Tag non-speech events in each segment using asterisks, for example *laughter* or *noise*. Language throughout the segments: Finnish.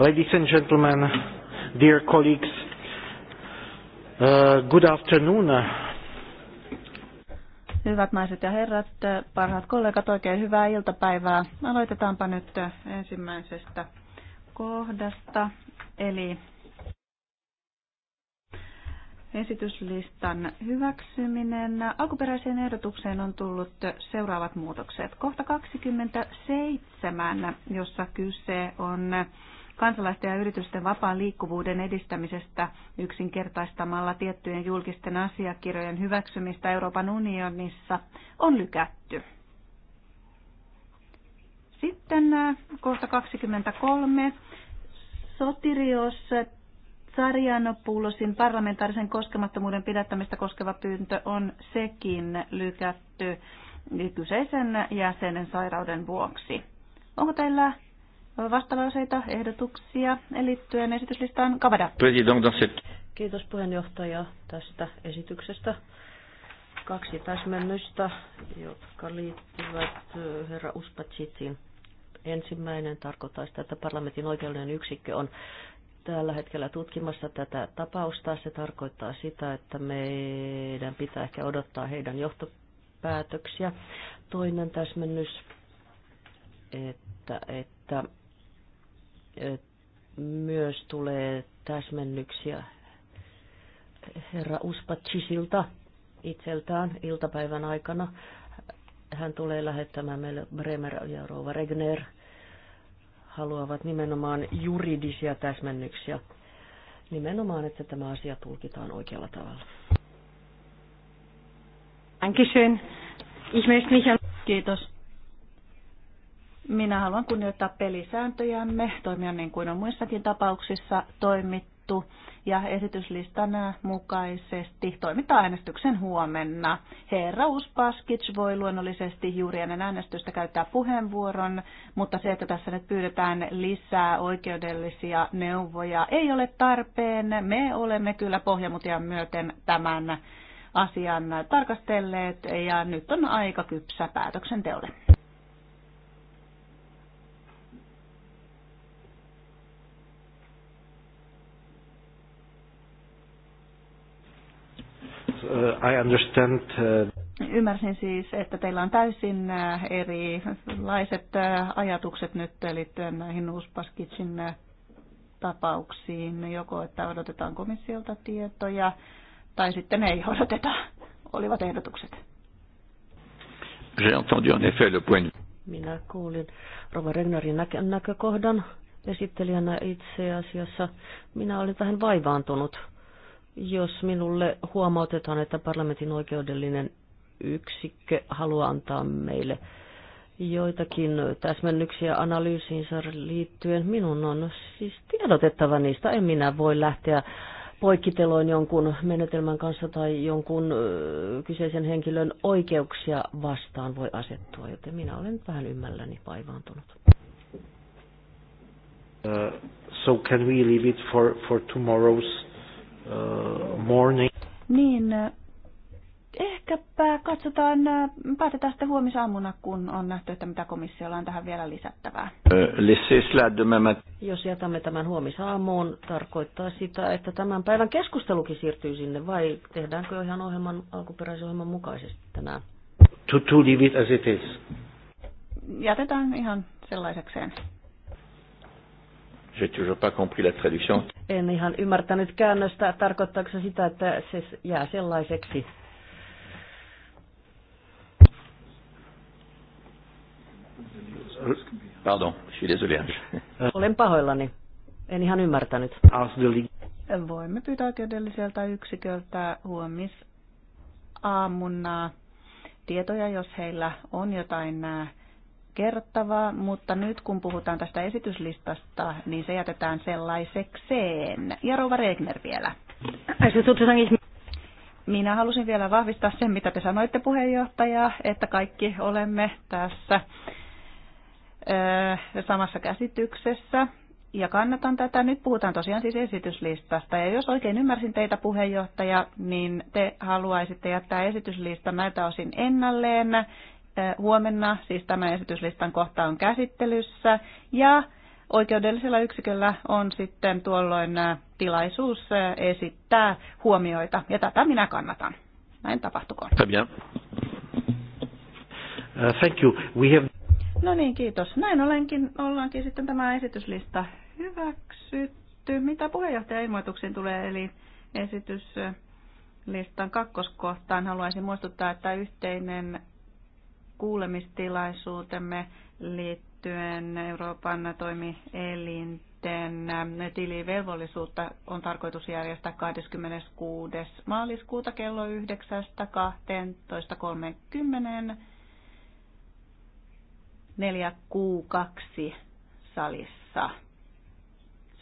Ladies and gentlemen, dear colleagues, uh, good afternoon. Hyvät naiset ja herrat, parhaat kollegat, oikein hyvää iltapäivää. Aloitetaanpa nyt ensimmäisestä kohdasta, eli Esityslistan hyväksyminen. Alkuperäiseen ehdotukseen on tullut seuraavat muutokset. Kohta 27, jossa kyse on kansalaisten ja yritysten vapaan liikkuvuuden edistämisestä yksinkertaistamalla tiettyjen julkisten asiakirjojen hyväksymistä Euroopan unionissa on lykätty. Sitten äh, kohta 23. Sotirios Sarjanopoulosin parlamentaarisen koskemattomuuden pidättämistä koskeva pyyntö on sekin lykätty kyseisen jäsenen sairauden vuoksi. Onko teillä vastalauseita, ehdotuksia liittyen esityslistaan. Kavada. Kiitos puheenjohtaja tästä esityksestä. Kaksi täsmennystä, jotka liittyvät herra Uspatsitsiin. Ensimmäinen tarkoittaa sitä, että parlamentin oikeudellinen yksikkö on tällä hetkellä tutkimassa tätä tapausta. Se tarkoittaa sitä, että meidän pitää ehkä odottaa heidän johtopäätöksiä. Toinen täsmennys, että, että myös tulee täsmennyksiä herra Uspatsisilta itseltään iltapäivän aikana. Hän tulee lähettämään meille Bremer ja Rova Regner haluavat nimenomaan juridisia täsmennyksiä. Nimenomaan, että tämä asia tulkitaan oikealla tavalla. Dankeschön. Ich möchte mich Kiitos. Minä haluan kunnioittaa pelisääntöjämme, toimia niin kuin on muissakin tapauksissa toimittu ja esityslistan mukaisesti toimita äänestyksen huomenna. Herra Uspaskic voi luonnollisesti juuri ennen äänestystä käyttää puheenvuoron, mutta se, että tässä nyt pyydetään lisää oikeudellisia neuvoja, ei ole tarpeen. Me olemme kyllä pohjamutian myöten tämän asian tarkastelleet ja nyt on aika kypsä päätöksenteolle. Uh, I understand. Uh, Ymmärsin siis, että teillä on täysin uh, erilaiset ajatukset nyt liittyen näihin Uspaskitsin tapauksiin, joko että odotetaan komissiolta tietoja tai sitten ei odoteta, olivat ehdotukset. Minä kuulin Rova Regnerin näkö- näkökohdan esittelijänä itse asiassa. Minä olin vähän vaivaantunut jos minulle huomautetaan, että parlamentin oikeudellinen yksikkö haluaa antaa meille joitakin täsmennyksiä analyysiinsa liittyen, minun on siis tiedotettava niistä. En minä voi lähteä poikkiteloin jonkun menetelmän kanssa tai jonkun kyseisen henkilön oikeuksia vastaan voi asettua, joten minä olen vähän ymmälläni vaivaantunut. Uh, so can we leave it for, for tomorrow's uh, morning. Niin, ehkäpä katsotaan, päätetään sitten huomisaamuna, kun on nähty, että mitä komissiolla on tähän vielä lisättävää. Uh, Jos jätämme tämän huomisaamuun, tarkoittaa sitä, että tämän päivän keskustelukin siirtyy sinne, vai tehdäänkö ihan ohjelman, alkuperäisen ohjelman mukaisesti tänään? To, to leave it as it is. Jätetään ihan sellaisekseen. En ihan ymmärtänyt käännöstä. Tarkoittaako se sitä, että se jää sellaiseksi? Pardon, je suis désolé. Olen pahoillani. En ihan ymmärtänyt. Voimme pyytää oikeudelliselta yksiköltä huomis tietoja, jos heillä on jotain äh, kerrottavaa, mutta nyt kun puhutaan tästä esityslistasta, niin se jätetään sellaisekseen. Ja Rouva Regner vielä. Minä halusin vielä vahvistaa sen, mitä te sanoitte puheenjohtaja, että kaikki olemme tässä samassa käsityksessä. Ja kannatan tätä. Nyt puhutaan tosiaan siis esityslistasta. Ja jos oikein ymmärsin teitä puheenjohtaja, niin te haluaisitte jättää esityslistan näitä osin ennalleen huomenna, siis tämä esityslistan kohta on käsittelyssä, ja oikeudellisella yksiköllä on sitten tuolloin tilaisuus esittää huomioita, ja tätä minä kannatan. Näin tapahtukoon. Uh, thank you. We have... No niin, kiitos. Näin olenkin, ollaankin sitten tämä esityslista hyväksytty. Mitä puheenjohtajan ilmoituksiin tulee, eli esityslistan kakkoskohtaan haluaisin muistuttaa, että yhteinen kuulemistilaisuutemme liittyen Euroopan toimielinten tilivelvollisuutta on tarkoitus järjestää 26. maaliskuuta kello 9.12.30 4 Q2 salissa.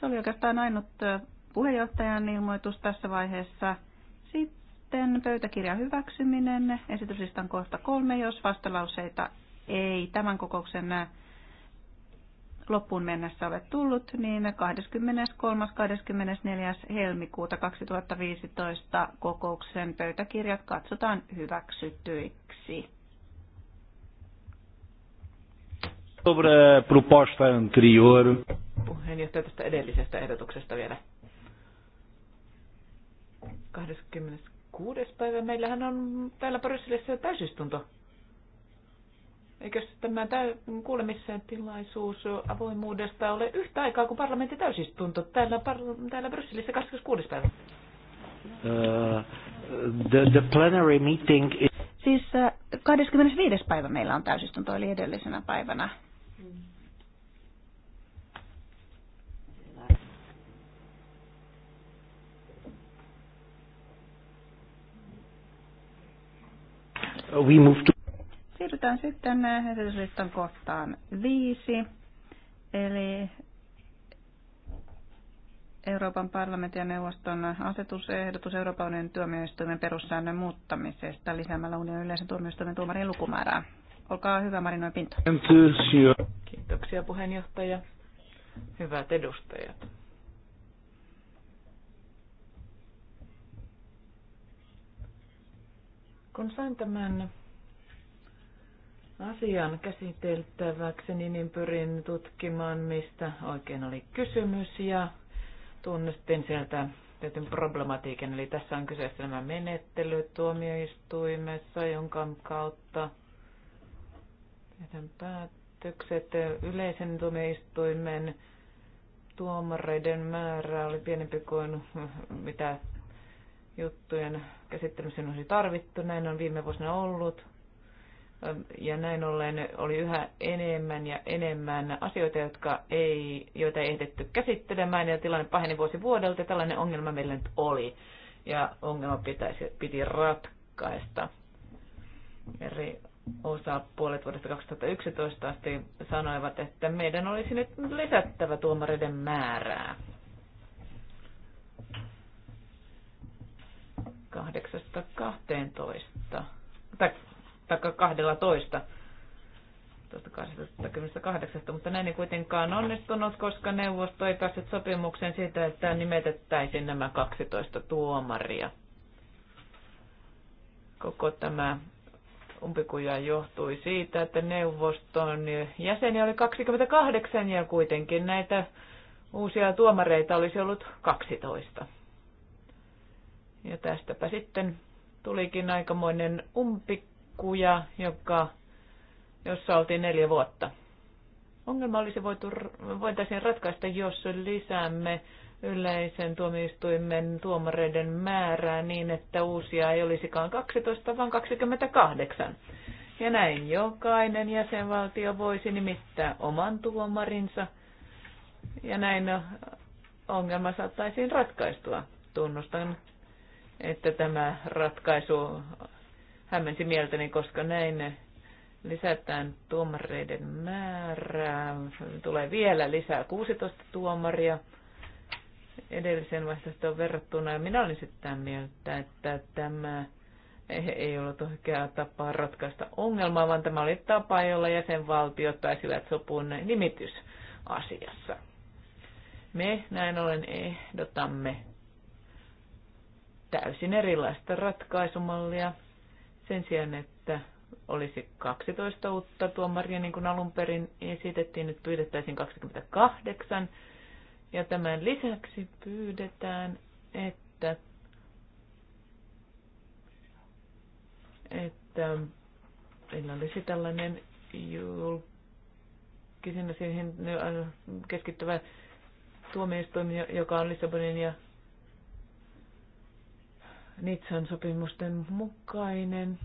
Se oli oikeastaan ainut puheenjohtajan ilmoitus tässä vaiheessa. Sitten sitten pöytäkirjan hyväksyminen, esityslistan kohta kolme, jos vastalauseita ei tämän kokouksen loppuun mennessä ole tullut, niin 23. 24. helmikuuta 2015 kokouksen pöytäkirjat katsotaan hyväksytyiksi. Sobre proposta anterior. Puheenjohtaja tästä edellisestä ehdotuksesta vielä. 23 kuudes päivä. Meillähän on täällä Brysselissä täysistunto. Eikö tämä kuulemisen tilaisuus avoimuudesta ole yhtä aikaa kuin parlamentin täysistunto täällä, par- täällä Brysselissä 26. päivä? Uh, the, the plenary meeting is... Siis 25. Äh, päivä meillä on täysistunto, eli edellisenä päivänä we move to... Siirrytään sitten esityslistan kohtaan viisi, eli Euroopan parlamentin ja neuvoston asetusehdotus Euroopan unionin tuomioistuimen perussäännön muuttamisesta lisäämällä unionin yleisen tuomioistuimen tuomarien lukumäärää. Olkaa hyvä, Marinoin Pinto. Kiitoksia puheenjohtaja. Hyvät edustajat. Kun sain tämän asian käsiteltäväkseni, niin, niin pyrin tutkimaan, mistä oikein oli kysymys ja tunnistin sieltä tietyn problematiikan. Eli tässä on kyseessä nämä menettelyt tuomioistuimessa, jonka kautta tehdään päätökset. Yleisen tuomioistuimen tuomareiden määrä oli pienempi kuin mitä juttujen käsittelyssä olisi tarvittu. Näin on viime vuosina ollut. Ja näin ollen oli yhä enemmän ja enemmän asioita, jotka ei, joita ei ehditty käsittelemään ja tilanne paheni vuosi vuodelta ja tällainen ongelma meillä nyt oli. Ja ongelma pitäisi, piti ratkaista. Eri osapuolet vuodesta 2011 asti sanoivat, että meidän olisi nyt lisättävä tuomareiden määrää. kahdeksasta kahteentoista, tai, tai kahdella toista, mutta näin ei kuitenkaan onnistunut, koska neuvosto ei päässyt sopimukseen siitä, että nimetettäisiin nämä 12 tuomaria. Koko tämä umpikuja johtui siitä, että neuvoston jäseniä oli 28 ja kuitenkin näitä uusia tuomareita olisi ollut 12. Ja tästäpä sitten tulikin aikamoinen umpikkuja, joka, jossa oltiin neljä vuotta. Ongelma olisi voitu, voitaisiin ratkaista, jos lisäämme yleisen tuomioistuimen tuomareiden määrää niin, että uusia ei olisikaan 12, vaan 28. Ja näin jokainen jäsenvaltio voisi nimittää oman tuomarinsa. Ja näin ongelma saattaisiin ratkaistua. Tunnustan että tämä ratkaisu hämmensi mieltäni, koska näin lisätään tuomareiden määrää. Tulee vielä lisää 16 tuomaria edelliseen vaihtoehtoon verrattuna. ja Minä olin sitä mieltä, että tämä ei ollut oikea tapa ratkaista ongelmaa, vaan tämä oli tapa, jolla jäsenvaltiot pääsivät sopuun nimitysasiassa. Me näin ollen ehdotamme täysin erilaista ratkaisumallia sen sijaan, että olisi 12 uutta tuomaria, niin kuin alun perin esitettiin, nyt pyydettäisiin 28. Ja tämän lisäksi pyydetään, että, että meillä olisi tällainen julkisena siihen keskittyvä tuomioistuin, joka on Lissabonin ja Nitsan sopimusten mukainen.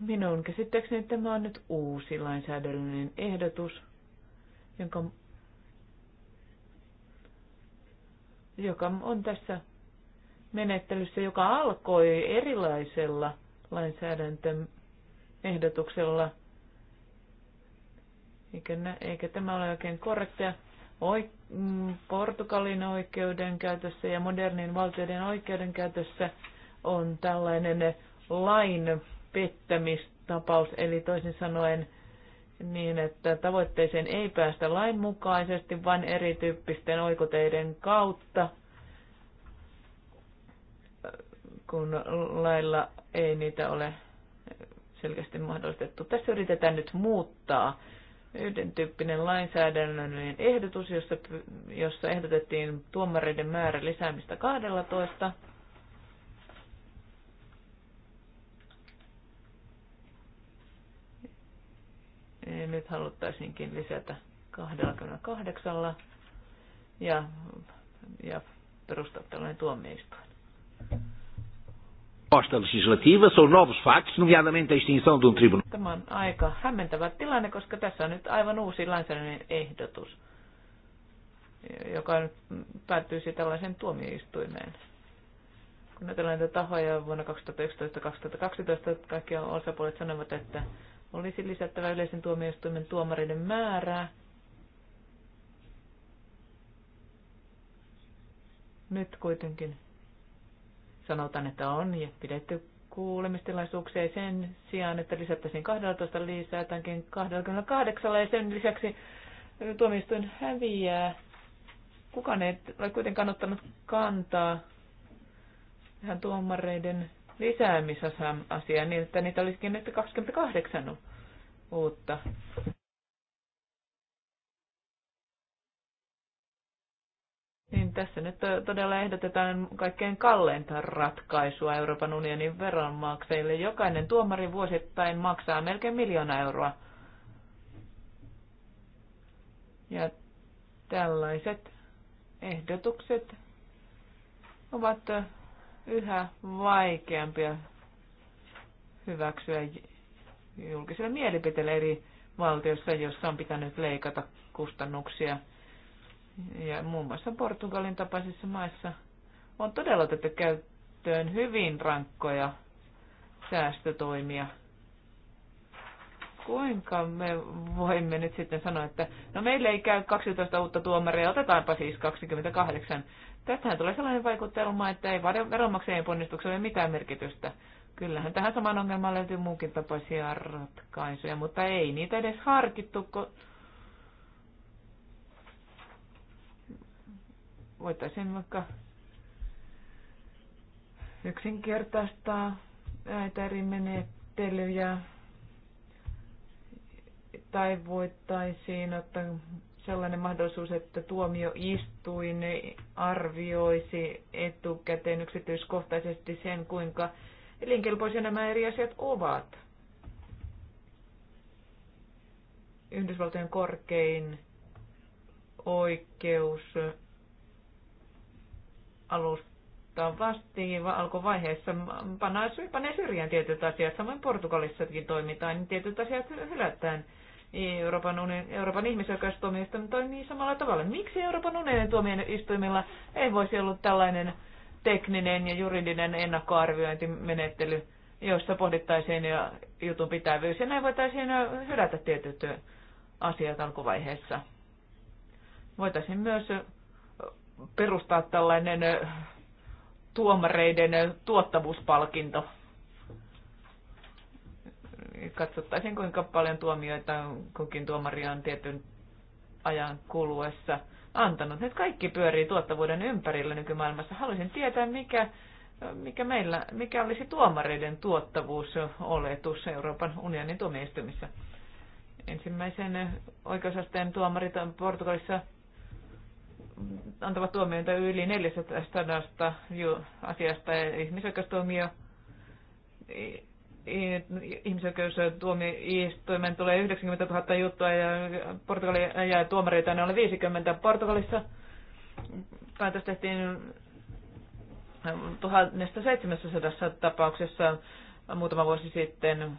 Minun käsittääkseni tämä on nyt uusi lainsäädännöllinen ehdotus, jonka, joka on tässä menettelyssä, joka alkoi erilaisella lainsäädäntöehdotuksella. Eikä, eikä tämä ole oikein korrektia Mm, Portugalin oikeudenkäytössä ja modernin valtioiden oikeudenkäytössä on tällainen lain pettämistapaus, eli toisin sanoen niin, että tavoitteeseen ei päästä lain mukaisesti, vaan erityyppisten oikoteiden kautta, kun lailla ei niitä ole selkeästi mahdollistettu. Tässä yritetään nyt muuttaa yhden tyyppinen lainsäädännöllinen ehdotus, jossa, jossa ehdotettiin tuomareiden määrän lisäämistä 12. nyt haluttaisinkin lisätä 28 ja, ja perustaa tällainen tuomioistuin proposta legislativa são novos factos, nomeadamente a extinção de um tribunal. Tämä on aika hämmentävä tilanne, koska tässä on nyt aivan uusi lainsäädännön ehdotus, joka nyt päättyisi tällaiseen tuomioistuimeen. Kun ajatellaan näitä tahoja vuonna 2011-2012, kaikki osapuolet sanovat, että olisi lisättävä yleisen tuomioistuimen tuomareiden määrää. Nyt kuitenkin sanotaan, että on ja pidetty kuulemistilaisuuksia ja sen sijaan, että lisättäisiin 12 lisätäänkin 28 ja sen lisäksi tuomioistuin häviää. Kukaan ei ole kuitenkaan ottanut kantaa tähän tuomareiden lisäämisasiaan niin, että niitä olisikin nyt 28 uutta. niin tässä nyt todella ehdotetaan kaikkein kalleinta ratkaisua Euroopan unionin veronmaksajille. Jokainen tuomari vuosittain maksaa melkein miljoona euroa. Ja tällaiset ehdotukset ovat yhä vaikeampia hyväksyä julkiselle mielipiteelle eri valtiossa, jossa on pitänyt leikata kustannuksia – ja muun muassa Portugalin tapaisissa maissa on todella otettu käyttöön hyvin rankkoja säästötoimia. Kuinka me voimme nyt sitten sanoa, että no meille ei käy 12 uutta tuomaria, otetaanpa siis 28. Tästähän tulee sellainen vaikutelma, että ei veronmaksajien ole mitään merkitystä. Kyllähän tähän samaan ongelmaan löytyy muukin tapaisia ratkaisuja, mutta ei niitä edes harkittu, kun voitaisiin vaikka yksinkertaistaa näitä eri menettelyjä tai voitaisiin ottaa sellainen mahdollisuus, että tuomioistuin arvioisi etukäteen yksityiskohtaisesti sen, kuinka elinkelpoisia nämä eri asiat ovat. Yhdysvaltojen korkein oikeus alusta vasti alkuvaiheessa panaa, panee syrjään tietyt asiat. Samoin Portugalissakin toimitaan, niin tietyt asiat hylätään. Euroopan, union, Euroopan ihmisoikeustuomioistuin toimii samalla tavalla. Miksi Euroopan unionin tuomioistuimilla ei voisi olla tällainen tekninen ja juridinen ennakkoarviointimenettely, jossa pohdittaisiin ja jutun pitävyys, ja näin voitaisiin hylätä tietyt asiat alkuvaiheessa. Voitaisiin myös perustaa tällainen tuomareiden tuottavuuspalkinto. Katsottaisiin, kuinka paljon tuomioita kukin tuomari on tietyn ajan kuluessa antanut. Nyt kaikki pyörii tuottavuuden ympärillä nykymaailmassa. Haluaisin tietää, mikä, mikä, meillä, mikä olisi tuomareiden oletus Euroopan unionin tuomioistumissa. Ensimmäisen oikeusasteen tuomarit on Portugalissa antavat tuomioita yli 400 asiasta ja ihmisoikeustuomio ihmisoikeustuomioistuimen tulee 90 000 juttua ja Portugali ja tuomareita ne oli 50 Portugalissa. Päätös tehtiin 1700 tapauksessa muutama vuosi sitten.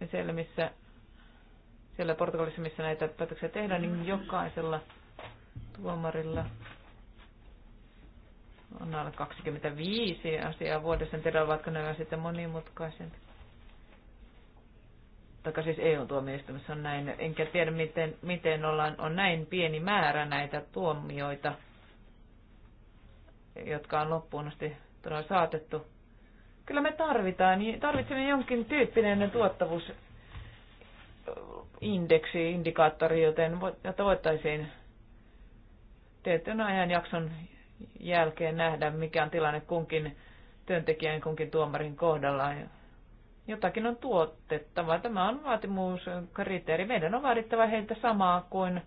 Ja siellä missä siellä Portugalissa, missä näitä päätöksiä tehdään, niin jokaisella tuomarilla on alle 25 asiaa vuodessa. En tiedä, ovatko nämä sitten monimutkaisen, Taikka siis EU-tuomioistuimessa on näin. Enkä tiedä, miten, miten ollaan, on näin pieni määrä näitä tuomioita, jotka on loppuun asti todella saatettu. Kyllä me tarvitaan, tarvitsemme jonkin tyyppinen tuottavuus indeksi, indikaattori, joten voitaisiin tietyn ajan jakson jälkeen nähdä, mikä on tilanne kunkin työntekijän kunkin tuomarin kohdalla. Jotakin on tuotettava. Tämä on vaatimuskriteeri. Meidän on vaadittava heiltä samaa kuin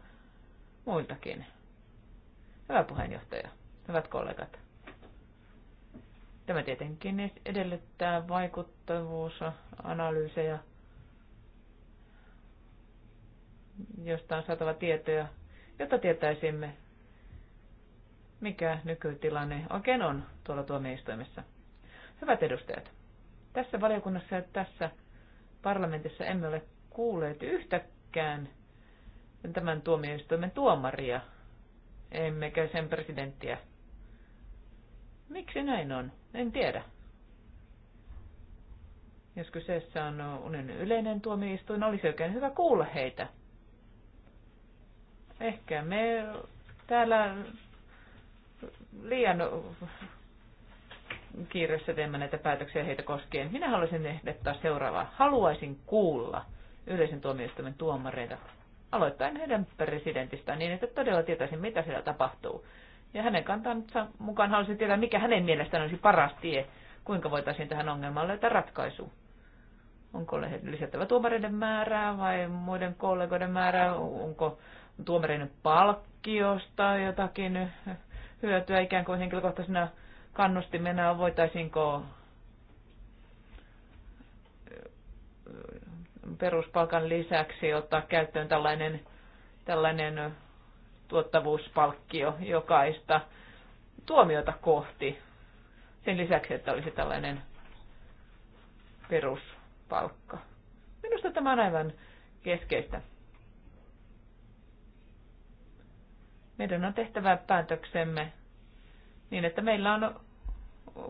muiltakin. Hyvä puheenjohtaja, hyvät kollegat. Tämä tietenkin edellyttää vaikuttavuusanalyysejä josta on saatava tietoja, jotta tietäisimme, mikä nykytilanne oikein on tuolla tuomioistuimessa. Hyvät edustajat, tässä valiokunnassa ja tässä parlamentissa emme ole kuulleet yhtäkään tämän tuomioistuimen tuomaria, emmekä sen presidenttiä. Miksi näin on? En tiedä. Jos kyseessä on unionin yleinen tuomioistuin, olisi oikein hyvä kuulla heitä. Ehkä me täällä liian kiireessä teemme näitä päätöksiä heitä koskien. Minä haluaisin ehdottaa seuraavaa. Haluaisin kuulla yleisen tuomioistuimen tuomareita aloittain heidän presidentistään niin, että todella tietäisin, mitä siellä tapahtuu. Ja hänen kantansa mukaan haluaisin tietää, mikä hänen mielestään olisi paras tie, kuinka voitaisiin tähän ongelmaan löytää ratkaisu. Onko lisättävä tuomareiden määrää vai muiden kollegoiden määrää? Onko tuomarin palkkiosta jotakin hyötyä ikään kuin henkilökohtaisena kannustimena, voitaisiinko peruspalkan lisäksi ottaa käyttöön tällainen, tällainen tuottavuuspalkkio jokaista tuomiota kohti. Sen lisäksi, että olisi tällainen peruspalkka. Minusta tämä on aivan keskeistä. Meidän on tehtävä päätöksemme niin, että meillä on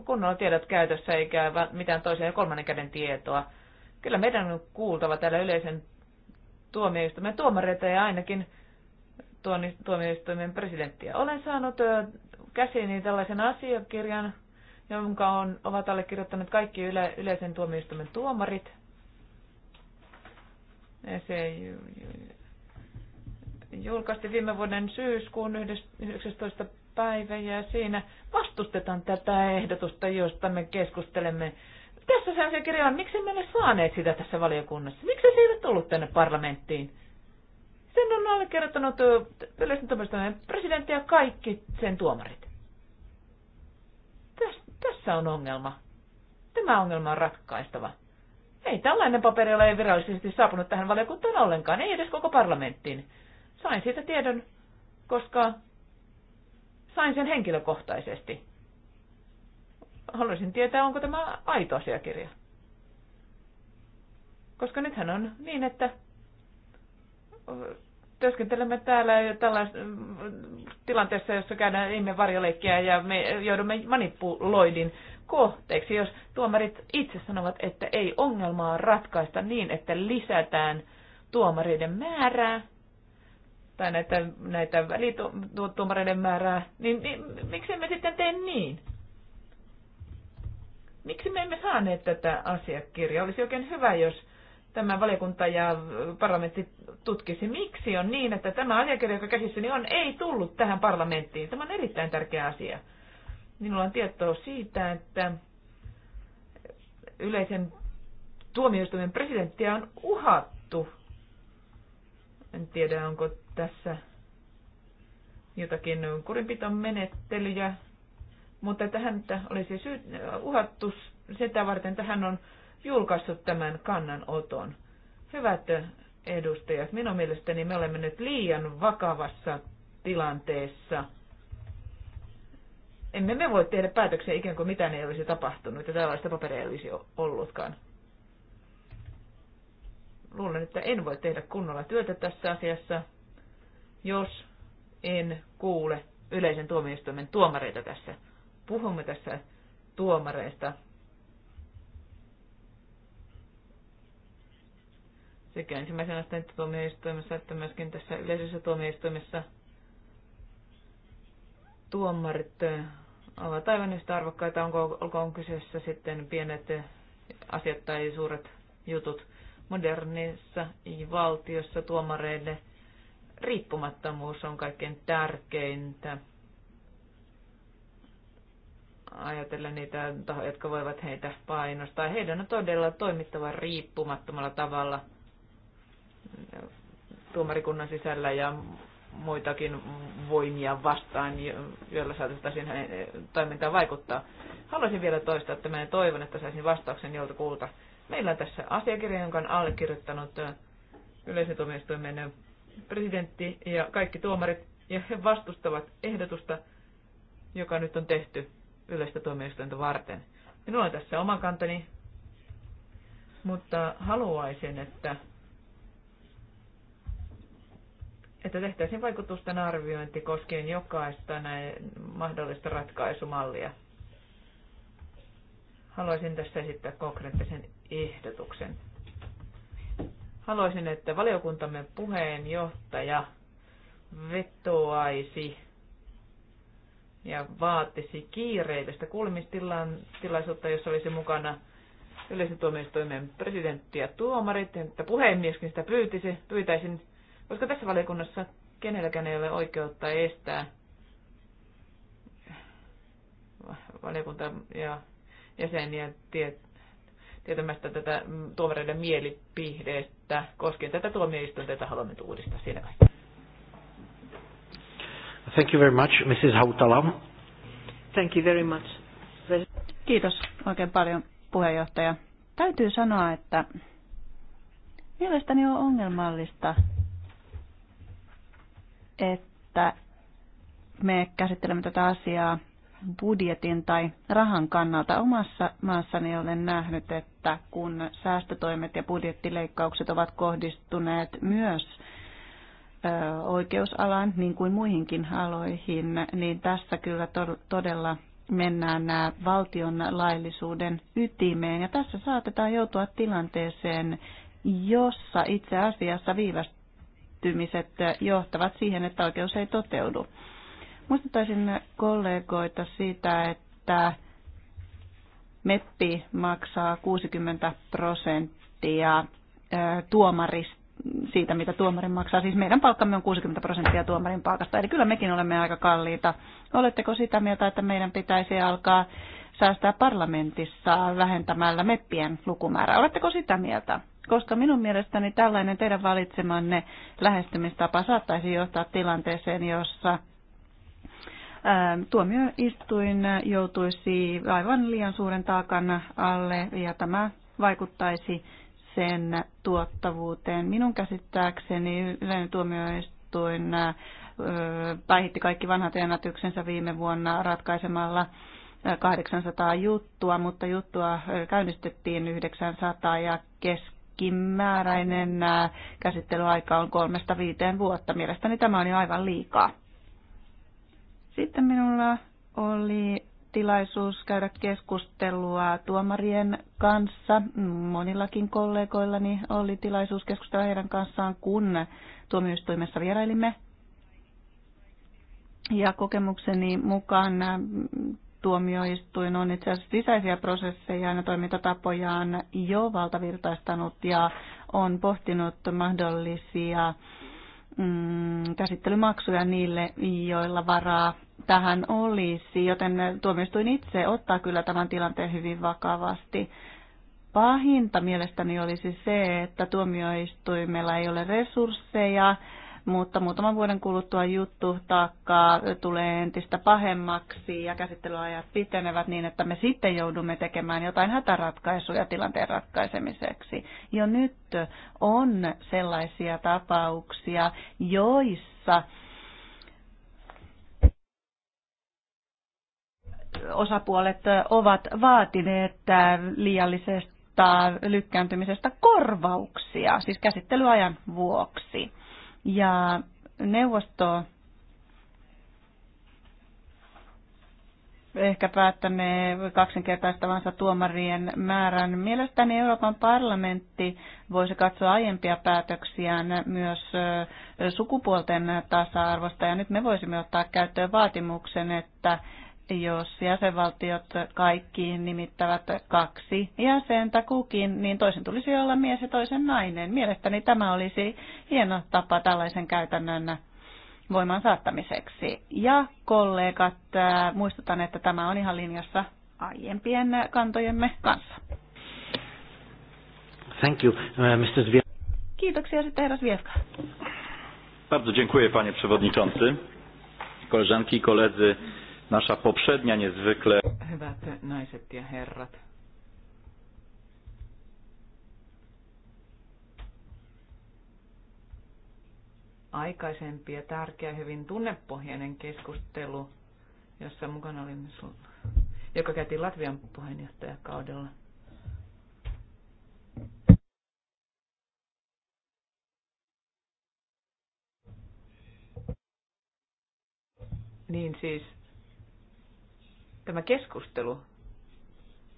kunnolla tiedot käytössä eikä mitään toisen ja kolmannen käden tietoa. Kyllä meidän on kuultava täällä yleisen tuomioistuimen tuomareita ja ainakin tuomioistuimen presidenttiä. Olen saanut käsiini tällaisen asiakirjan, jonka on, ovat allekirjoittaneet kaikki yle, yleisen tuomioistuimen tuomarit. Se julkaistiin viime vuoden syyskuun 19. päivä ja siinä vastustetaan tätä ehdotusta, josta me keskustelemme. Tässä se asiakirja on. Miksi me ole saaneet sitä tässä valiokunnassa? Miksi se ei ole tullut tänne parlamenttiin? Sen on allekirjoittanut yleisen presidentti ja kaikki sen tuomarit. Täs, tässä on ongelma. Tämä ongelma on ratkaistava. Ei tällainen paperi ole virallisesti saapunut tähän valiokuntaan ollenkaan, ei edes koko parlamenttiin. Sain siitä tiedon, koska sain sen henkilökohtaisesti. Haluaisin tietää, onko tämä aito asiakirja. Koska nythän on niin, että työskentelemme täällä tällaisessa tilanteessa, jossa käydään ihme varjoleikkiä ja me joudumme manipuloidin kohteeksi, jos tuomarit itse sanovat, että ei ongelmaa ratkaista niin, että lisätään tuomareiden määrää, tai näitä, näitä välituomareiden määrää, niin, mi, niin miksi me sitten tee niin? Miksi me emme saaneet tätä asiakirjaa? Olisi oikein hyvä, jos tämä valiokunta ja parlamentti tutkisi, miksi on niin, että tämä asiakirja, joka käsissäni on, ei tullut tähän parlamenttiin. Tämä on erittäin tärkeä asia. Minulla on tietoa siitä, että yleisen tuomioistuimen presidenttiä on uhattu. En tiedä, onko tässä jotakin kurinpiton menettelyjä, mutta tähän olisi syy, äh, uhattu sitä varten, tähän on julkaissut tämän kannanoton. Hyvät edustajat, minun mielestäni me olemme nyt liian vakavassa tilanteessa. Emme me voi tehdä päätöksiä ikään kuin mitään ei olisi tapahtunut ja tällaista paperia ei olisi ollutkaan. Luulen, että en voi tehdä kunnolla työtä tässä asiassa jos en kuule yleisen tuomioistuimen tuomareita tässä. Puhumme tässä tuomareista sekä ensimmäisen asteen tuomioistuimessa että myöskin tässä yleisessä tuomioistuimessa tuomarit äh, ovat aivan yhtä arvokkaita, onko, olkoon kyseessä sitten pienet äh, asiat tai suuret jutut modernissa valtiossa tuomareille riippumattomuus on kaikkein tärkeintä. Ajatellen niitä tahoja, jotka voivat heitä painostaa. Heidän on todella toimittava riippumattomalla tavalla tuomarikunnan sisällä ja muitakin voimia vastaan, joilla hänen eh, toimintaan vaikuttaa. Haluaisin vielä toistaa, että minä toivon, että saisin vastauksen joltakulta. Meillä on tässä asiakirja, jonka on allekirjoittanut eh, yleisötuomioistuimen eh, presidentti ja kaikki tuomarit, ja he vastustavat ehdotusta, joka nyt on tehty yleistä tuomioistuinta varten. Minulla on tässä oma kantani, mutta haluaisin, että, että tehtäisiin vaikutusten arviointi koskien jokaista näin mahdollista ratkaisumallia. Haluaisin tässä esittää konkreettisen ehdotuksen. Haluaisin, että valiokuntamme puheenjohtaja vetoaisi ja vaatisi kiireellistä kuulemistilaisuutta, jossa olisi mukana yleisen presidentti ja tuomarit, niin että puhemieskin sitä pyytisi, pyytäisin, koska tässä valiokunnassa kenelläkään ei ole oikeutta estää valiokunta ja jäseniä tiet, tietämättä tätä mm, tuomareiden mielipihdettä koskien tätä tuomioistuinta, jota haluamme uudistaa siinä kaikki. Thank you very much, Mrs. Hautala. Thank you very much. Kiitos oikein paljon, puheenjohtaja. Täytyy sanoa, että mielestäni on ongelmallista, että me käsittelemme tätä asiaa budjetin tai rahan kannalta omassa maassani olen nähnyt, että kun säästötoimet ja budjettileikkaukset ovat kohdistuneet myös oikeusalan, niin kuin muihinkin aloihin, niin tässä kyllä todella mennään nämä valtion laillisuuden ytimeen. Ja tässä saatetaan joutua tilanteeseen, jossa itse asiassa viivästymiset johtavat siihen, että oikeus ei toteudu. Muistuttaisimme kollegoita siitä, että MEPPI maksaa 60 prosenttia tuomarista siitä, mitä tuomarin maksaa. Siis meidän palkkamme on 60 prosenttia tuomarin palkasta, eli kyllä mekin olemme aika kalliita. Oletteko sitä mieltä, että meidän pitäisi alkaa säästää parlamentissa vähentämällä meppien lukumäärää? Oletteko sitä mieltä? Koska minun mielestäni tällainen teidän valitsemanne lähestymistapa saattaisi johtaa tilanteeseen, jossa tuomioistuin joutuisi aivan liian suuren taakan alle ja tämä vaikuttaisi sen tuottavuuteen. Minun käsittääkseni yleinen tuomioistuin päihitti kaikki vanhat ennätyksensä viime vuonna ratkaisemalla 800 juttua, mutta juttua käynnistettiin 900 ja keskimääräinen käsittelyaika on kolmesta viiteen vuotta. Mielestäni tämä on jo aivan liikaa. Sitten minulla oli tilaisuus käydä keskustelua tuomarien kanssa. Monillakin kollegoillani oli tilaisuus keskustella heidän kanssaan, kun tuomioistuimessa vierailimme. Ja kokemukseni mukaan tuomioistuin on itse asiassa sisäisiä prosesseja ja toimintatapojaan jo valtavirtaistanut ja on pohtinut mahdollisia Mm, käsittelymaksuja niille, joilla varaa tähän olisi, joten tuomioistuin itse ottaa kyllä tämän tilanteen hyvin vakavasti. Pahinta mielestäni olisi se, että tuomioistuimella ei ole resursseja mutta muutaman vuoden kuluttua juttu taakkaa tulee entistä pahemmaksi ja käsittelyajat pitenevät niin, että me sitten joudumme tekemään jotain hätäratkaisuja tilanteen ratkaisemiseksi. Jo nyt on sellaisia tapauksia, joissa osapuolet ovat vaatineet liiallisesta lykkääntymisestä korvauksia, siis käsittelyajan vuoksi. Ja neuvosto ehkä päättämme kaksinkertaistavansa tuomarien määrän. Mielestäni Euroopan parlamentti voisi katsoa aiempia päätöksiään myös sukupuolten tasa-arvosta ja nyt me voisimme ottaa käyttöön vaatimuksen, että jos jäsenvaltiot kaikkiin nimittävät kaksi jäsentä kukin, niin toisen tulisi olla mies ja toisen nainen. Mielestäni tämä olisi hieno tapa tällaisen käytännön voiman saattamiseksi. Ja kollegat, äh, muistutan, että tämä on ihan linjassa aiempien kantojemme kanssa. Thank you, uh, Mr. Kiitoksia sitten herra Vieska. Bardzo dziękuję panie przewodniczący, koleżanki i koledzy. Nasza poprzednia niezwykle... Hyvät naiset ja herrat. Aikaisempi ja tärkeä, hyvin tunnepohjainen keskustelu, jossa mukana oli sun, joka käytiin Latvian puheenjohtajakaudella. Niin siis Tämä keskustelu,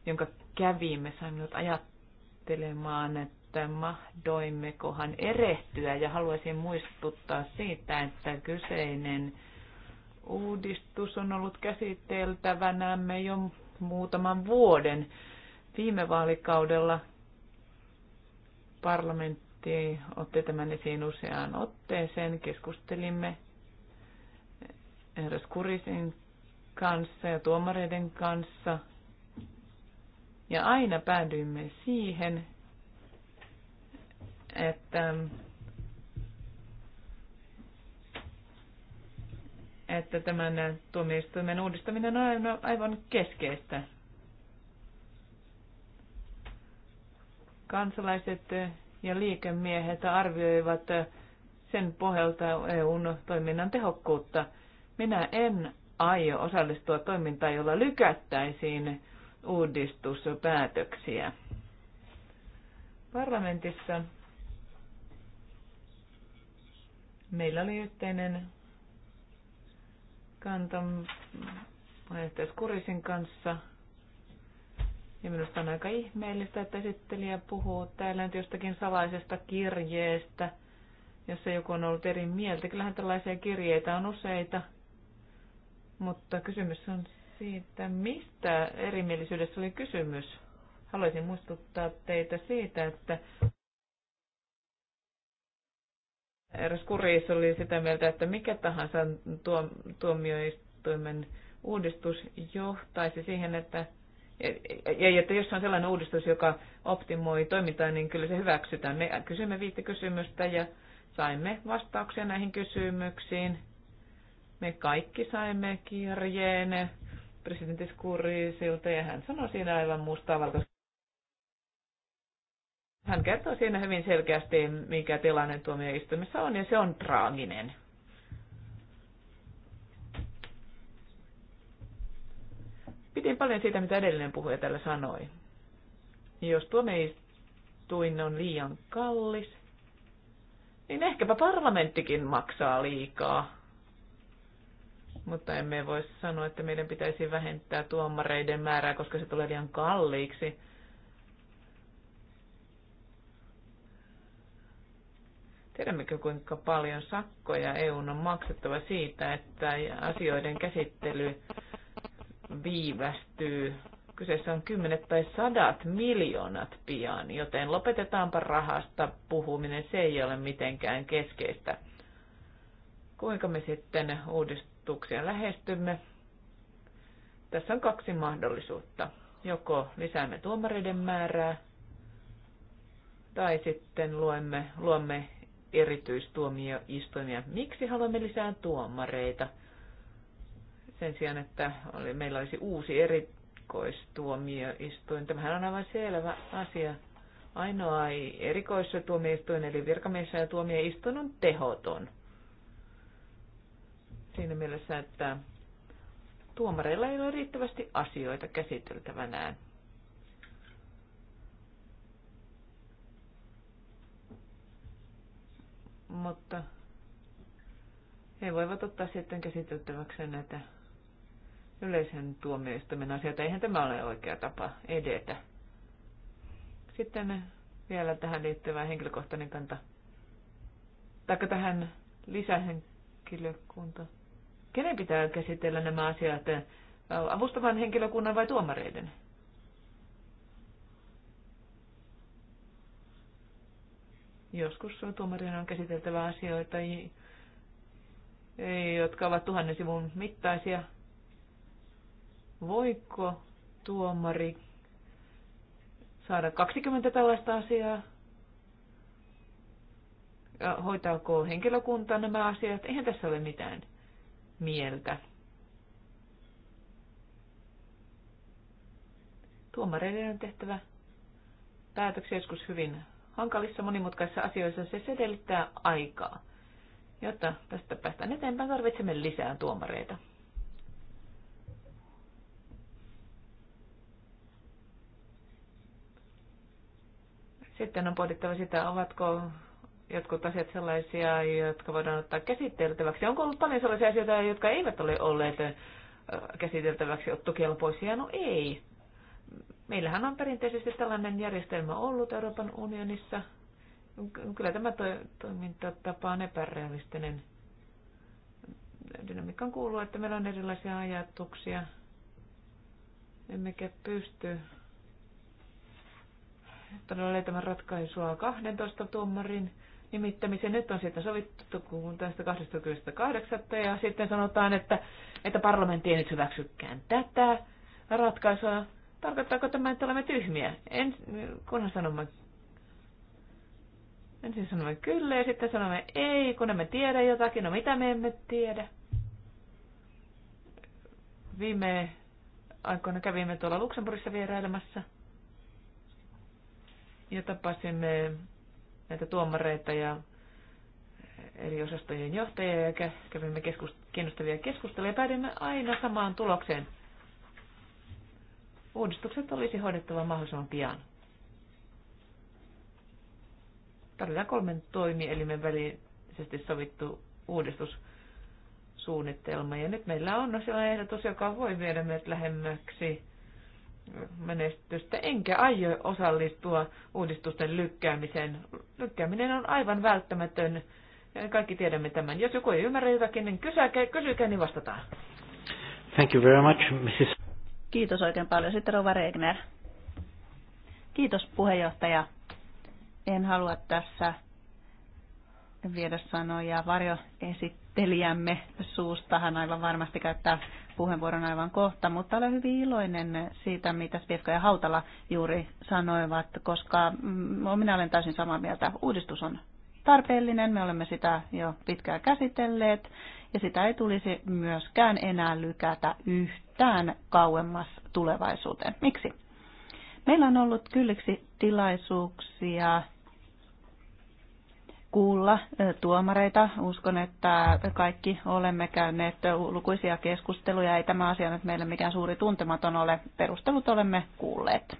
jonka kävimme, sai minut ajattelemaan, että mahdoimmekohan erehtyä ja haluaisin muistuttaa siitä, että kyseinen uudistus on ollut käsiteltävänämme jo muutaman vuoden. Viime vaalikaudella parlamentti otti tämän esiin useaan otteeseen. Keskustelimme eräs Kurisin kanssa ja tuomareiden kanssa. Ja aina päädyimme siihen, että, että tämän tuomioistuimen uudistaminen on aivan keskeistä. Kansalaiset ja liikemiehet arvioivat sen pohjalta EUn toiminnan tehokkuutta. Minä en aio osallistua toimintaan, jolla lykättäisiin uudistuspäätöksiä. Parlamentissa meillä oli yhteinen kanta puheenjohtaja Kurisin kanssa. Ja minusta on aika ihmeellistä, että esittelijä puhuu täällä nyt jostakin salaisesta kirjeestä, jossa joku on ollut eri mieltä. Kyllähän tällaisia kirjeitä on useita. Mutta kysymys on siitä, mistä erimielisyydessä oli kysymys. Haluaisin muistuttaa teitä siitä, että eräs kuris oli sitä mieltä, että mikä tahansa tuomioistuimen uudistus johtaisi siihen, että ja, ja että jos on sellainen uudistus, joka optimoi toimintaa, niin kyllä se hyväksytään. Me kysymme viittä kysymystä ja saimme vastauksia näihin kysymyksiin. Me kaikki saimme kirjeen presidentti Skurisilta ja hän sanoi siinä aivan mustaa valkoista. Hän kertoo siinä hyvin selkeästi, mikä tilanne tuomioistuimessa on, ja se on traaginen. Pidin paljon siitä, mitä edellinen puhuja täällä sanoi. Jos tuomioistuin on liian kallis, niin ehkäpä parlamenttikin maksaa liikaa mutta emme voi sanoa, että meidän pitäisi vähentää tuomareiden määrää, koska se tulee liian kalliiksi. Tiedämmekö, kuinka paljon sakkoja EUn on maksettava siitä, että asioiden käsittely viivästyy? Kyseessä on kymmenet tai sadat miljoonat pian, joten lopetetaanpa rahasta puhuminen, se ei ole mitenkään keskeistä. Kuinka me sitten uudistamme? tarkistuksia lähestymme, tässä on kaksi mahdollisuutta. Joko lisäämme tuomareiden määrää tai sitten luemme, luomme erityistuomioistuimia. Miksi haluamme lisää tuomareita? Sen sijaan, että oli, meillä olisi uusi erikoistuomioistuin. Tämähän on aivan selvä asia. Ainoa erikoistuomioistuin eli virkamies ja tuomioistuin on tehoton siinä mielessä, että tuomareilla ei ole riittävästi asioita käsiteltävänään. Mutta he voivat ottaa sitten käsiteltäväksi näitä yleisen tuomioistuimen asioita. Eihän tämä ole oikea tapa edetä. Sitten vielä tähän liittyvä henkilökohtainen kanta. Taikka tähän lisähenkilökunta Kenen pitää käsitellä nämä asiat? Avustavan henkilökunnan vai tuomareiden? Joskus tuomarien on käsiteltävä asioita, jotka ovat tuhannen sivun mittaisia. Voiko tuomari saada 20 tällaista asiaa? hoitaako henkilökunta nämä asiat? Eihän tässä ole mitään mieltä. Tuomareiden on tehtävä päätöksiä joskus hyvin hankalissa monimutkaisissa asioissa. Se edellyttää aikaa. Jotta tästä päästään eteenpäin, tarvitsemme lisää tuomareita. Sitten on pohdittava sitä, ovatko jotkut asiat sellaisia, jotka voidaan ottaa käsiteltäväksi. Onko ollut paljon sellaisia asioita, jotka eivät ole olleet käsiteltäväksi ottokelpoisia? No ei. Meillähän on perinteisesti tällainen järjestelmä ollut Euroopan unionissa. Kyllä tämä to- toimintatapa on epärealistinen. Dynamiikkaan kuuluu, että meillä on erilaisia ajatuksia. Emmekä pysty todella löytämään ratkaisua 12 tuomarin nimittämisen nyt on sitten sovittu kun tästä 28. ja sitten sanotaan, että, että parlamentti ei nyt hyväksykään tätä ratkaisua. Tarkoittaako tämä, että olemme tyhmiä? En, kunhan sanomme Ensin sanomme kyllä ja sitten sanomme ei, kun emme tiedä jotakin. No mitä me emme tiedä? Viime aikoina kävimme tuolla Luxemburgissa vierailemassa ja tapasimme näitä tuomareita ja eri osastojen johtajia ja kävimme keskust- kiinnostavia keskusteluja ja päädyimme aina samaan tulokseen. Uudistukset olisi hoidettava mahdollisimman pian. Tarvitaan kolmen toimielimen välisesti sovittu uudistussuunnitelma. Ja nyt meillä on sellainen ehdotus, joka voi viedä meidät lähemmäksi menestystä, enkä aio osallistua uudistusten lykkäämiseen. Lykkääminen on aivan välttämätön. Kaikki tiedämme tämän. Jos joku ei ymmärrä jotakin, niin kysykää, kysykää niin vastataan. Thank you very much, Mrs. Kiitos oikein paljon. Sitten Rova Regner. Kiitos puheenjohtaja. En halua tässä viedä sanoja esittelijämme suusta. Hän aivan varmasti käyttää puheenvuoron aivan kohta, mutta olen hyvin iloinen siitä, mitä Spiefka ja Hautala juuri sanoivat, koska mm, minä olen täysin samaa mieltä. Uudistus on tarpeellinen, me olemme sitä jo pitkään käsitelleet ja sitä ei tulisi myöskään enää lykätä yhtään kauemmas tulevaisuuteen. Miksi? Meillä on ollut kylliksi tilaisuuksia kuulla tuomareita. Uskon, että kaikki olemme käyneet lukuisia keskusteluja. Ei tämä asia nyt meille mikään suuri tuntematon ole. Perustelut olemme kuulleet.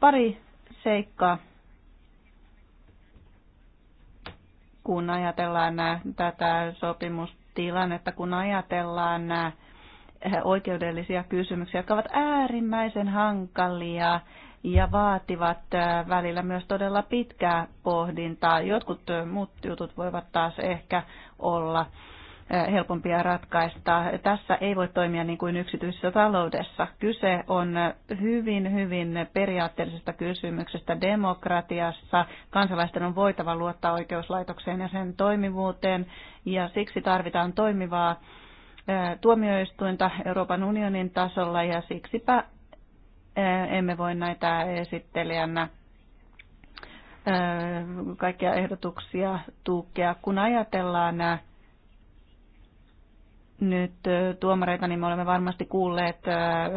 Pari seikkaa. Kun ajatellaan äh, tätä sopimustilannetta, kun ajatellaan äh, oikeudellisia kysymyksiä, jotka ovat äärimmäisen hankalia, ja vaativat äh, välillä myös todella pitkää pohdintaa. Jotkut äh, muut jutut voivat taas ehkä olla äh, helpompia ratkaista. Tässä ei voi toimia niin kuin yksityisessä taloudessa. Kyse on hyvin, hyvin periaatteellisesta kysymyksestä demokratiassa. Kansalaisten on voitava luottaa oikeuslaitokseen ja sen toimivuuteen, ja siksi tarvitaan toimivaa tuomioistuinta Euroopan unionin tasolla, ja siksipä emme voi näitä esittelijänä kaikkia ehdotuksia tukea. Kun ajatellaan nyt tuomareita, niin me olemme varmasti kuulleet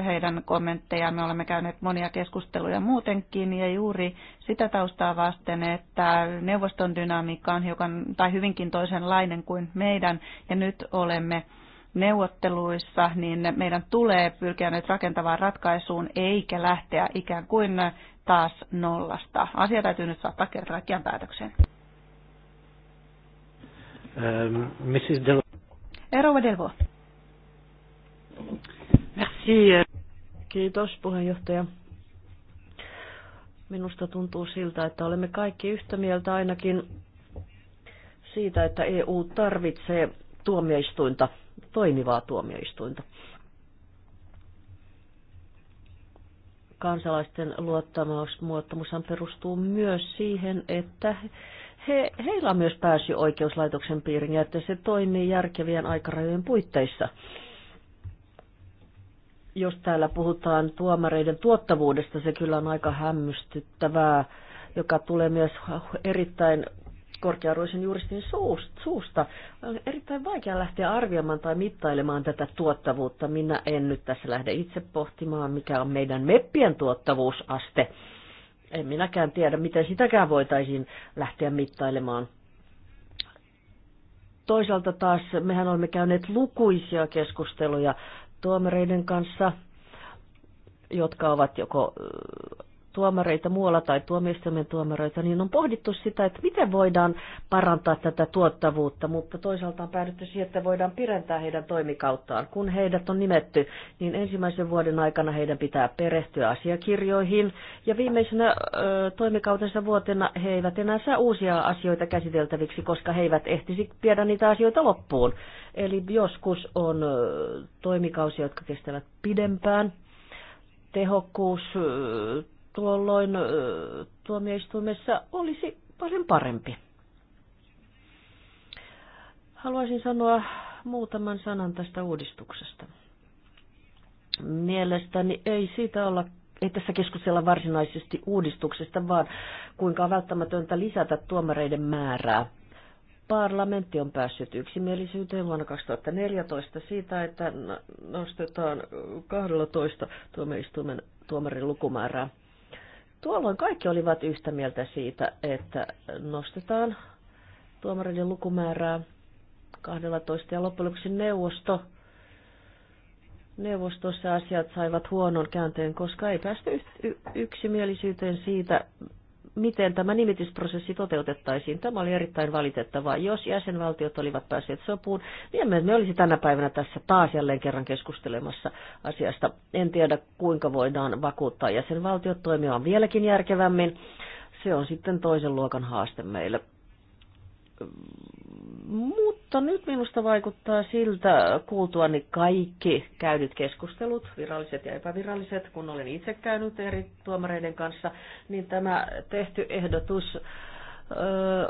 heidän kommenttejaan. Me olemme käyneet monia keskusteluja muutenkin ja juuri sitä taustaa vasten, että neuvoston dynamiikka on hiukan tai hyvinkin toisenlainen kuin meidän ja nyt olemme neuvotteluissa, niin meidän tulee pyrkiä nyt rakentavaan ratkaisuun eikä lähteä ikään kuin taas nollasta. Asia täytyy nyt saattaa kerta kaikkiaan päätökseen. Um, ähm, Mrs. Del... Erova eh, Delvo. Merci. Kiitos puheenjohtaja. Minusta tuntuu siltä, että olemme kaikki yhtä mieltä ainakin siitä, että EU tarvitsee tuomioistuinta toimivaa tuomioistuinta. Kansalaisten luottamushan perustuu myös siihen, että he, heillä on myös pääsy oikeuslaitoksen piirin ja että se toimii järkevien aikarajojen puitteissa jos täällä puhutaan tuomareiden tuottavuudesta, se kyllä on aika hämmästyttävää, joka tulee myös erittäin korkearuisen juristin suusta. On erittäin vaikea lähteä arvioimaan tai mittailemaan tätä tuottavuutta. Minä en nyt tässä lähde itse pohtimaan, mikä on meidän meppien tuottavuusaste. En minäkään tiedä, miten sitäkään voitaisiin lähteä mittailemaan. Toisaalta taas mehän olemme käyneet lukuisia keskusteluja tuomareiden kanssa, jotka ovat joko tuomareita muualla tai tuomioistuimen tuomareita, niin on pohdittu sitä, että miten voidaan parantaa tätä tuottavuutta, mutta toisaalta on päädytty siihen, että voidaan pidentää heidän toimikauttaan. Kun heidät on nimetty, niin ensimmäisen vuoden aikana heidän pitää perehtyä asiakirjoihin ja viimeisenä ö, toimikautensa vuotena he eivät enää saa uusia asioita käsiteltäviksi, koska he eivät ehtisi viedä niitä asioita loppuun. Eli joskus on toimikausia, jotka kestävät pidempään. Tehokkuus tuolloin tuomioistuimessa olisi paljon parempi. Haluaisin sanoa muutaman sanan tästä uudistuksesta. Mielestäni ei siitä olla ei tässä keskustella varsinaisesti uudistuksesta, vaan kuinka on välttämätöntä lisätä tuomareiden määrää. Parlamentti on päässyt yksimielisyyteen vuonna 2014 siitä, että nostetaan 12 tuomioistuimen tuomarin lukumäärää. Tuolloin kaikki olivat yhtä mieltä siitä, että nostetaan tuomareiden lukumäärää 12 ja loppujen lopuksi neuvosto neuvostossa asiat saivat huonon käänteen, koska ei päästy yksimielisyyteen siitä, miten tämä nimitysprosessi toteutettaisiin. Tämä oli erittäin valitettavaa. Jos jäsenvaltiot olivat päässeet sopuun, niin emme me olisi tänä päivänä tässä taas jälleen kerran keskustelemassa asiasta. En tiedä, kuinka voidaan vakuuttaa jäsenvaltiot toimimaan vieläkin järkevämmin. Se on sitten toisen luokan haaste meille mutta nyt minusta vaikuttaa siltä kuultuani kaikki käydyt keskustelut, viralliset ja epäviralliset, kun olen itse käynyt eri tuomareiden kanssa, niin tämä tehty ehdotus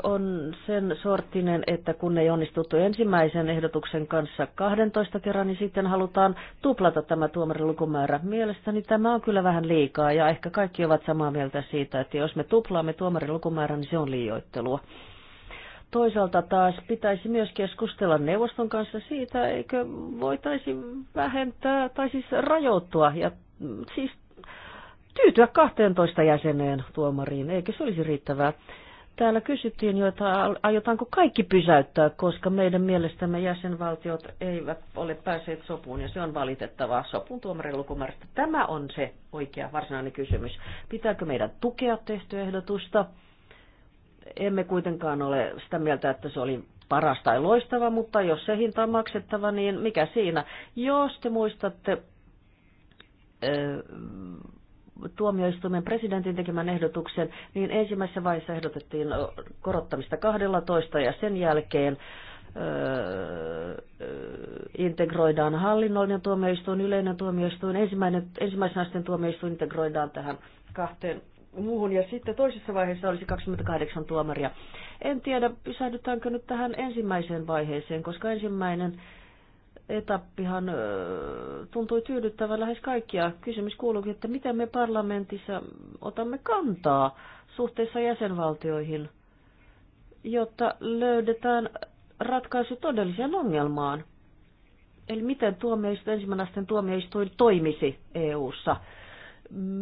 on sen sortinen, että kun ei onnistuttu ensimmäisen ehdotuksen kanssa 12 kerran, niin sitten halutaan tuplata tämä tuomarin lukumäärä. Mielestäni tämä on kyllä vähän liikaa ja ehkä kaikki ovat samaa mieltä siitä, että jos me tuplaamme tuomarin lukumäärän, niin se on liioittelua. Toisaalta taas pitäisi myös keskustella neuvoston kanssa siitä, eikö voitaisi vähentää tai siis rajoittua ja mm, siis tyytyä 12 jäseneen tuomariin, eikö se olisi riittävää? Täällä kysyttiin jo, että aiotaanko kaikki pysäyttää, koska meidän mielestämme jäsenvaltiot eivät ole päässeet sopuun ja se on valitettavaa sopun tuomarin lukumäärästä. Tämä on se oikea varsinainen kysymys. Pitääkö meidän tukea tehtyä ehdotusta? emme kuitenkaan ole sitä mieltä, että se oli paras tai loistava, mutta jos se hinta on maksettava, niin mikä siinä? Jos te muistatte tuomioistuimen presidentin tekemän ehdotuksen, niin ensimmäisessä vaiheessa ehdotettiin korottamista 12 ja sen jälkeen integroidaan hallinnollinen tuomioistuin, yleinen tuomioistuin, ensimmäinen, ensimmäisen asteen tuomioistuin integroidaan tähän kahteen muuhun ja sitten toisessa vaiheessa olisi 28 tuomaria. En tiedä, pysähdytäänkö nyt tähän ensimmäiseen vaiheeseen, koska ensimmäinen etappihan ö, tuntui tyydyttävän lähes kaikkia. Kysymys kuuluukin, että miten me parlamentissa otamme kantaa suhteessa jäsenvaltioihin, jotta löydetään ratkaisu todelliseen ongelmaan. Eli miten tuomioistuin, ensimmäinen tuomioistuin toimisi EU-ssa.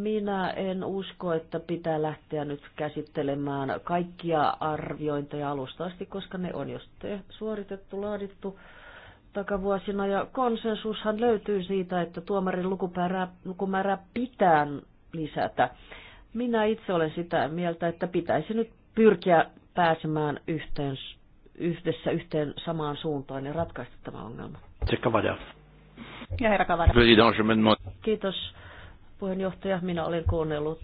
Minä en usko, että pitää lähteä nyt käsittelemään kaikkia arviointeja asti, koska ne on jo suoritettu, laadittu takavuosina. Ja konsensushan löytyy siitä, että tuomarin lukumäärää, lukumäärää pitää lisätä. Minä itse olen sitä mieltä, että pitäisi nyt pyrkiä pääsemään yhteen, yhdessä yhteen samaan suuntaan ja ratkaista tämä ongelma. Ja herra Kavada. Kiitos puheenjohtaja. Minä olen kuunnellut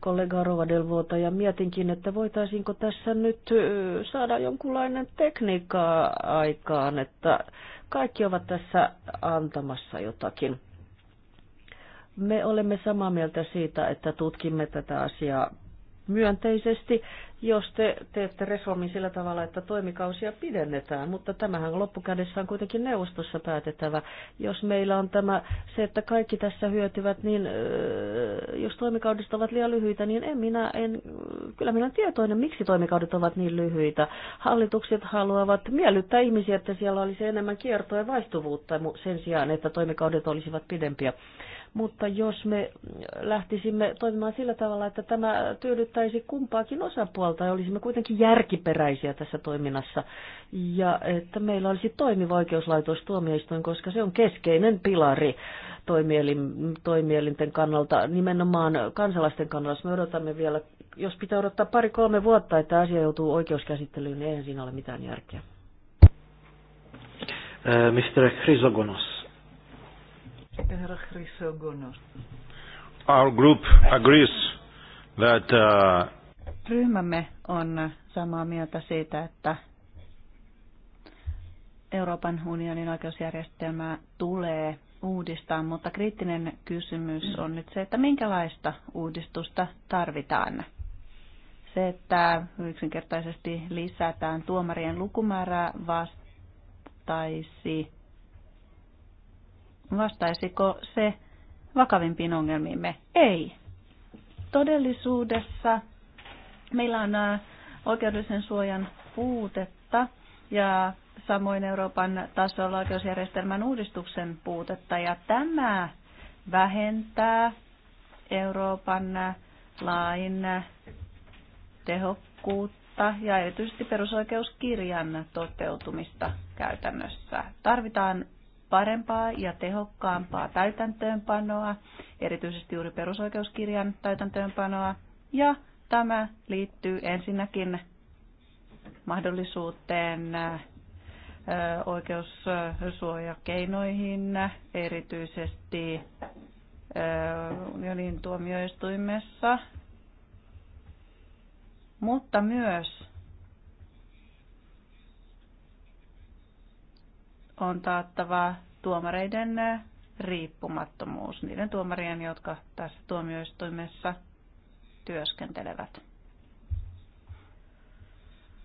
kollega Rovadelvuota ja mietinkin, että voitaisiinko tässä nyt saada jonkunlainen tekniikka aikaan, että kaikki ovat tässä antamassa jotakin. Me olemme samaa mieltä siitä, että tutkimme tätä asiaa myönteisesti, jos te teette reformin sillä tavalla, että toimikausia pidennetään, mutta tämähän loppukädessä on kuitenkin neuvostossa päätettävä. Jos meillä on tämä, se, että kaikki tässä hyötyvät, niin jos toimikaudet ovat liian lyhyitä, niin en minä, en, kyllä minä olen tietoinen, miksi toimikaudet ovat niin lyhyitä. Hallitukset haluavat miellyttää ihmisiä, että siellä olisi enemmän kiertoa ja vaihtuvuutta sen sijaan, että toimikaudet olisivat pidempiä. Mutta jos me lähtisimme toimimaan sillä tavalla, että tämä tyydyttäisi kumpaakin osapuolta ja olisimme kuitenkin järkiperäisiä tässä toiminnassa ja että meillä olisi toimiva oikeuslaitos tuomioistuin, koska se on keskeinen pilari toimielin, toimielinten kannalta, nimenomaan kansalaisten kannalta. me odotamme vielä, jos pitää odottaa pari-kolme vuotta, että asia joutuu oikeuskäsittelyyn, niin eihän siinä ole mitään järkeä. Äh, Mr. Chrysogonos. Our group agrees that, uh... Ryhmämme on samaa mieltä siitä, että Euroopan unionin oikeusjärjestelmää tulee uudistaa, mutta kriittinen kysymys on nyt se, että minkälaista uudistusta tarvitaan. Se, että yksinkertaisesti lisätään tuomarien lukumäärää vastaisi vastaisiko se vakavimpiin ongelmiimme? Ei. Todellisuudessa meillä on äh, oikeudellisen suojan puutetta ja samoin Euroopan tasolla oikeusjärjestelmän uudistuksen puutetta. Ja tämä vähentää Euroopan äh, lain äh, tehokkuutta ja erityisesti perusoikeuskirjan toteutumista käytännössä. Tarvitaan parempaa ja tehokkaampaa täytäntöönpanoa, erityisesti juuri perusoikeuskirjan täytäntöönpanoa. Ja tämä liittyy ensinnäkin mahdollisuuteen oikeussuojakeinoihin, erityisesti unionin tuomioistuimessa, mutta myös on taattava tuomareiden riippumattomuus niiden tuomarien, jotka tässä tuomioistuimessa työskentelevät.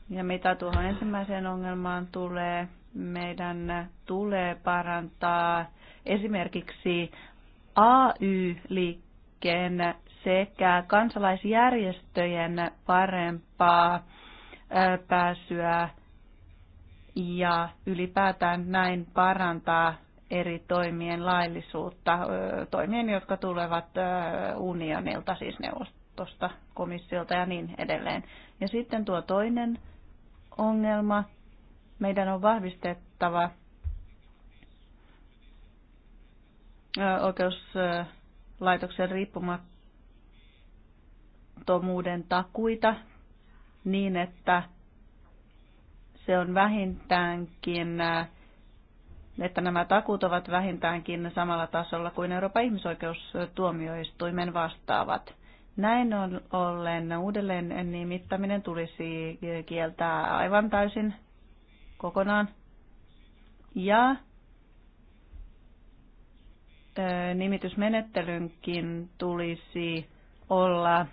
Ja mitä tuohon ensimmäiseen ongelmaan tulee, meidän tulee parantaa esimerkiksi AY-liikkeen sekä kansalaisjärjestöjen parempaa pääsyä ja ylipäätään näin parantaa eri toimien laillisuutta, toimien, jotka tulevat unionilta, siis neuvostosta, komissiolta ja niin edelleen. Ja sitten tuo toinen ongelma, meidän on vahvistettava oikeuslaitoksen riippumattomuuden takuita niin, että se on vähintäänkin, että nämä takuut ovat vähintäänkin samalla tasolla kuin Euroopan ihmisoikeustuomioistuimen vastaavat. Näin on ollen uudelleen nimittäminen tulisi kieltää aivan täysin kokonaan. Ja nimitysmenettelynkin tulisi olla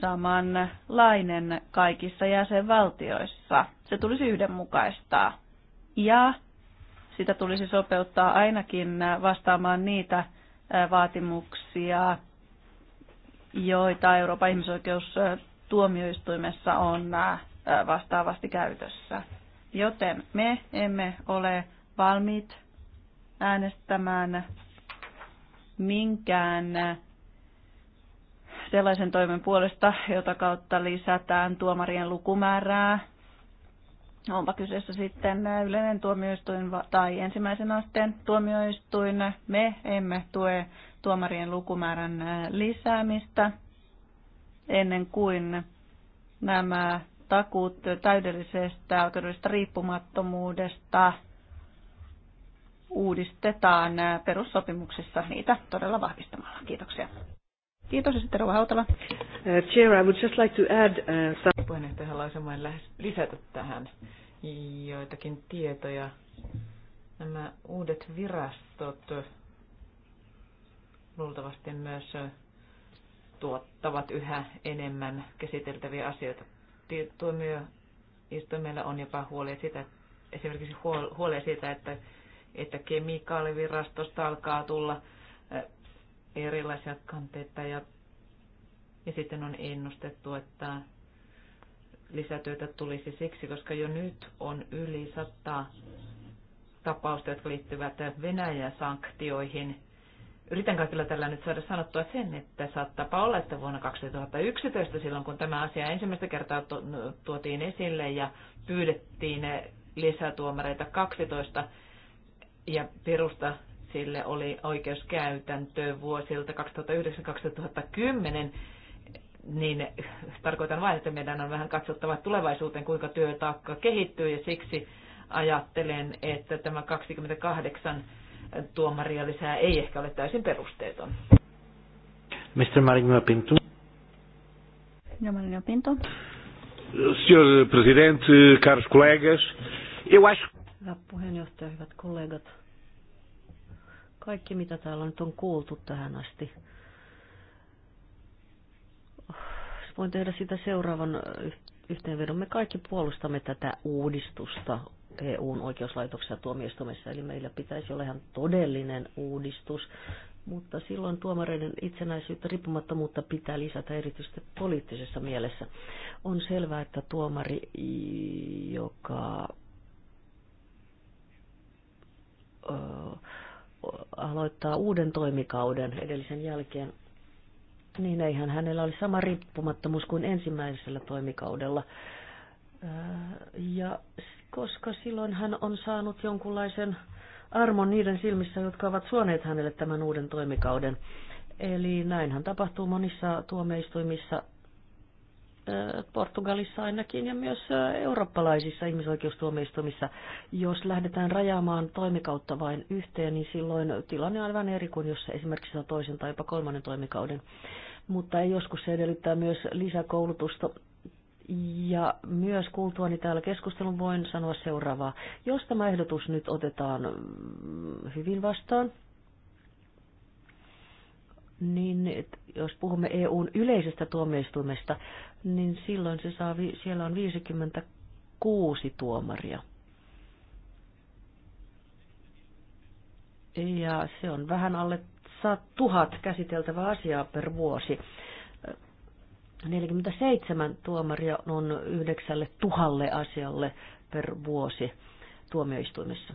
samanlainen kaikissa jäsenvaltioissa. Se tulisi yhdenmukaistaa ja sitä tulisi sopeuttaa ainakin vastaamaan niitä vaatimuksia, joita Euroopan ihmisoikeustuomioistuimessa on vastaavasti käytössä. Joten me emme ole valmiit äänestämään minkään sellaisen toimen puolesta, jota kautta lisätään tuomarien lukumäärää. Onpa kyseessä sitten yleinen tuomioistuin tai ensimmäisen asteen tuomioistuin. Me emme tue tuomarien lukumäärän lisäämistä ennen kuin nämä takuut täydellisestä oikeudellisesta riippumattomuudesta uudistetaan perussopimuksissa niitä todella vahvistamalla. Kiitoksia. Kiitos ja sitten Rova Hautala. Uh, chair, I would just like to add uh, some... Puheenjohtaja haluaisin vain lisätä tähän joitakin tietoja. Nämä uudet virastot luultavasti myös tuottavat yhä enemmän käsiteltäviä asioita. Tuomioistuimella on jopa huolia siitä, esimerkiksi huolia siitä, että, että kemikaalivirastosta alkaa tulla erilaisia kanteita ja, ja sitten on ennustettu, että lisätyötä tulisi siksi, koska jo nyt on yli sata tapausta, jotka liittyvät Venäjän sanktioihin. Yritän kyllä tällä nyt saada sanottua sen, että saattaa olla, että vuonna 2011 silloin, kun tämä asia ensimmäistä kertaa tuotiin esille ja pyydettiin lisätuomareita 12 ja perusta sille oli oikeuskäytäntö vuosilta 2009-2010, niin tarkoitan vain, että meidän on vähän katsottava tulevaisuuteen, kuinka työtaakka kehittyy ja siksi ajattelen, että tämä 28 tuomaria lisää ei ehkä ole täysin perusteeton. Mr. Marino Pinto. No, Marino Pinto. Senhor Presidente, caros colegas, eu acho... Hyvä puheenjohtaja, hyvät kollegat. Kaikki, mitä täällä nyt on kuultu tähän asti. Siis voin tehdä sitä seuraavan yhteenvedon. Me kaikki puolustamme tätä uudistusta EUn oikeuslaitoksessa tuomioistuimessa, eli meillä pitäisi olla ihan todellinen uudistus, mutta silloin tuomareiden itsenäisyyttä, riippumattomuutta pitää lisätä erityisesti poliittisessa mielessä. On selvää, että tuomari, joka aloittaa uuden toimikauden edellisen jälkeen, niin eihän hänellä ole sama riippumattomuus kuin ensimmäisellä toimikaudella. Äh, ja koska silloin hän on saanut jonkunlaisen armon niiden silmissä, jotka ovat suoneet hänelle tämän uuden toimikauden. Eli näinhän tapahtuu monissa tuomioistuimissa Portugalissa ainakin ja myös eurooppalaisissa ihmisoikeustuomioistuimissa. Jos lähdetään rajaamaan toimikautta vain yhteen, niin silloin tilanne on aivan eri kuin jos esimerkiksi on toisen tai jopa kolmannen toimikauden. Mutta joskus se edellyttää myös lisäkoulutusta ja myös kuultuani täällä keskustelun voin sanoa seuraavaa. Jos tämä ehdotus nyt otetaan hyvin vastaan, niin jos puhumme EUn yleisestä tuomioistuimesta, niin silloin se saa, siellä on 56 tuomaria. Ja se on vähän alle tuhat käsiteltävää asiaa per vuosi. 47 tuomaria on yhdeksälle tuhalle asialle per vuosi tuomioistuimessa.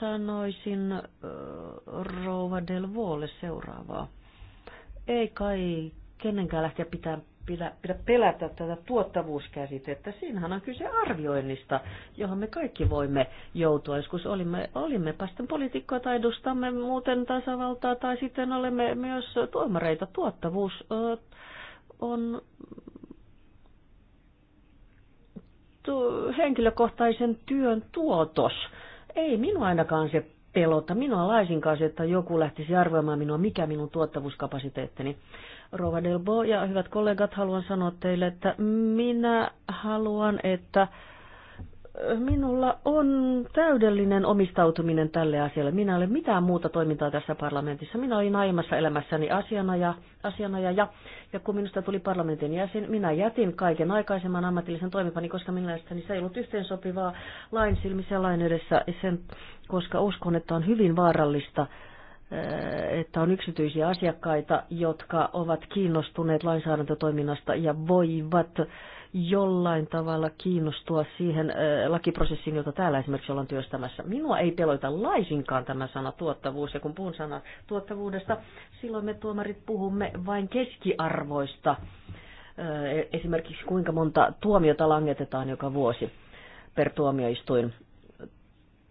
Sanoisin rouva vuolle seuraavaa. Ei kai kenenkään lähteä pitää pidä, pidä pelätä tätä tuottavuuskäsitettä. Siinähän on kyse arvioinnista, johon me kaikki voimme joutua. Joskus olimme, olimme sitten poliitikkoja tai edustamme muuten tasavaltaa tai sitten olemme myös tuomareita. Tuottavuus on henkilökohtaisen työn tuotos ei minua ainakaan se pelota. Minua laisinkaan se, että joku lähtisi arvoimaan minua, mikä minun tuottavuuskapasiteettini. Rova Delbo ja hyvät kollegat, haluan sanoa teille, että minä haluan, että Minulla on täydellinen omistautuminen tälle asialle. Minä olen mitään muuta toimintaa tässä parlamentissa. Minä olin aiemmassa elämässäni asianaja, asianaja ja, ja kun minusta tuli parlamentin jäsen, minä jätin kaiken aikaisemman ammatillisen toimipani, koska mielestäni se ei ollut yhteensopivaa lain silmissä lain edessä, sen, koska uskon, että on hyvin vaarallista eh, että on yksityisiä asiakkaita, jotka ovat kiinnostuneet lainsäädäntötoiminnasta ja voivat jollain tavalla kiinnostua siihen lakiprosessiin, jota täällä esimerkiksi ollaan työstämässä. Minua ei peloita laisinkaan tämä sana tuottavuus, ja kun puhun sana tuottavuudesta, silloin me tuomarit puhumme vain keskiarvoista, esimerkiksi kuinka monta tuomiota langetetaan joka vuosi per tuomioistuin.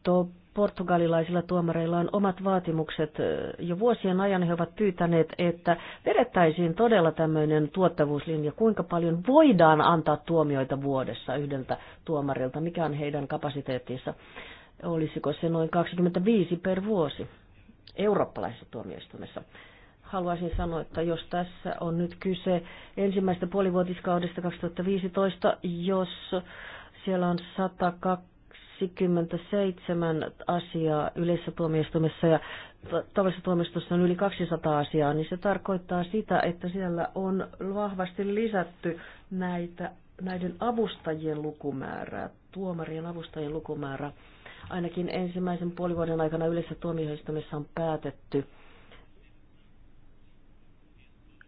To, portugalilaisilla tuomareilla on omat vaatimukset. Jo vuosien ajan he ovat pyytäneet, että vedettäisiin todella tämmöinen tuottavuuslinja, kuinka paljon voidaan antaa tuomioita vuodessa yhdeltä tuomarilta, mikä on heidän kapasiteettinsa. Olisiko se noin 25 per vuosi eurooppalaisessa tuomioistuimessa? haluaisin sanoa, että jos tässä on nyt kyse ensimmäistä puolivuotiskaudesta 2015, jos siellä on 102, 27 asiaa yleisessä tuomioistuimessa ja tavallisessa tuomioistuimessa on yli 200 asiaa, niin se tarkoittaa sitä, että siellä on vahvasti lisätty näitä, näiden avustajien lukumäärää, tuomarien avustajien lukumäärää. Ainakin ensimmäisen puolivuoden aikana yleisessä tuomioistuimessa on päätetty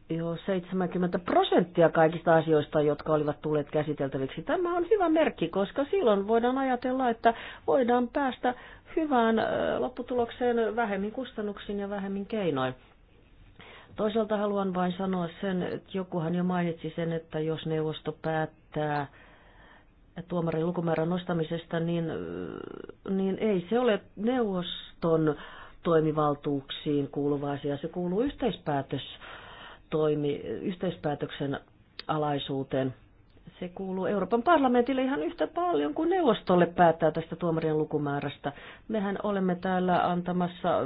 Joo, 70 prosenttia kaikista asioista, jotka olivat tulleet käsiteltäviksi. Tämä on hyvä merkki, koska silloin voidaan ajatella, että voidaan päästä hyvään lopputulokseen vähemmin kustannuksiin ja vähemmin keinoin. Toisaalta haluan vain sanoa sen, että jokuhan jo mainitsi sen, että jos neuvosto päättää tuomarin lukumäärän nostamisesta, niin, niin ei se ole neuvoston toimivaltuuksiin kuuluva asia. Se kuuluu yhteispäätös toimi yhteispäätöksen alaisuuteen. Se kuuluu Euroopan parlamentille ihan yhtä paljon kuin neuvostolle päättää tästä tuomarien lukumäärästä. Mehän olemme täällä antamassa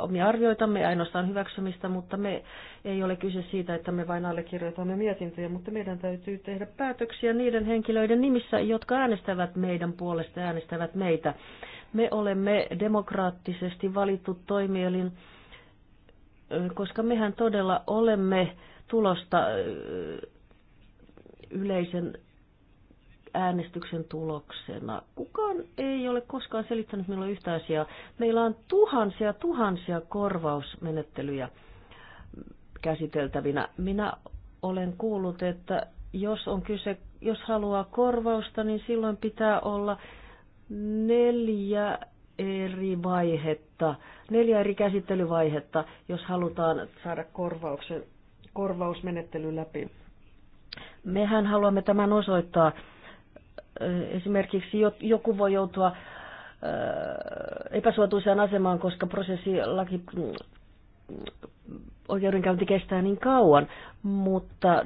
omia arvioitamme, ainoastaan hyväksymistä, mutta me ei ole kyse siitä, että me vain allekirjoitamme mietintöjä, mutta meidän täytyy tehdä päätöksiä niiden henkilöiden nimissä, jotka äänestävät meidän puolesta ja äänestävät meitä. Me olemme demokraattisesti valittu toimielin koska mehän todella olemme tulosta yleisen äänestyksen tuloksena. Kukaan ei ole koskaan selittänyt minulle yhtä asiaa. Meillä on tuhansia tuhansia korvausmenettelyjä käsiteltävinä. Minä olen kuullut, että jos on kyse, jos haluaa korvausta, niin silloin pitää olla neljä eri vaihetta, neljä eri käsittelyvaihetta, jos halutaan saada korvauksen, korvausmenettely läpi. Mehän haluamme tämän osoittaa. Esimerkiksi joku voi joutua äh, epäsuotuisaan asemaan, koska prosessi laki, mm, oikeudenkäynti kestää niin kauan, mutta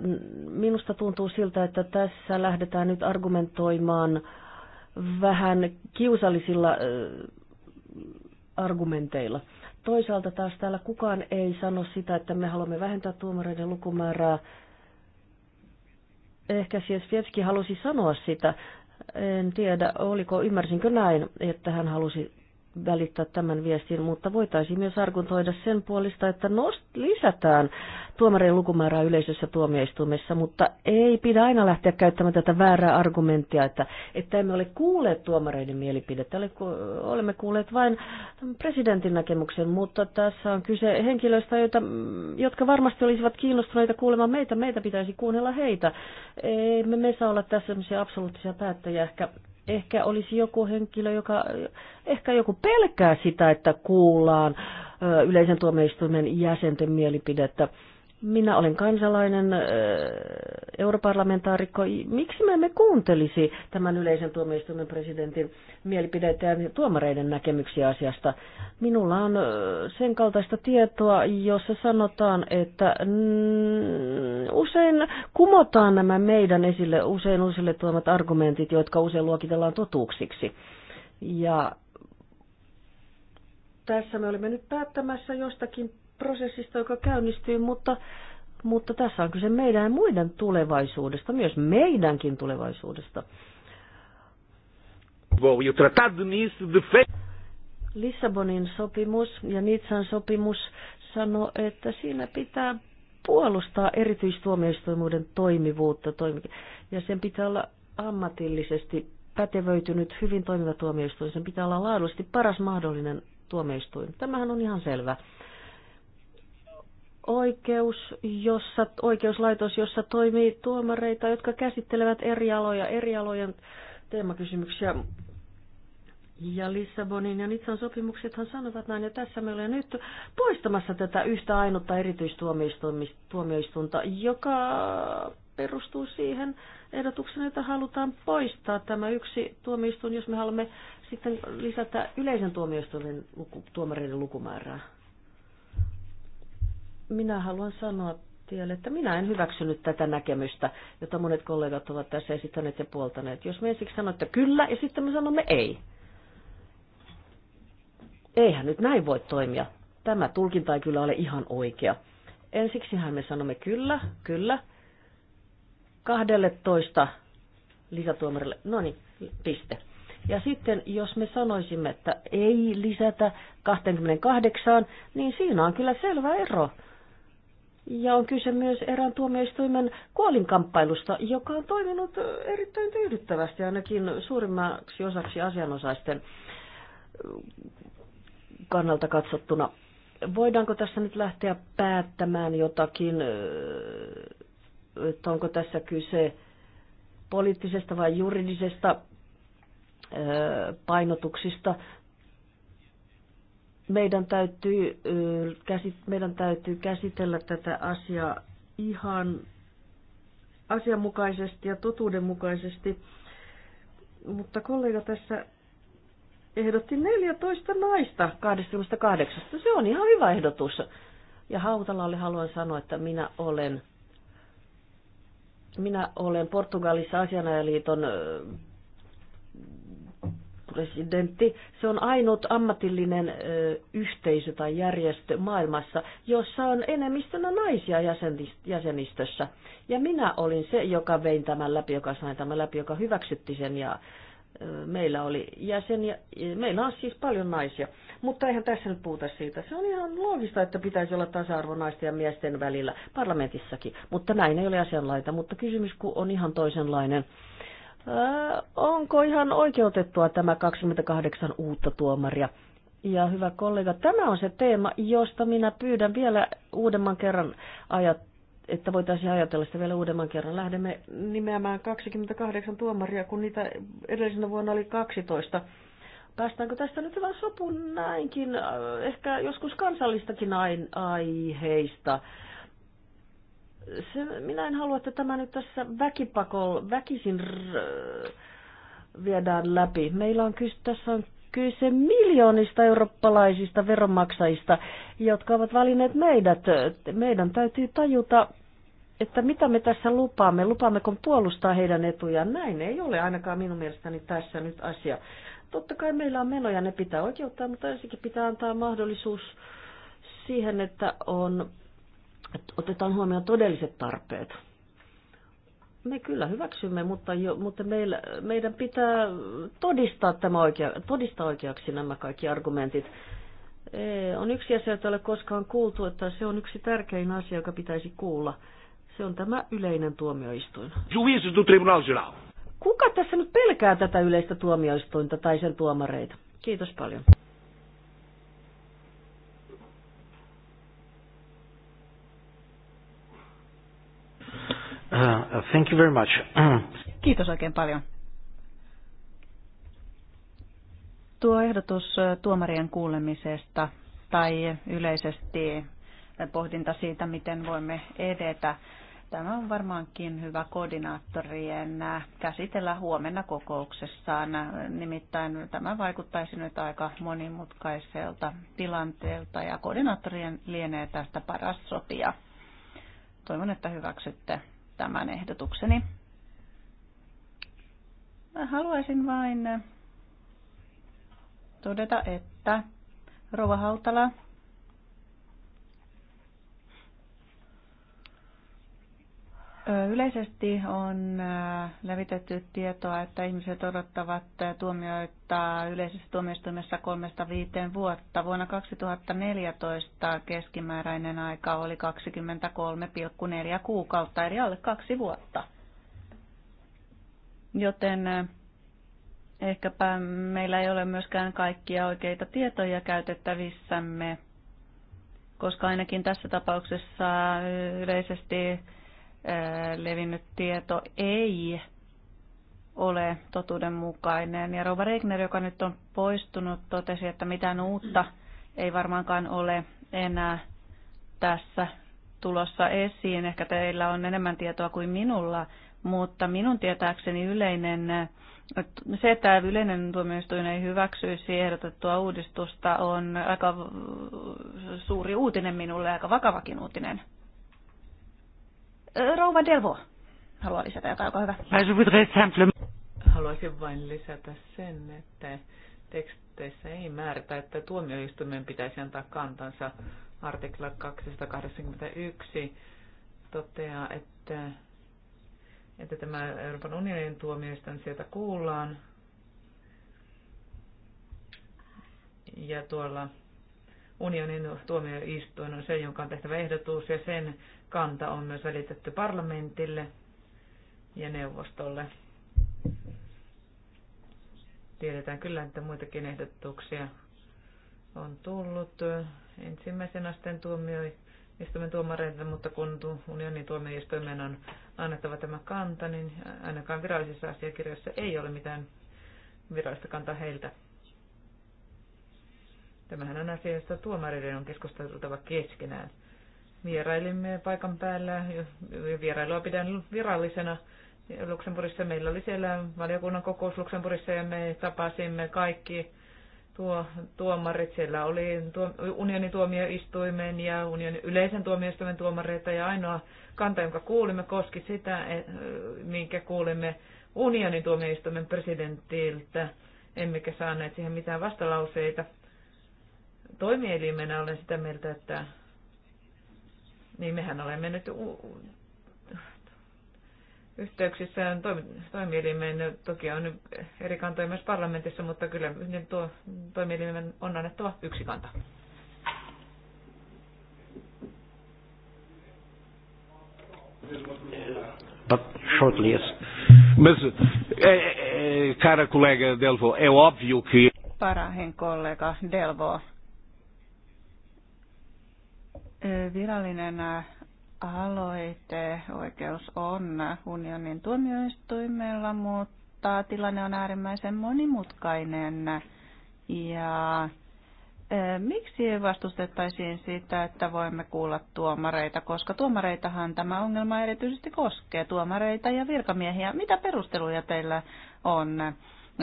minusta tuntuu siltä, että tässä lähdetään nyt argumentoimaan vähän kiusallisilla äh, argumenteilla. Toisaalta taas täällä kukaan ei sano sitä, että me haluamme vähentää tuomareiden lukumäärää. Ehkä Siesvievski halusi sanoa sitä. En tiedä, oliko, ymmärsinkö näin, että hän halusi välittää tämän viestin, mutta voitaisiin myös argumentoida sen puolesta, että nost, lisätään tuomarien lukumäärää yleisössä tuomioistuimessa, mutta ei pidä aina lähteä käyttämään tätä väärää argumenttia, että, että emme ole kuulleet tuomareiden mielipidettä, olemme kuulleet vain presidentin näkemyksen, mutta tässä on kyse henkilöistä, joita, jotka varmasti olisivat kiinnostuneita kuulemaan meitä, meitä pitäisi kuunnella heitä. Emme me saa olla tässä absoluuttisia päättäjiä, ehkä ehkä olisi joku henkilö, joka ehkä joku pelkää sitä, että kuullaan yleisen tuomioistuimen jäsenten mielipidettä minä olen kansalainen äh, europarlamentaarikko. Miksi me emme kuuntelisi tämän yleisen tuomioistuimen presidentin mielipiteitä ja tuomareiden näkemyksiä asiasta? Minulla on äh, sen kaltaista tietoa, jossa sanotaan, että mm, usein kumotaan nämä meidän esille usein uusille tuomat argumentit, jotka usein luokitellaan totuuksiksi. Ja tässä me olemme nyt päättämässä jostakin prosessista, joka käynnistyy, mutta, mutta tässä on kyse meidän ja muiden tulevaisuudesta, myös meidänkin tulevaisuudesta. E Lissabonin sopimus ja Nitsan sopimus sanoo, että siinä pitää puolustaa erityistuomioistuimuuden toimivuutta ja sen pitää olla ammatillisesti pätevöitynyt, hyvin toimiva tuomioistuin. Sen pitää olla laadullisesti paras mahdollinen tuomioistuin. Tämähän on ihan selvä oikeus, jossa, oikeuslaitos, jossa toimii tuomareita, jotka käsittelevät eri aloja, eri alojen teemakysymyksiä. Ja Lissabonin ja Nitsan sopimuksethan sanovat näin, ja tässä me olemme nyt poistamassa tätä yhtä ainutta erityistuomioistunta, joka perustuu siihen ehdotukseen, että halutaan poistaa tämä yksi tuomioistuin, jos me haluamme sitten lisätä yleisen tuomioistuimen luku, tuomareiden lukumäärää minä haluan sanoa tielle, että minä en hyväksynyt tätä näkemystä, jota monet kollegat ovat tässä esittäneet ja puoltaneet. Jos me ensiksi sanoo, että kyllä, ja sitten me sanomme ei. Eihän nyt näin voi toimia. Tämä tulkinta ei kyllä ole ihan oikea. Ensiksihän me sanomme kyllä, kyllä, 12 lisätuomarille, no niin, piste. Ja sitten jos me sanoisimme, että ei lisätä 28, niin siinä on kyllä selvä ero. Ja on kyse myös erään tuomioistuimen kuolinkamppailusta, joka on toiminut erittäin tyydyttävästi ainakin suurimmaksi osaksi asianosaisten kannalta katsottuna. Voidaanko tässä nyt lähteä päättämään jotakin, että onko tässä kyse poliittisesta vai juridisesta painotuksista? meidän täytyy, meidän täytyy käsitellä tätä asiaa ihan asianmukaisesti ja totuudenmukaisesti. Mutta kollega tässä ehdotti 14 naista 28. No se on ihan hyvä ehdotus. Ja oli haluan sanoa, että minä olen, minä olen Portugalissa asianajaliiton presidentti, se on ainut ammatillinen yhteisö tai järjestö maailmassa, jossa on enemmistönä naisia jäsenistössä. Ja minä olin se, joka vein tämän läpi, joka sai tämän läpi, joka hyväksytti sen ja meillä oli ja, e, meillä on siis paljon naisia, mutta eihän tässä nyt puhuta siitä. Se on ihan loogista, että pitäisi olla tasa-arvo naisten ja miesten välillä parlamentissakin, mutta näin ei ole asianlaita, mutta kysymys kun on ihan toisenlainen onko ihan oikeutettua tämä 28 uutta tuomaria? Ja hyvä kollega, tämä on se teema, josta minä pyydän vielä uudemman kerran ajat, että voitaisiin ajatella sitä vielä uudemman kerran. Lähdemme nimeämään 28 tuomaria, kun niitä edellisenä vuonna oli 12. Päästäänkö tästä nyt hyvän sopun näinkin, ehkä joskus kansallistakin aiheista? se, minä en halua, että tämä nyt tässä väkipakol, väkisin rrr, viedään läpi. Meillä on kyse, tässä on kyse miljoonista eurooppalaisista veronmaksajista, jotka ovat valinneet meidät. Meidän täytyy tajuta, että mitä me tässä lupaamme. Lupaammeko puolustaa heidän etujaan? Näin ei ole ainakaan minun mielestäni tässä nyt asia. Totta kai meillä on menoja, ne pitää oikeuttaa, mutta ensinnäkin pitää antaa mahdollisuus siihen, että on otetaan huomioon todelliset tarpeet. Me kyllä hyväksymme, mutta, jo, mutta meillä, meidän pitää todistaa, tämä oikea, todistaa oikeaksi nämä kaikki argumentit. E, on yksi asia, jota ei ole koskaan kuultu, että se on yksi tärkein asia, joka pitäisi kuulla. Se on tämä yleinen tuomioistuin. Kuka tässä nyt pelkää tätä yleistä tuomioistuinta tai sen tuomareita? Kiitos paljon. Uh, thank you very much. *clears throat* Kiitos oikein paljon. Tuo ehdotus uh, tuomarien kuulemisesta tai yleisesti pohdinta siitä, miten voimme edetä. Tämä on varmaankin hyvä koordinaattorien uh, käsitellä huomenna kokouksessaan. Nimittäin tämä vaikuttaisi nyt aika monimutkaiselta tilanteelta ja koordinaattorien lienee tästä paras sopia. Toivon, että hyväksytte tämän ehdotukseni. Mä haluaisin vain todeta, että Rova Hautala Yleisesti on levitetty tietoa, että ihmiset odottavat tuomioita yleisessä tuomioistuimessa kolmesta viiteen vuotta. Vuonna 2014 keskimääräinen aika oli 23,4 kuukautta, eli alle kaksi vuotta. Joten ehkäpä meillä ei ole myöskään kaikkia oikeita tietoja käytettävissämme, koska ainakin tässä tapauksessa yleisesti Äh, levinnyt tieto ei ole totuudenmukainen. Ja Rova Regner, joka nyt on poistunut, totesi, että mitään uutta ei varmaankaan ole enää tässä tulossa esiin. Ehkä teillä on enemmän tietoa kuin minulla, mutta minun tietääkseni yleinen, se, että yleinen tuomioistuin ei hyväksyisi ehdotettua uudistusta, on aika suuri uutinen minulle, aika vakavakin uutinen. Rouva Delvo haluaa lisätä jotain, olkaa hyvä. Haluaisin vain lisätä sen, että teksteissä ei määritä, että tuomioistuimen pitäisi antaa kantansa. Artikla 281 toteaa, että, että tämä Euroopan unionin tuomioistuin sieltä kuullaan. Ja tuolla unionin tuomioistuin on se, jonka on tehtävä ehdotus ja sen kanta on myös välitetty parlamentille ja neuvostolle. Tiedetään kyllä, että muitakin ehdotuksia on tullut ensimmäisen asteen tuomioistuimen tuomareilta, mutta kun unionin tuomioistuimen on annettava tämä kanta, niin ainakaan virallisissa asiakirjoissa ei ole mitään virallista kantaa heiltä. Tämähän on asia, josta tuomareiden on keskusteltava keskenään vierailimme paikan päällä. Vierailua pidän virallisena Luxemburgissa. Meillä oli siellä valiokunnan kokous Luxemburgissa ja me tapasimme kaikki tuo, tuomarit. Siellä oli tuo, unionituomioistuimen ja unionin yleisen tuomioistuimen tuomareita ja ainoa kanta, jonka kuulimme, koski sitä, e- minkä kuulimme unionin tuomioistuimen presidentiltä. Emmekä saaneet siihen mitään vastalauseita. Toimielimenä olen sitä mieltä, että niin mehän olemme nyt u- yhteyksissä toimi- toki on eri kantoja myös parlamentissa, mutta kyllä niin tuo toimielimen on annettava yksi kanta. But shortly, yes. Mas, eh, eh, eh, cara colega Delvo, é óbvio que... Parahin kollega Delvo, virallinen oikeus on unionin tuomioistuimella, mutta tilanne on äärimmäisen monimutkainen. Ja miksi vastustettaisiin sitä, että voimme kuulla tuomareita, koska tuomareitahan tämä ongelma erityisesti koskee, tuomareita ja virkamiehiä. Mitä perusteluja teillä on?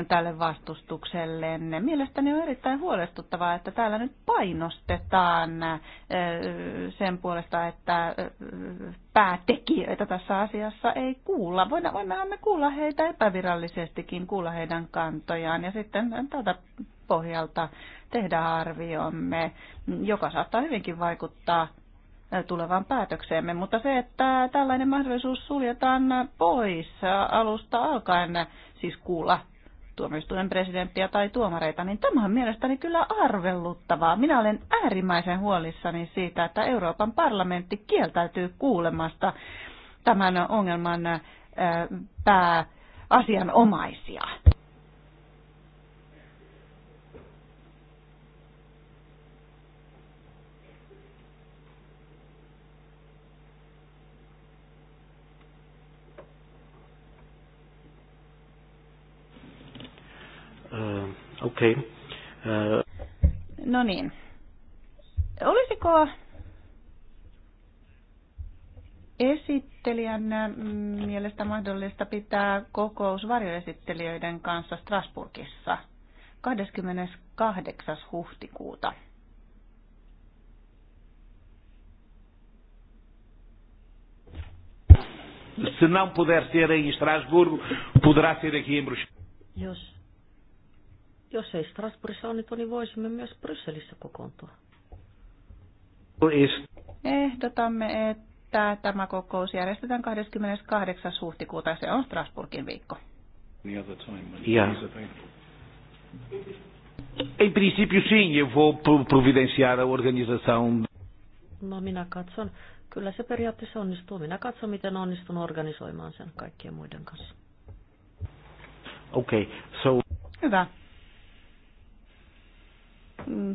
tälle vastustukselle. Mielestäni on erittäin huolestuttavaa, että täällä nyt painostetaan sen puolesta, että päätekijöitä tässä asiassa ei kuulla. Voimmehan me kuulla heitä epävirallisestikin, kuulla heidän kantojaan ja sitten tältä pohjalta tehdä arviomme, joka saattaa hyvinkin vaikuttaa tulevaan päätökseemme, mutta se, että tällainen mahdollisuus suljetaan pois alusta alkaen, siis kuulla tuomioistuimen presidenttiä tai tuomareita, niin tämä on mielestäni kyllä arvelluttavaa. Minä olen äärimmäisen huolissani siitä, että Euroopan parlamentti kieltäytyy kuulemasta tämän ongelman äh, pääasianomaisia. Uh, Okei. Okay. Uh. Äh, no niin. Olisiko esittelijän äh, mielestä mahdollista pitää kokous varjoesittelijöiden kanssa Strasburgissa 28. huhtikuuta? Se não puder ser em Estrasburgo, poderá ser aqui em Bruxelas. Jos jos ei Strasbourgissa onnitu, niin voisimme myös Brysselissä kokoontua. Ehdotamme, että tämä kokous järjestetään 28. huhtikuuta. Se on Strasbourgin viikko. Yeah. Em princípio, sim, eu vou providenciar a organização. No, minä katson. Kyllä se periaatteessa onnistuu. Minä katson, miten onnistun organisoimaan sen kaikkien muiden kanssa. Okei, okay, so... Hyvä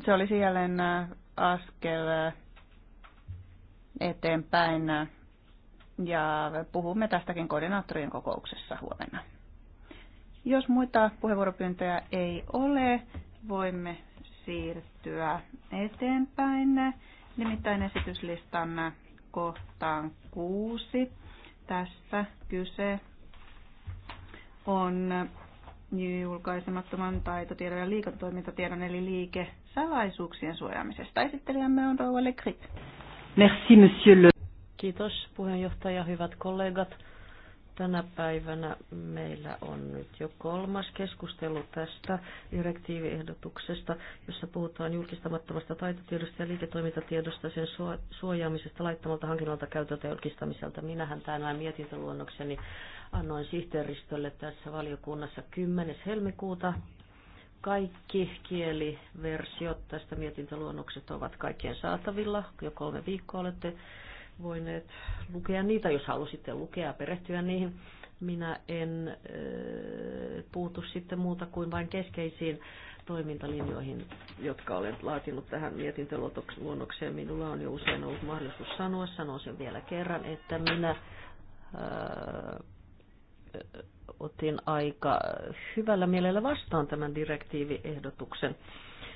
se oli jälleen äh, askel äh, eteenpäin äh, ja puhumme tästäkin koordinaattorien kokouksessa huomenna. Jos muita puheenvuoropyyntöjä ei ole, voimme siirtyä eteenpäin, nimittäin esityslistan kohtaan kuusi. Tässä kyse on julkaisemattoman taitotiedon ja liiketoimintatiedon eli liike salaisuuksien suojaamisesta. Esittelijämme on Rouva Lekrit. Merci, monsieur Le. Kiitos puheenjohtaja, hyvät kollegat. Tänä päivänä meillä on nyt jo kolmas keskustelu tästä direktiiviehdotuksesta, jossa puhutaan julkistamattomasta taitotiedosta ja liiketoimintatiedosta sen suojaamisesta laittomalta hankinnalta käytöltä ja julkistamiselta. Minähän tänään mietintöluonnokseni annoin sihteeristölle tässä valiokunnassa 10. helmikuuta kaikki kieliversiot tästä mietintöluonnokset ovat kaikkien saatavilla. Jo kolme viikkoa olette voineet lukea niitä, jos halusitte lukea ja perehtyä niihin. Minä en äh, puutu sitten muuta kuin vain keskeisiin toimintalinjoihin, jotka olen laatinut tähän mietintöluonnokseen. Minulla on jo usein ollut mahdollisuus sanoa, sanon sen vielä kerran, että minä äh, otin aika hyvällä mielellä vastaan tämän direktiiviehdotuksen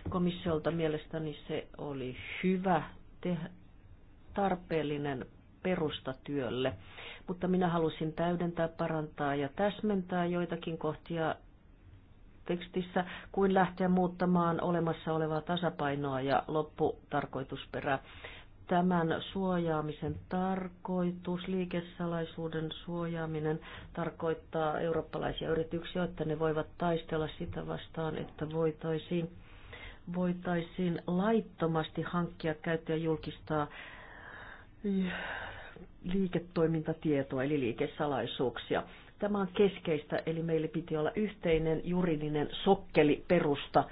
komissiolta. Mielestäni se oli hyvä, tarpeellinen perustatyölle, mutta minä halusin täydentää, parantaa ja täsmentää joitakin kohtia tekstissä, kuin lähteä muuttamaan olemassa olevaa tasapainoa ja lopputarkoitusperää tämän suojaamisen tarkoitus, liikesalaisuuden suojaaminen, tarkoittaa eurooppalaisia yrityksiä, että ne voivat taistella sitä vastaan, että voitaisiin, voitaisiin laittomasti hankkia, käyttää julkistaa liiketoimintatietoa eli liikesalaisuuksia. Tämä on keskeistä, eli meillä piti olla yhteinen juridinen sokkeli perusta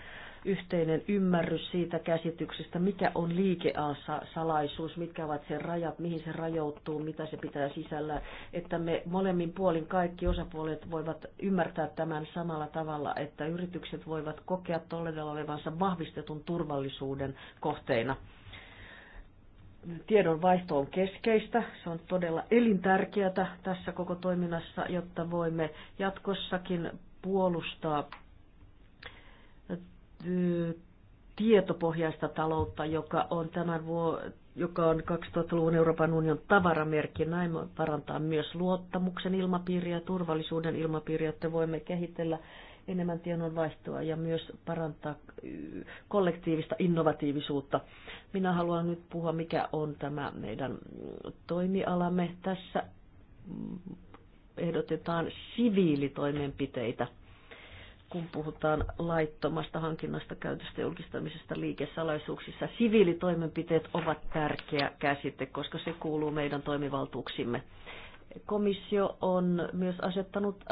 yhteinen ymmärrys siitä käsityksestä, mikä on salaisuus, mitkä ovat sen rajat, mihin se rajoittuu, mitä se pitää sisällä, että me molemmin puolin kaikki osapuolet voivat ymmärtää tämän samalla tavalla, että yritykset voivat kokea todella olevansa vahvistetun turvallisuuden kohteina tiedonvaihto on keskeistä. Se on todella elintärkeää tässä koko toiminnassa, jotta voimme jatkossakin puolustaa tietopohjaista taloutta, joka on tämän vuo, joka on 2000-luvun Euroopan unionin tavaramerkki. Näin parantaa myös luottamuksen ilmapiiriä, turvallisuuden ilmapiiriä, että voimme kehitellä enemmän tiedonvaihtoa ja myös parantaa kollektiivista innovatiivisuutta. Minä haluan nyt puhua, mikä on tämä meidän toimialamme. Tässä mm, ehdotetaan siviilitoimenpiteitä – kun puhutaan laittomasta hankinnasta, käytöstä, julkistamisesta, liikesalaisuuksissa. Siviilitoimenpiteet ovat tärkeä käsite, koska se kuuluu meidän toimivaltuuksimme. Komissio on myös asettanut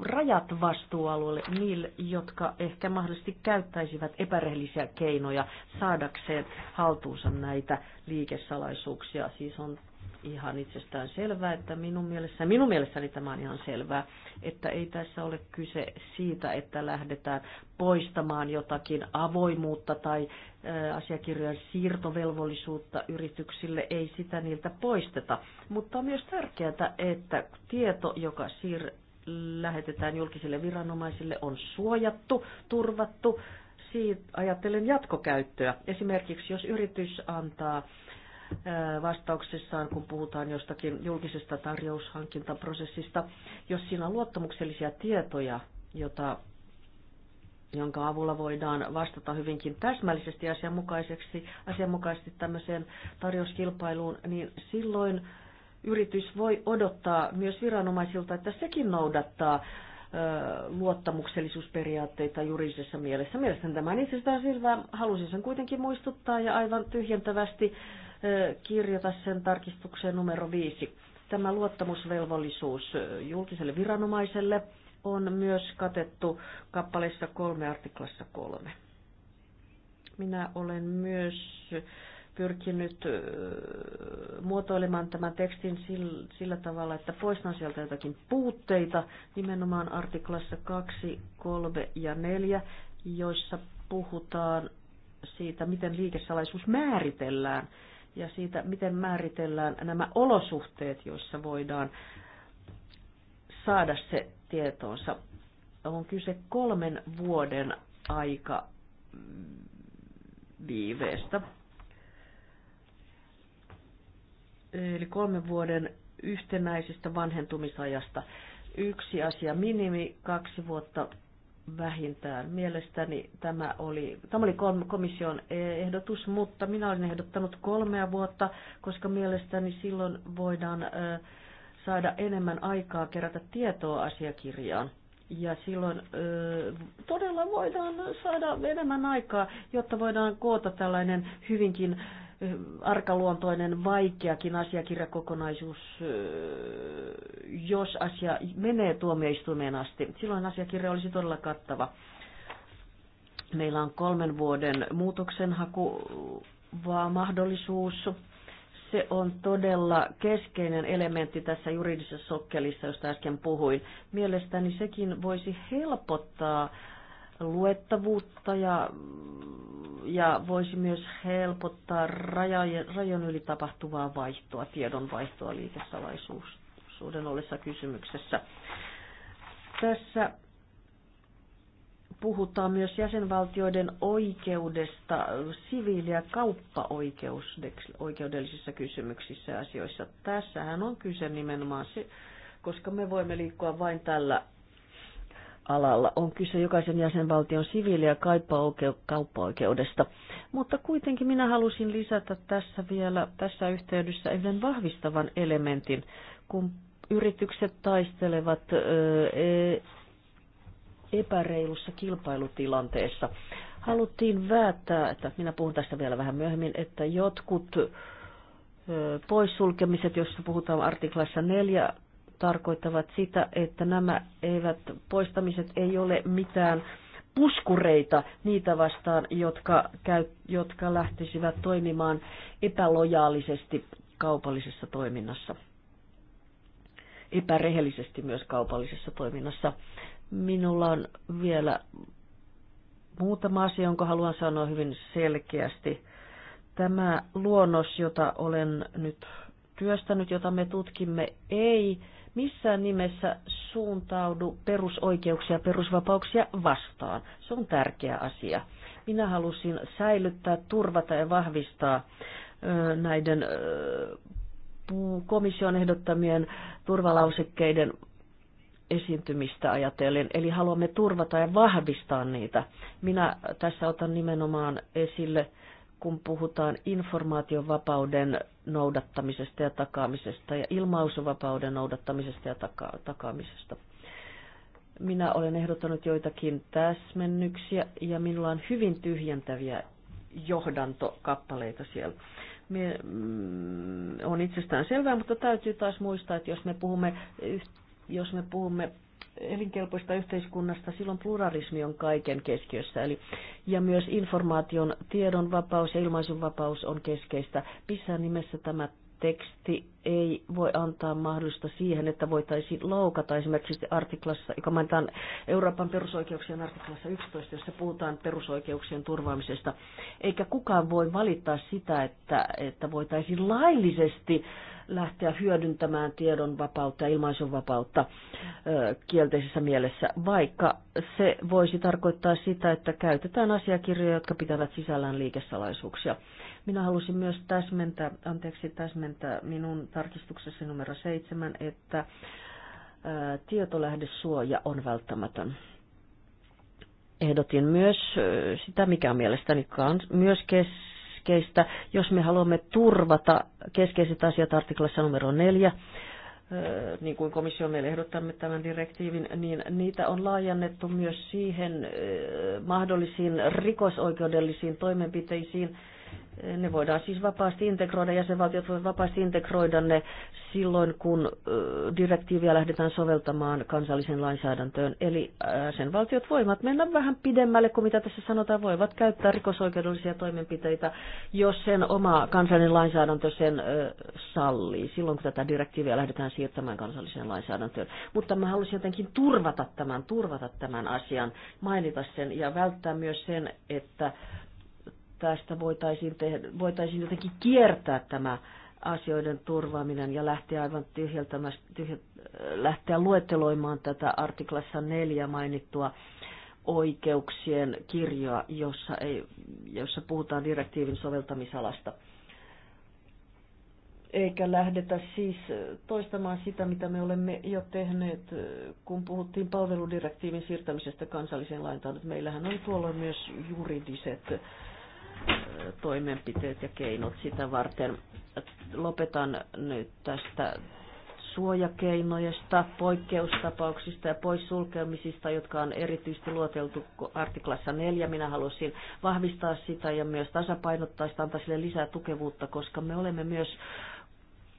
rajat vastuualueelle niille, jotka ehkä mahdollisesti käyttäisivät epärehellisiä keinoja saadakseen haltuunsa näitä liikesalaisuuksia. Siis on ihan itsestään selvää, että minun, mielessä, minun mielessäni tämä on ihan selvää, että ei tässä ole kyse siitä, että lähdetään poistamaan jotakin avoimuutta tai asiakirjojen siirtovelvollisuutta yrityksille, ei sitä niiltä poisteta. Mutta on myös tärkeää, että tieto, joka siir- lähetetään julkisille viranomaisille, on suojattu, turvattu, siitä ajattelen jatkokäyttöä. Esimerkiksi jos yritys antaa vastauksessaan, kun puhutaan jostakin julkisesta tarjoushankintaprosessista. Jos siinä on luottamuksellisia tietoja, jota, jonka avulla voidaan vastata hyvinkin täsmällisesti asianmukaiseksi, asianmukaisesti tämmöiseen tarjouskilpailuun, niin silloin yritys voi odottaa myös viranomaisilta, että sekin noudattaa luottamuksellisuusperiaatteita juridisessa mielessä. Mielestäni tämä on itsestään selvää. Halusin sen kuitenkin muistuttaa ja aivan tyhjentävästi kirjata sen tarkistukseen numero viisi. Tämä luottamusvelvollisuus julkiselle viranomaiselle on myös katettu kappaleessa kolme artiklassa kolme. Minä olen myös pyrkinyt muotoilemaan tämän tekstin sillä tavalla, että poistan sieltä jotakin puutteita nimenomaan artiklassa 2, 3 ja 4, joissa puhutaan siitä, miten liikesalaisuus määritellään ja siitä, miten määritellään nämä olosuhteet, joissa voidaan saada se tietoonsa. On kyse kolmen vuoden aika viiveestä. Eli kolmen vuoden yhtenäisestä vanhentumisajasta. Yksi asia minimi, kaksi vuotta vähintään. Mielestäni tämä oli, tämä oli komission ehdotus, mutta minä olen ehdottanut kolmea vuotta, koska mielestäni silloin voidaan saada enemmän aikaa kerätä tietoa asiakirjaan. Ja silloin ö, todella voidaan saada enemmän aikaa, jotta voidaan koota tällainen hyvinkin arkaluontoinen, vaikeakin asiakirjakokonaisuus, jos asia menee tuomioistuimeen asti. Silloin asiakirja olisi todella kattava. Meillä on kolmen vuoden muutoksenhaku mahdollisuus. Se on todella keskeinen elementti tässä juridisessa sokkelissa, josta äsken puhuin. Mielestäni sekin voisi helpottaa luettavuutta ja, ja voisi myös helpottaa rajan, rajan yli tapahtuvaa vaihtoa, tiedonvaihtoa liikesalaisuuden ollessa kysymyksessä. Tässä puhutaan myös jäsenvaltioiden oikeudesta siviili- ja kauppaoikeudellisissa kysymyksissä ja asioissa. Tässähän on kyse nimenomaan se, koska me voimme liikkua vain tällä alalla. On kyse jokaisen jäsenvaltion siviili- ja kauppaoikeudesta. Mutta kuitenkin minä halusin lisätä tässä vielä tässä yhteydessä yhden vahvistavan elementin, kun yritykset taistelevat e, epäreilussa kilpailutilanteessa. Haluttiin väättää, että minä puhun tästä vielä vähän myöhemmin, että jotkut poissulkemiset, joissa puhutaan artiklassa 4, tarkoittavat sitä, että nämä eivät, poistamiset ei ole mitään puskureita niitä vastaan, jotka, käy, jotka lähtisivät toimimaan epälojaalisesti kaupallisessa toiminnassa. Epärehellisesti myös kaupallisessa toiminnassa. Minulla on vielä muutama asia, jonka haluan sanoa hyvin selkeästi. Tämä luonnos, jota olen nyt työstänyt, jota me tutkimme, ei missään nimessä suuntaudu perusoikeuksia ja perusvapauksia vastaan. Se on tärkeä asia. Minä halusin säilyttää, turvata ja vahvistaa näiden komission ehdottamien turvalausekkeiden esiintymistä ajatellen, eli haluamme turvata ja vahvistaa niitä. Minä tässä otan nimenomaan esille kun puhutaan informaatiovapauden noudattamisesta ja takaamisesta ja ilmausvapauden noudattamisesta ja taka- takaamisesta. Minä olen ehdottanut joitakin täsmennyksiä ja minulla on hyvin tyhjentäviä johdantokappaleita siellä. Me, mm, on itsestään selvää, mutta täytyy taas muistaa, että jos me puhumme, jos me puhumme elinkelpoista yhteiskunnasta, silloin pluralismi on kaiken keskiössä. Eli, ja myös informaation, vapaus ja vapaus on keskeistä. Missään nimessä tämä teksti ei voi antaa mahdollista siihen, että voitaisiin loukata esimerkiksi artiklassa, joka mainitaan Euroopan perusoikeuksien artiklassa 11, jossa puhutaan perusoikeuksien turvaamisesta. Eikä kukaan voi valittaa sitä, että, että voitaisiin laillisesti äh, lähteä hyödyntämään tiedonvapautta ja ilmaisunvapautta kielteisessä mielessä, vaikka se voisi tarkoittaa sitä, että käytetään asiakirjoja, jotka pitävät sisällään liikesalaisuuksia. Minä halusin myös täsmentää, anteeksi täsmentää minun tarkistuksessani numero seitsemän, että tietolähdesuoja on välttämätön. Ehdotin myös sitä, mikä on mielestäni myös kes, keskeistä, jos me haluamme turvata keskeiset asiat artiklassa numero neljä, niin kuin komissio meille ehdottamme tämän direktiivin, niin niitä on laajennettu myös siihen mahdollisiin rikosoikeudellisiin toimenpiteisiin, ne voidaan siis vapaasti integroida, jäsenvaltiot voivat vapaasti integroida ne silloin, kun direktiiviä lähdetään soveltamaan kansallisen lainsäädäntöön. Eli sen valtiot voivat mennä vähän pidemmälle kuin mitä tässä sanotaan, voivat käyttää rikosoikeudellisia toimenpiteitä, jos sen oma kansallinen lainsäädäntö sen sallii, silloin kun tätä direktiiviä lähdetään siirtämään kansalliseen lainsäädäntöön. Mutta mä halusin jotenkin turvata tämän, turvata tämän asian, mainita sen ja välttää myös sen, että tästä voitaisiin, tehdä, voitaisiin jotenkin kiertää tämä asioiden turvaaminen ja lähteä aivan tyhjä, lähteä luetteloimaan tätä artiklassa neljä mainittua oikeuksien kirjoa, jossa, ei, jossa puhutaan direktiivin soveltamisalasta. Eikä lähdetä siis toistamaan sitä, mitä me olemme jo tehneet, kun puhuttiin palveludirektiivin siirtämisestä kansalliseen laintaan. Meillähän on tuolla myös juridiset toimenpiteet ja keinot sitä varten. Lopetan nyt tästä suojakeinoista, poikkeustapauksista ja poissulkemisista, jotka on erityisesti luoteltu artiklassa 4. Minä haluaisin vahvistaa sitä ja myös tasapainottaa sitä, antaa sille lisää tukevuutta, koska me olemme myös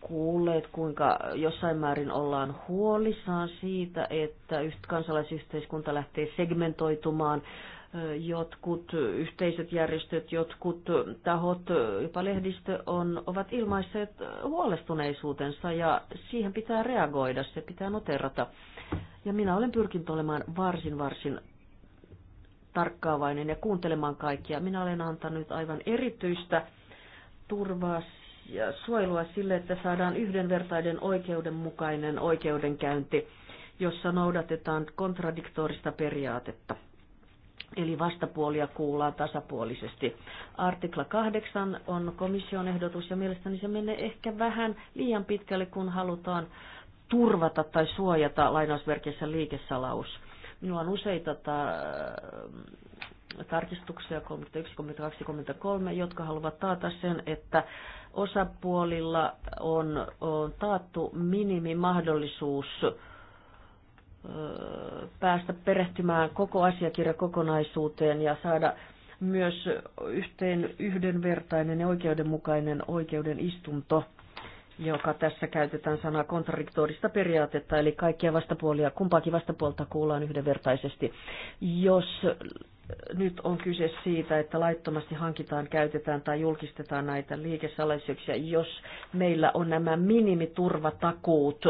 kuulleet, kuinka jossain määrin ollaan huolissaan siitä, että kansalaisyhteiskunta lähtee segmentoitumaan jotkut yhteiset järjestöt, jotkut tahot, jopa lehdistö on, ovat ilmaisseet huolestuneisuutensa ja siihen pitää reagoida, se pitää noterata. Ja minä olen pyrkinyt olemaan varsin, varsin tarkkaavainen ja kuuntelemaan kaikkia. Minä olen antanut aivan erityistä turvaa ja suojelua sille, että saadaan yhdenvertainen oikeudenmukainen oikeudenkäynti, jossa noudatetaan kontradiktorista periaatetta. Eli vastapuolia kuullaan tasapuolisesti. Artikla 8 on komission ehdotus ja mielestäni se menee ehkä vähän liian pitkälle, kun halutaan turvata tai suojata lainausmerkeissä liikesalaus. Minulla on useita ta- tarkistuksia 31, 32, 33, jotka haluavat taata sen, että osapuolilla on, on taattu minimimahdollisuus mahdollisuus päästä perehtymään koko asiakirjakokonaisuuteen ja saada myös yhteen yhdenvertainen ja oikeudenmukainen oikeuden istunto, joka tässä käytetään sanaa kontradiktorista periaatetta, eli kaikkia vastapuolia, kumpaakin vastapuolta kuullaan yhdenvertaisesti. Jos nyt on kyse siitä, että laittomasti hankitaan, käytetään tai julkistetaan näitä liikesalaisuuksia, jos meillä on nämä minimiturvatakuut,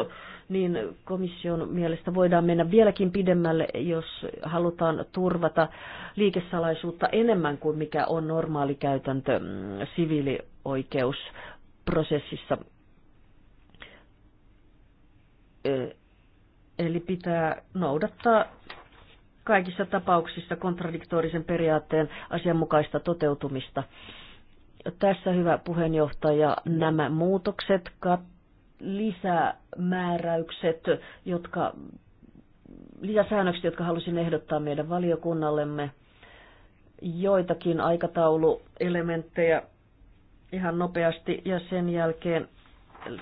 niin komission mielestä voidaan mennä vieläkin pidemmälle, jos halutaan turvata liikesalaisuutta enemmän kuin mikä on normaali käytäntö mm, siviilioikeusprosessissa. Eli pitää noudattaa kaikissa tapauksissa kontradiktorisen periaatteen asianmukaista toteutumista. Tässä hyvä puheenjohtaja, nämä muutokset kat- lisämääräykset, jotka, lisäsäännökset, jotka halusin ehdottaa meidän valiokunnallemme. Joitakin aikatauluelementtejä ihan nopeasti ja sen jälkeen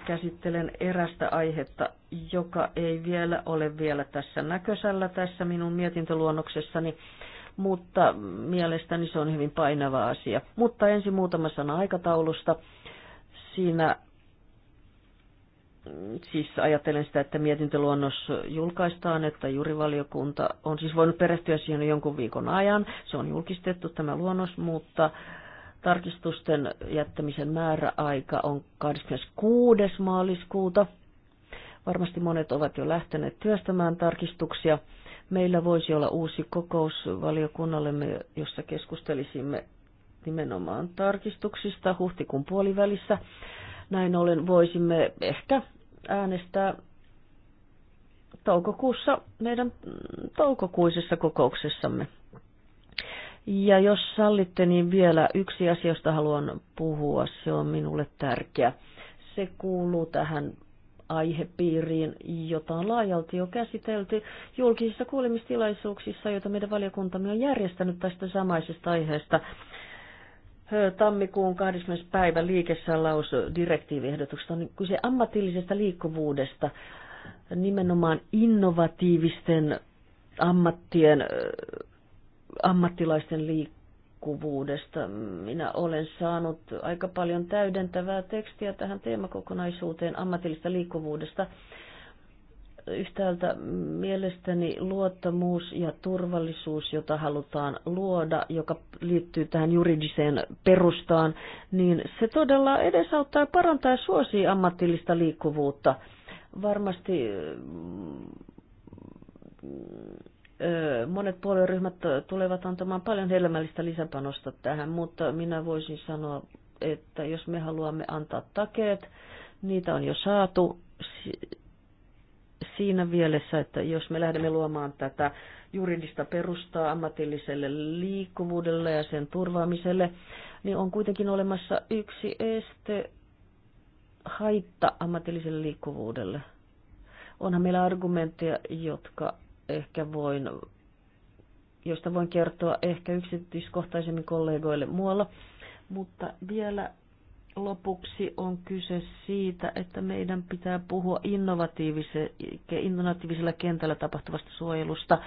käsittelen erästä aihetta, joka ei vielä ole vielä tässä näkösällä tässä minun mietintöluonnoksessani, mutta mielestäni se on hyvin painava asia. Mutta ensin muutama sana aikataulusta. Siinä siis ajattelen sitä, että mietintöluonnos julkaistaan, että jurivaliokunta on siis voinut perehtyä siihen jonkun viikon ajan. Se on julkistettu tämä luonnos, mutta tarkistusten jättämisen määräaika on 26. maaliskuuta. Varmasti monet ovat jo lähteneet työstämään tarkistuksia. Meillä voisi olla uusi kokous valiokunnallemme, jossa keskustelisimme nimenomaan tarkistuksista huhtikuun puolivälissä. Näin ollen voisimme ehkä äänestää toukokuussa meidän toukokuisessa kokouksessamme. Ja jos sallitte, niin vielä yksi asia, josta haluan puhua, se on minulle tärkeä. Se kuuluu tähän aihepiiriin, jota on laajalti jo käsitelty julkisissa kuulemistilaisuuksissa, joita meidän valiokuntamme on järjestänyt tästä samaisesta aiheesta tammikuun 20. päivä liikesalaus direktiiviehdotuksesta on kyse ammatillisesta liikkuvuudesta, nimenomaan innovatiivisten ammattien, ammattilaisten liikkuvuudesta. Minä olen saanut aika paljon täydentävää tekstiä tähän teemakokonaisuuteen ammatillisesta liikkuvuudesta. Yhtäältä mielestäni luottamus ja turvallisuus, jota halutaan luoda, joka liittyy tähän juridiseen perustaan, niin se todella edesauttaa, parantaa ja suosii ammatillista liikkuvuutta. Varmasti monet puolueryhmät tulevat antamaan paljon helmällistä lisäpanosta tähän, mutta minä voisin sanoa, että jos me haluamme antaa takeet, niitä on jo saatu, siinä mielessä, että jos me lähdemme luomaan tätä juridista perustaa ammatilliselle liikkuvuudelle ja sen turvaamiselle, niin on kuitenkin olemassa yksi este haitta ammatilliselle liikkuvuudelle. Onhan meillä argumentteja, jotka ehkä voin, joista voin kertoa ehkä yksityiskohtaisemmin kollegoille muualla, mutta vielä lopuksi on kyse siitä, että meidän pitää puhua innovatiivisella kentällä tapahtuvasta suojelusta,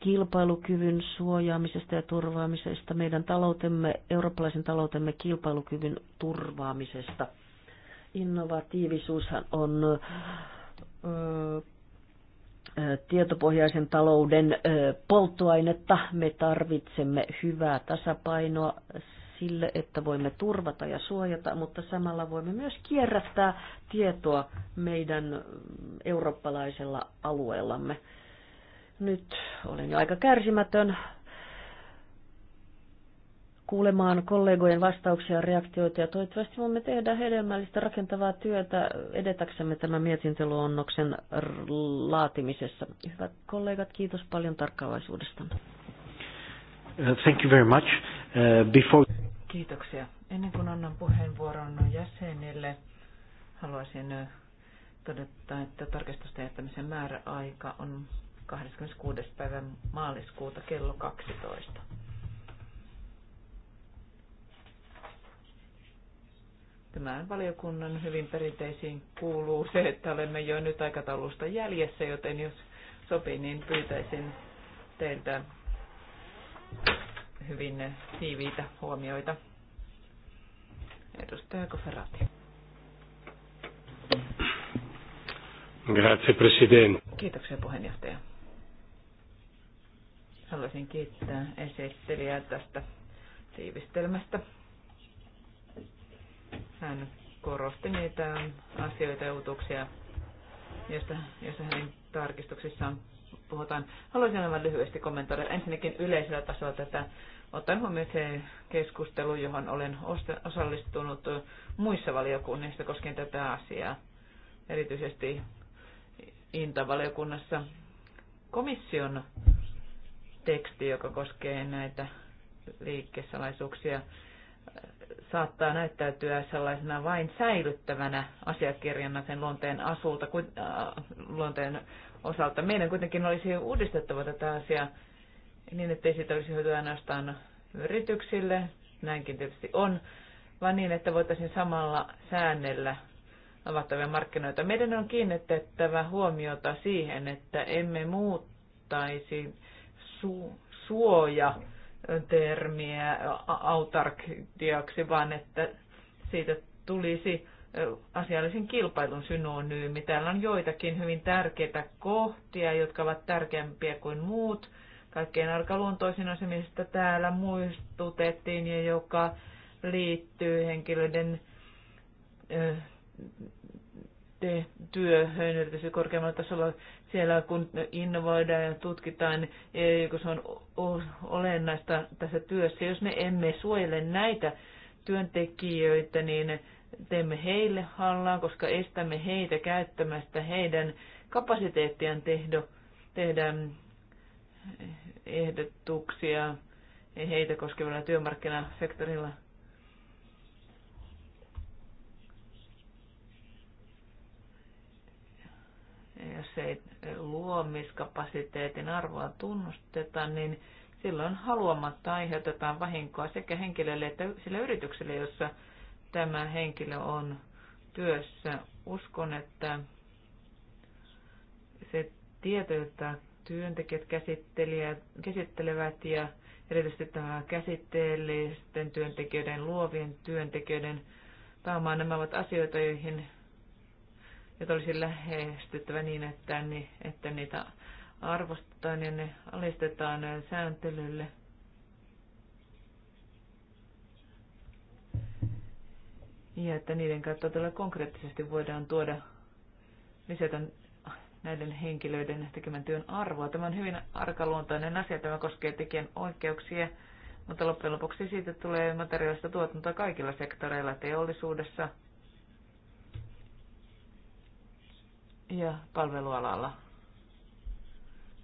kilpailukyvyn suojaamisesta ja turvaamisesta, meidän taloutemme, eurooppalaisen taloutemme kilpailukyvyn turvaamisesta. Innovatiivisuushan on ö, tietopohjaisen talouden polttoainetta. Me tarvitsemme hyvää tasapainoa sille, että voimme turvata ja suojata, mutta samalla voimme myös kierrättää tietoa meidän eurooppalaisella alueellamme. Nyt olen jo aika kärsimätön kuulemaan kollegojen vastauksia ja reaktioita ja toivottavasti voimme tehdä hedelmällistä rakentavaa työtä edetäksemme tämän mietintöluonnoksen laatimisessa. Hyvät kollegat, kiitos paljon tarkkaavaisuudesta. Uh, thank you very much. Uh, before... Kiitoksia. Ennen kuin annan puheenvuoron jäsenille, haluaisin todeta, että tarkistusten jättämisen määräaika on 26. päivän maaliskuuta kello 12. Tämän valiokunnan hyvin perinteisiin kuuluu se, että olemme jo nyt aikataulusta jäljessä, joten jos sopii, niin pyytäisin teiltä hyvin tiiviitä huomioita. Edustaja Koferati. Grazie, Presidente. Kiitoksia puheenjohtaja. Haluaisin kiittää esittelijää tästä tiivistelmästä. Hän korosti niitä asioita ja uutuuksia, joista, joista hänen tarkistuksissaan puhutaan. Haluaisin aivan lyhyesti kommentoida ensinnäkin yleisellä tasolla tätä ottaen huomioon se keskustelu, johon olen osallistunut muissa valiokunnissa koskien tätä asiaa, erityisesti Inta-valiokunnassa komission teksti, joka koskee näitä liikesalaisuuksia, saattaa näyttäytyä sellaisena vain säilyttävänä asiakirjana sen luonteen, asulta, äh, luonteen osalta. Meidän kuitenkin olisi uudistettava tätä asiaa niin, ettei siitä olisi hyötyä ainoastaan yrityksille, näinkin tietysti on, vaan niin, että voitaisiin samalla säännellä avattavia markkinoita. Meidän on kiinnitettävä huomiota siihen, että emme muuttaisi su- suoja termiä autarktiaksi, vaan että siitä tulisi asiallisen kilpailun synonyymi. Täällä on joitakin hyvin tärkeitä kohtia, jotka ovat tärkeämpiä kuin muut, kaikkein arkaluontoisin asia, mistä täällä muistutettiin ja joka liittyy henkilöiden te- työhön, erityisesti korkeammalla tasolla siellä, kun innovoidaan ja tutkitaan, e, kun se on olennaista tässä työssä. Jos me emme suojele näitä työntekijöitä, niin teemme heille hallaa, koska estämme heitä käyttämästä heidän kapasiteettiaan tehdä, tehdä ehdotuksia heitä koskevalla työmarkkinasektorilla. Jos ei luomiskapasiteetin arvoa tunnusteta, niin silloin haluamatta aiheutetaan vahinkoa sekä henkilölle että sille yritykselle, jossa tämä henkilö on työssä. Uskon, että se tieto, jota työntekijät käsittelevät ja erityisesti tämä käsitteellisten työntekijöiden, luovien työntekijöiden pääomaa. Nämä ovat asioita, joihin joita olisi lähestyttävä niin, että, ni, että niitä arvostetaan ja ne alistetaan sääntelylle. Ja että niiden kautta todella konkreettisesti voidaan tuoda, lisätä näiden henkilöiden tekemän työn arvoa. Tämä on hyvin arkaluontoinen asia, tämä koskee tekijän oikeuksia, mutta loppujen lopuksi siitä tulee materiaalista tuotantoa kaikilla sektoreilla, teollisuudessa ja palvelualalla.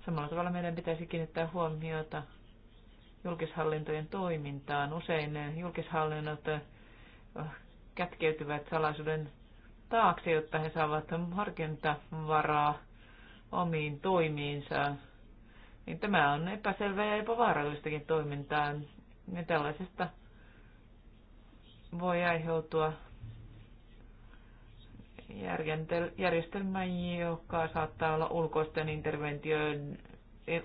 Samalla tavalla meidän pitäisi kiinnittää huomiota julkishallintojen toimintaan. Usein julkishallinnot äh, kätkeytyvät salaisuuden taakse, jotta he saavat harkintavaraa omiin toimiinsa, niin tämä on epäselvä ja jopa vaarallistakin toimintaa. Ja tällaisesta voi aiheutua järjestelmä, joka saattaa olla ulkoisten interventioiden,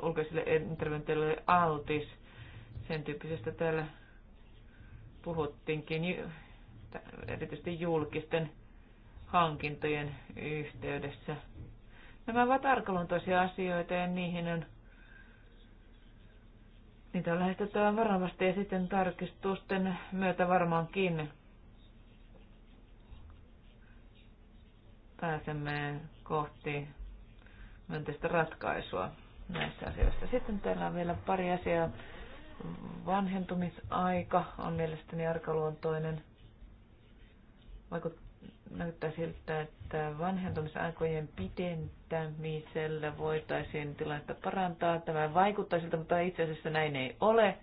ulkoisille interventioille altis. Sen tyyppisestä täällä puhuttiinkin, erityisesti julkisten hankintojen yhteydessä. Nämä ovat arkaluontoisia asioita ja niihin on Niitä on lähestyttävä varovasti ja sitten tarkistusten myötä varmaankin pääsemme kohti myönteistä ratkaisua näissä asioissa. Sitten täällä on vielä pari asiaa. Vanhentumisaika on mielestäni arkaluontoinen. Vaikuttaa näyttää siltä, että vanhentumisaikojen pidentämisellä voitaisiin tilannetta parantaa. Tämä vaikuttaa siltä, mutta itse asiassa näin ei ole,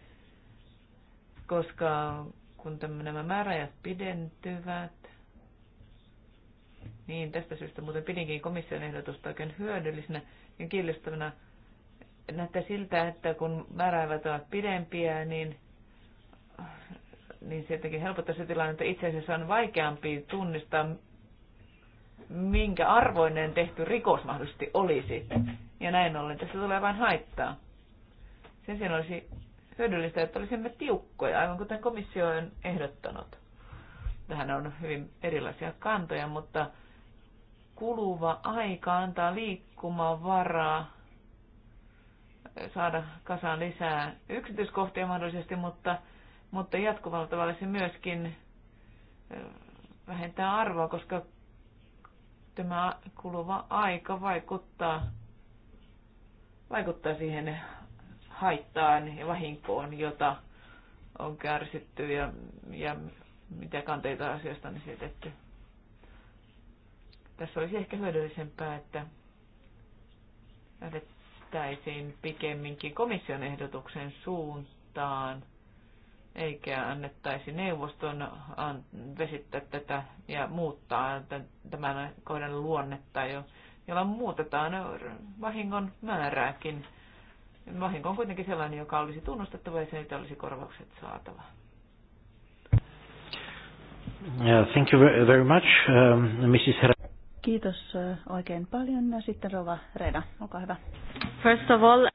koska kun nämä määräajat pidentyvät, niin tästä syystä muuten pidinkin komission ehdotusta oikein hyödyllisenä ja kiinnostavana. Näyttää siltä, että kun määräajat ovat pidempiä, niin niin se jotenkin tilanne, että Itse asiassa on vaikeampi tunnistaa, minkä arvoinen tehty rikos mahdollisesti olisi. Ja näin ollen tässä tulee vain haittaa. Sen sijaan olisi hyödyllistä, että olisimme tiukkoja, aivan kuten komissio on ehdottanut. Tähän on hyvin erilaisia kantoja, mutta kuluva aika antaa liikkumavaraa saada kasaan lisää yksityiskohtia mahdollisesti, mutta mutta jatkuvalla tavalla se myöskin vähentää arvoa, koska tämä kuluva aika vaikuttaa, vaikuttaa siihen haittaan ja vahinkoon, jota on kärsitty ja, ja mitä kanteita asiasta on esitetty. Tässä olisi ehkä hyödyllisempää, että lähdettäisiin pikemminkin komission ehdotuksen suuntaan – eikä annettaisi neuvoston vesittää tätä ja muuttaa tämän kohdan luonnetta, jolla muutetaan vahingon määrääkin. Vahinko on kuitenkin sellainen, joka olisi tunnustettava ja siitä olisi korvaukset saatava. thank you very much, Mrs. Um, Her- Kiitos uh, oikein paljon. Ja sitten Rova Reda, olkaa hyvä. First of all,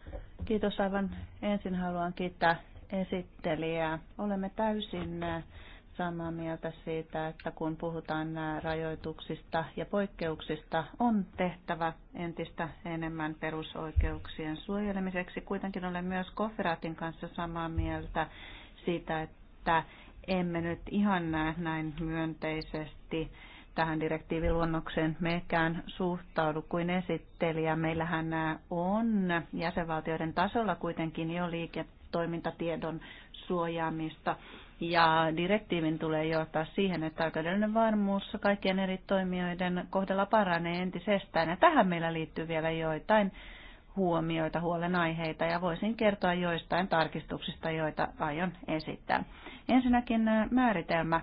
kiitos aivan ensin haluan kiittää esittelijä. Olemme täysin samaa mieltä siitä, että kun puhutaan rajoituksista ja poikkeuksista, on tehtävä entistä enemmän perusoikeuksien suojelemiseksi. Kuitenkin olen myös Koferaatin kanssa samaa mieltä siitä, että emme nyt ihan näe näin myönteisesti tähän direktiiviluonnokseen mekään suhtaudu kuin esittelijä. Meillähän nämä on jäsenvaltioiden tasolla kuitenkin jo liike, toimintatiedon suojaamista. Ja direktiivin tulee johtaa siihen, että oikeudellinen varmuus kaikkien eri toimijoiden kohdalla paranee entisestään. Ja tähän meillä liittyy vielä joitain huomioita, huolenaiheita ja voisin kertoa joistain tarkistuksista, joita aion esittää. Ensinnäkin äh, määritelmä.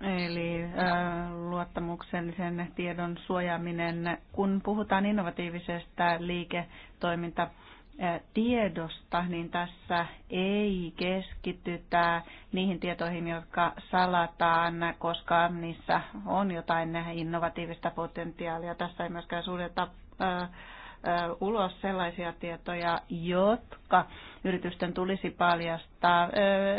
Eli äh, luottamuksellisen tiedon suojaaminen, kun puhutaan innovatiivisesta liiketoiminta tiedosta, niin tässä ei keskitytä niihin tietoihin, jotka salataan, koska niissä on jotain innovatiivista potentiaalia. Tässä ei myöskään suljeta ulos sellaisia tietoja, jotka yritysten tulisi paljastaa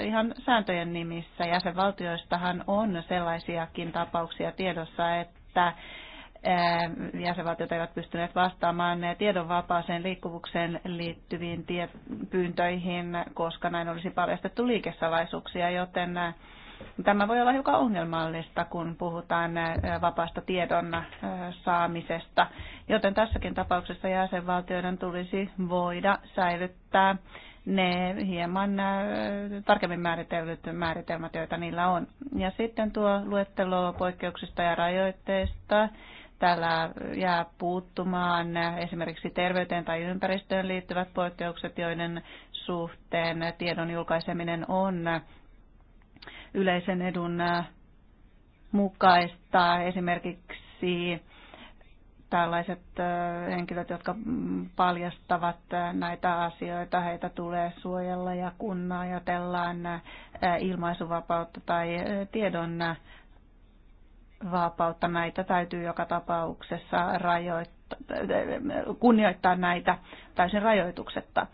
ihan sääntöjen nimissä. Jäsenvaltioistahan on sellaisiakin tapauksia tiedossa, että jäsenvaltiot eivät pystyneet vastaamaan tiedon vapaaseen liikkuvuukseen liittyviin tie- pyyntöihin, koska näin olisi paljastettu liikesalaisuuksia, joten tämä voi olla hiukan ongelmallista, kun puhutaan vapaasta tiedon saamisesta. Joten tässäkin tapauksessa jäsenvaltioiden tulisi voida säilyttää ne hieman tarkemmin määritellyt määritelmät, joita niillä on. Ja sitten tuo luettelo poikkeuksista ja rajoitteista täällä jää puuttumaan esimerkiksi terveyteen tai ympäristöön liittyvät poikkeukset, joiden suhteen tiedon julkaiseminen on yleisen edun mukaista. Esimerkiksi tällaiset henkilöt, jotka paljastavat näitä asioita, heitä tulee suojella ja kun ajatellaan ilmaisuvapautta tai tiedon vapautta. Näitä täytyy joka tapauksessa rajoittaa, kunnioittaa näitä täysin rajoituksetta.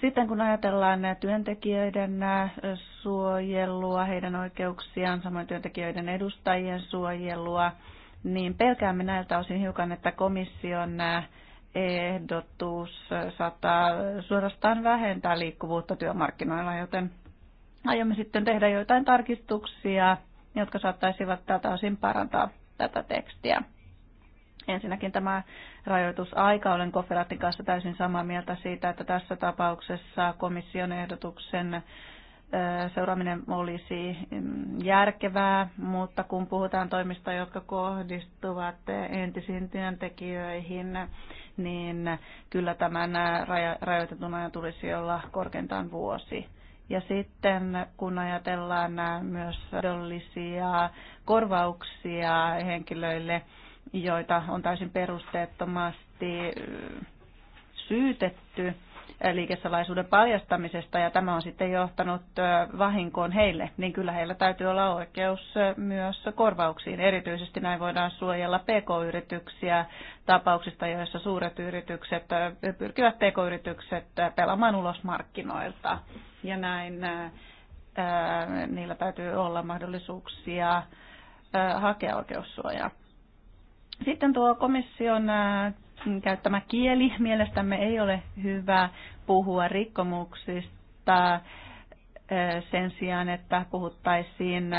Sitten kun ajatellaan työntekijöiden suojelua, heidän oikeuksiaan, samoin työntekijöiden edustajien suojelua, niin pelkäämme näiltä osin hiukan, että komission ehdotus saattaa suorastaan vähentää liikkuvuutta työmarkkinoilla, joten aiomme sitten tehdä joitain tarkistuksia jotka saattaisivat tältä osin parantaa tätä tekstiä. Ensinnäkin tämä rajoitusaika, olen Koferatin kanssa täysin samaa mieltä siitä, että tässä tapauksessa komission ehdotuksen seuraaminen olisi mm, järkevää, mutta kun puhutaan toimista, jotka kohdistuvat entisiin työntekijöihin, niin kyllä tämän rajoitetun ajan tulisi olla korkeintaan vuosi ja sitten kun ajatellaan myös mahdollisia korvauksia henkilöille, joita on täysin perusteettomasti syytetty, liikesalaisuuden paljastamisesta ja tämä on sitten johtanut vahinkoon heille, niin kyllä heillä täytyy olla oikeus myös korvauksiin. Erityisesti näin voidaan suojella pk-yrityksiä tapauksista, joissa suuret yritykset pyrkivät pk-yritykset pelaamaan ulos markkinoilta. Ja näin niillä täytyy olla mahdollisuuksia hakea oikeussuojaa. Sitten tuo komission käyttämä kieli mielestämme ei ole hyvä puhua rikkomuksista sen sijaan, että puhuttaisiin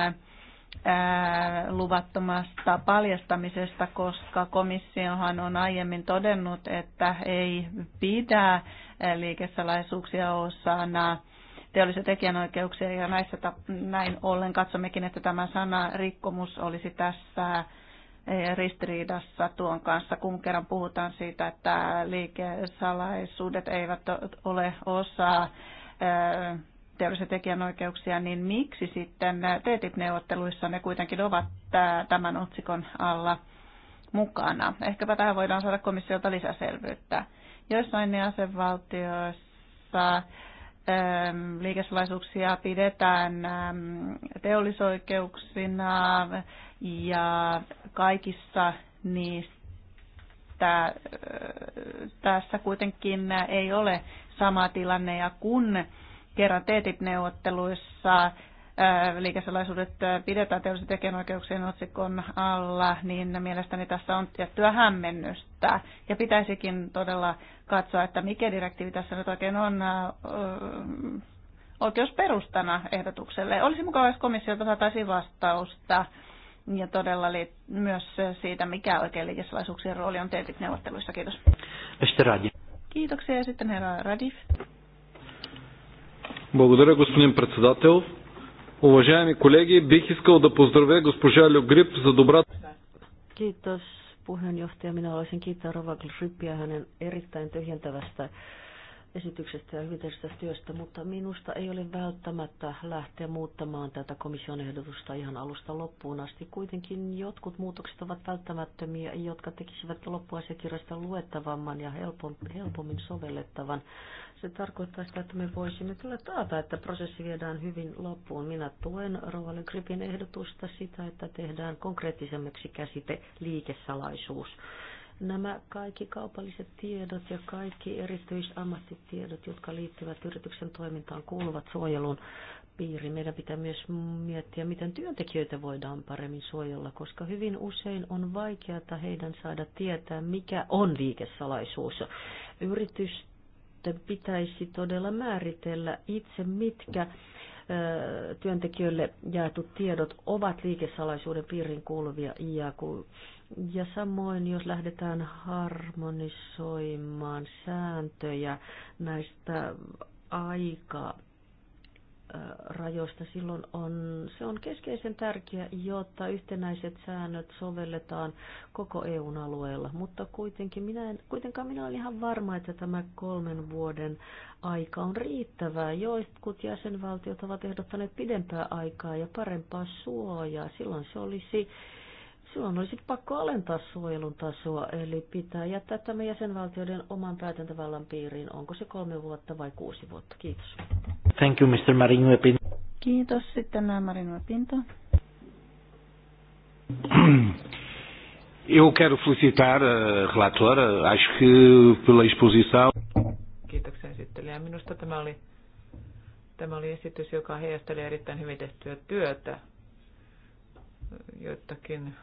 luvattomasta paljastamisesta, koska komissiohan on aiemmin todennut, että ei pidä liikesalaisuuksia osana teollisia tekijänoikeuksia ja näissä, näin ollen katsommekin, että tämä sana rikkomus olisi tässä ristiriidassa tuon kanssa, kun kerran puhutaan siitä, että liikesalaisuudet eivät ole osa eh, teollisia tekijänoikeuksia, niin miksi sitten TTIP-neuvotteluissa ne kuitenkin ovat tämän otsikon alla mukana? Ehkäpä tähän voidaan saada komissiolta lisäselvyyttä. Joissain jäsenvaltioissa ehm, liikesalaisuuksia pidetään ehm, teollisoikeuksina, ja kaikissa niistä tässä kuitenkin ei ole sama tilanne ja kun kerran TTIP-neuvotteluissa liikesalaisuudet pidetään teollisen tekijänoikeuksien otsikon alla, niin mielestäni tässä on tiettyä hämmennystä. Ja pitäisikin todella katsoa, että mikä direktiivi tässä nyt oikein on oikeusperustana ehdotukselle. Olisi mukava, jos komissiolta saataisiin vastausta ja todella myös siitä, mikä oikein liikesalaisuuksien rooli on teetit neuvotteluissa Kiitos. Kiitoksia ja sitten herra Radif. Благодаря, господин председател. Уважаеми колеги, бих искал да поздравя госпожа Люгрип за добрата... Kiitos puheenjohtaja. Minä haluaisin kiittää Rova Grippiä hänen erittäin tyhjentävästä esityksestä ja hyvin työstä, mutta minusta ei ole välttämättä lähteä muuttamaan tätä komission ehdotusta ihan alusta loppuun asti. Kuitenkin jotkut muutokset ovat välttämättömiä, jotka tekisivät loppuasiakirjasta luettavamman ja helpommin sovellettavan. Se tarkoittaa sitä, että me voisimme kyllä taata, että prosessi viedään hyvin loppuun. Minä tuen Rovalle Gripin ehdotusta sitä, että tehdään konkreettisemmaksi käsite liikesalaisuus. Nämä kaikki kaupalliset tiedot ja kaikki erityisammattitiedot, jotka liittyvät yrityksen toimintaan, kuuluvat suojelun piiriin. Meidän pitää myös miettiä, miten työntekijöitä voidaan paremmin suojella, koska hyvin usein on vaikeaa heidän saada tietää, mikä on liikesalaisuus. Yritysten pitäisi todella määritellä itse, mitkä työntekijöille jaetut tiedot ovat liikesalaisuuden piiriin kuuluvia ja ja samoin, jos lähdetään harmonisoimaan sääntöjä näistä aika rajoista, silloin on, se on keskeisen tärkeä, jotta yhtenäiset säännöt sovelletaan koko EUn alueella. Mutta kuitenkin minä en, kuitenkaan minä olen ihan varma, että tämä kolmen vuoden aika on riittävää. Joitkut jäsenvaltiot ovat ehdottaneet pidempää aikaa ja parempaa suojaa. Silloin se olisi äh, silloin olisi pakko alentaa suojelun tasoa, eli pitää jättää tämä jäsenvaltioiden oman päätäntävallan piiriin. Onko se kolme vuotta vai kuusi vuotta? Kiitos. Thank you, Mr. Marino Pinto. Kiitos. Sitten Marino Pinto. Eu quero felicitar a eh, relatora, eh, acho que pela exposição. Kiitoksia esittelijä. Minusta tämä oli, tämä oli esitys, joka heijasteli erittäin hyvin tehtyä työtä. Joitakin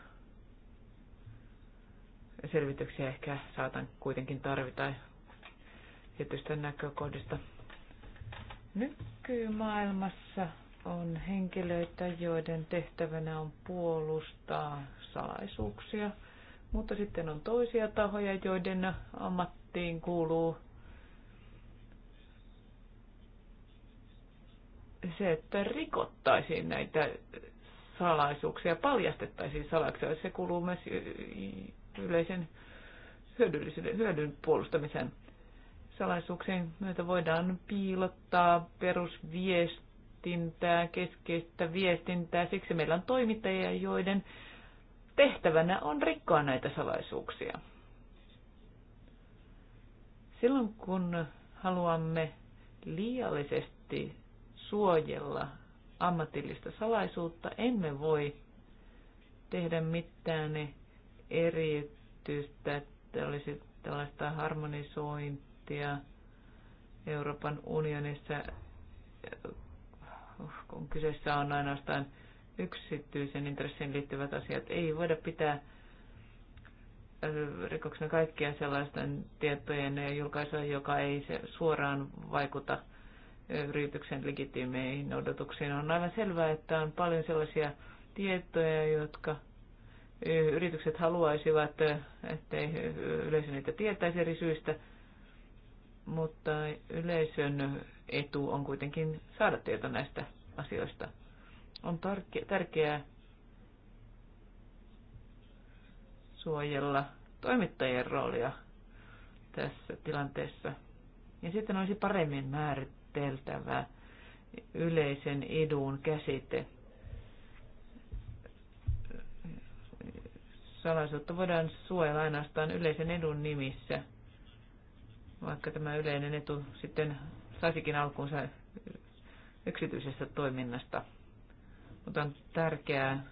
selvityksiä ehkä saatan kuitenkin tarvita tietystä näkökohdista. Nykymaailmassa on henkilöitä, joiden tehtävänä on puolustaa salaisuuksia, mutta sitten on toisia tahoja, joiden ammattiin kuuluu se, että rikottaisiin näitä salaisuuksia, paljastettaisiin salaisuuksia. Se kuuluu myös yleisen hyödyllisyyden, hyödyn puolustamisen. Salaisuuksien myötä voidaan piilottaa perusviestintää, keskeistä viestintää. Siksi meillä on toimittajia, joiden tehtävänä on rikkoa näitä salaisuuksia. Silloin kun haluamme liiallisesti suojella ammatillista salaisuutta, emme voi tehdä mitään eriytystä, että olisi tällaista harmonisointia Euroopan unionissa, kun kyseessä on ainoastaan yksityisen intressiin liittyvät asiat. Ei voida pitää äh, rikoksena kaikkia sellaisten tietojen ja julkaisua, joka ei se suoraan vaikuta äh, yrityksen legitiimeihin odotuksiin. On aivan selvää, että on paljon sellaisia tietoja, jotka yritykset haluaisivat, ettei yleisö niitä tietäisi eri syistä, mutta yleisön etu on kuitenkin saada tieto näistä asioista. On tärkeää suojella toimittajien roolia tässä tilanteessa. Ja sitten olisi paremmin määriteltävä yleisen edun käsite salaisuutta voidaan suojella ainoastaan yleisen edun nimissä, vaikka tämä yleinen etu sitten saisikin alkuunsa yksityisestä toiminnasta. Mutta on tärkeää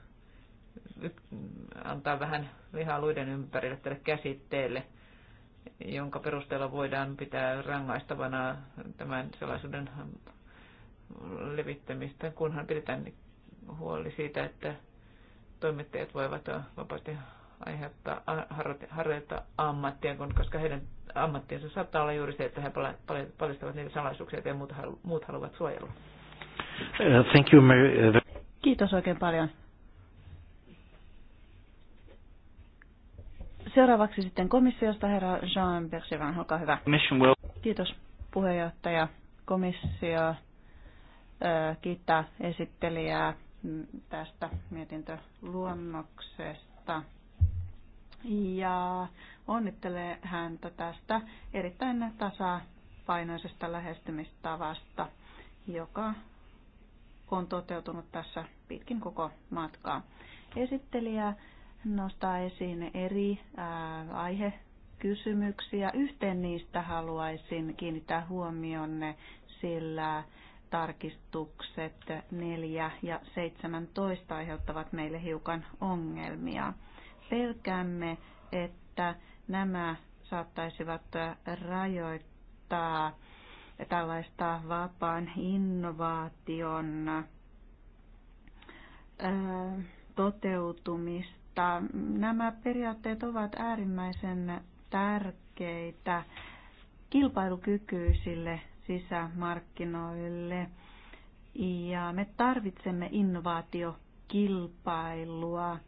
antaa vähän lihaa luiden ympärille tälle käsitteelle, jonka perusteella voidaan pitää rangaistavana tämän salaisuuden levittämistä, kunhan pidetään huoli siitä, että toimittajat voivat vapaasti aiheuttaa, harjoittaa ammattia, koska heidän ammattiensa saattaa olla juuri se, että he paljastavat niitä salaisuuksia, ja muut, muut haluavat suojella. Uh, thank you, Mary. Uh, Kiitos oikein paljon. Seuraavaksi sitten komissiosta herra Jean Bergevin, olkaa hyvä. Kiitos puheenjohtaja. Komissio kiittää esittelijää mm, tästä mietintöluonnoksesta ja onnittelee häntä tästä erittäin tasapainoisesta lähestymistavasta, joka on toteutunut tässä pitkin koko matkaa. Esittelijä nostaa esiin eri aihekysymyksiä. Yhteen niistä haluaisin kiinnittää huomionne, sillä tarkistukset 4 ja 17 aiheuttavat meille hiukan ongelmia. Pelkäämme, että nämä saattaisivat rajoittaa tällaista vapaan innovaation toteutumista. Nämä periaatteet ovat äärimmäisen tärkeitä kilpailukykyisille sisämarkkinoille. Ja me tarvitsemme innovaatiokilpailua.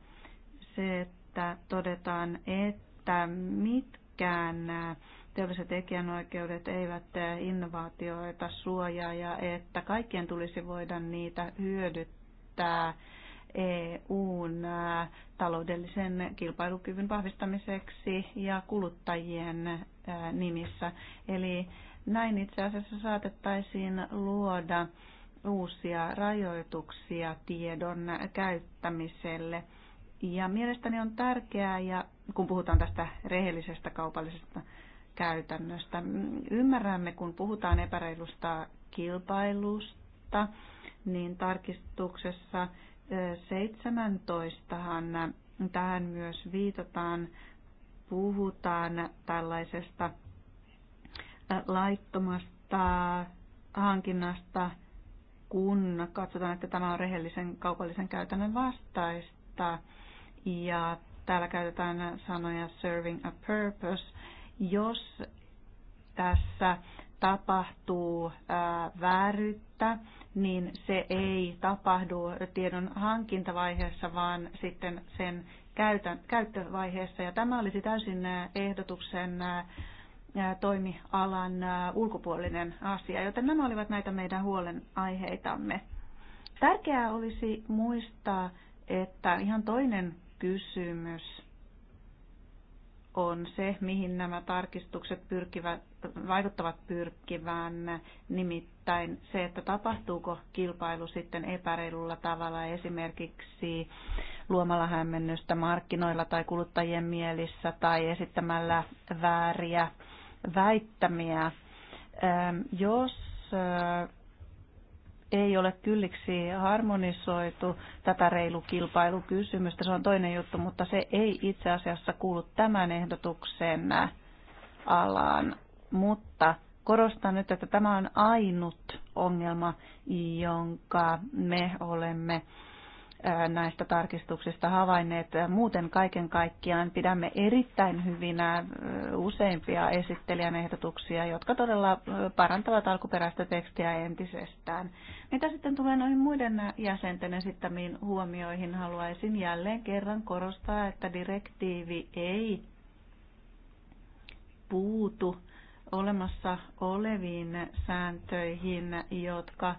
Se että todetaan, että mitkään teolliset tekijänoikeudet eivät innovaatioita suojaa ja että kaikkien tulisi voida niitä hyödyttää EUn taloudellisen kilpailukyvyn vahvistamiseksi ja kuluttajien nimissä. Eli näin itse asiassa saatettaisiin luoda uusia rajoituksia tiedon käyttämiselle – ja mielestäni on tärkeää, ja kun puhutaan tästä rehellisestä kaupallisesta käytännöstä, mm, ymmärrämme, kun puhutaan epäreilusta kilpailusta, niin tarkistuksessa 17 tähän myös viitataan, puhutaan tällaisesta laittomasta hankinnasta, kun katsotaan, että tämä on rehellisen kaupallisen käytännön vastaista. Ja täällä käytetään sanoja serving a purpose. Jos tässä tapahtuu äh, vääryyttä, niin se ei tapahdu tiedon hankintavaiheessa, vaan sitten sen käytän, käyttövaiheessa. Ja tämä olisi täysin ehdotuksen toimialan ulkopuolinen asia, joten nämä olivat näitä meidän huolenaiheitamme. Tärkeää olisi muistaa, että ihan toinen kysymys on se, mihin nämä tarkistukset pyrkivät, vaikuttavat pyrkivään, nimittäin se, että tapahtuuko kilpailu sitten epäreilulla tavalla esimerkiksi luomalla hämmennystä markkinoilla tai kuluttajien mielissä tai esittämällä vääriä väittämiä. Öö, jos öö, ei ole kylliksi harmonisoitu tätä reilu kilpailukysymystä. Se on toinen juttu, mutta se ei itse asiassa kuulu tämän ehdotuksen alaan. Mutta korostan nyt, että tämä on ainut ongelma, jonka me olemme näistä tarkistuksista havainneet. Muuten kaiken kaikkiaan pidämme erittäin hyvinä useimpia esittelijän ehdotuksia, jotka todella parantavat alkuperäistä tekstiä entisestään. Mitä sitten tulee noihin muiden jäsenten esittämiin huomioihin, haluaisin jälleen kerran korostaa, että direktiivi ei puutu olemassa oleviin sääntöihin, jotka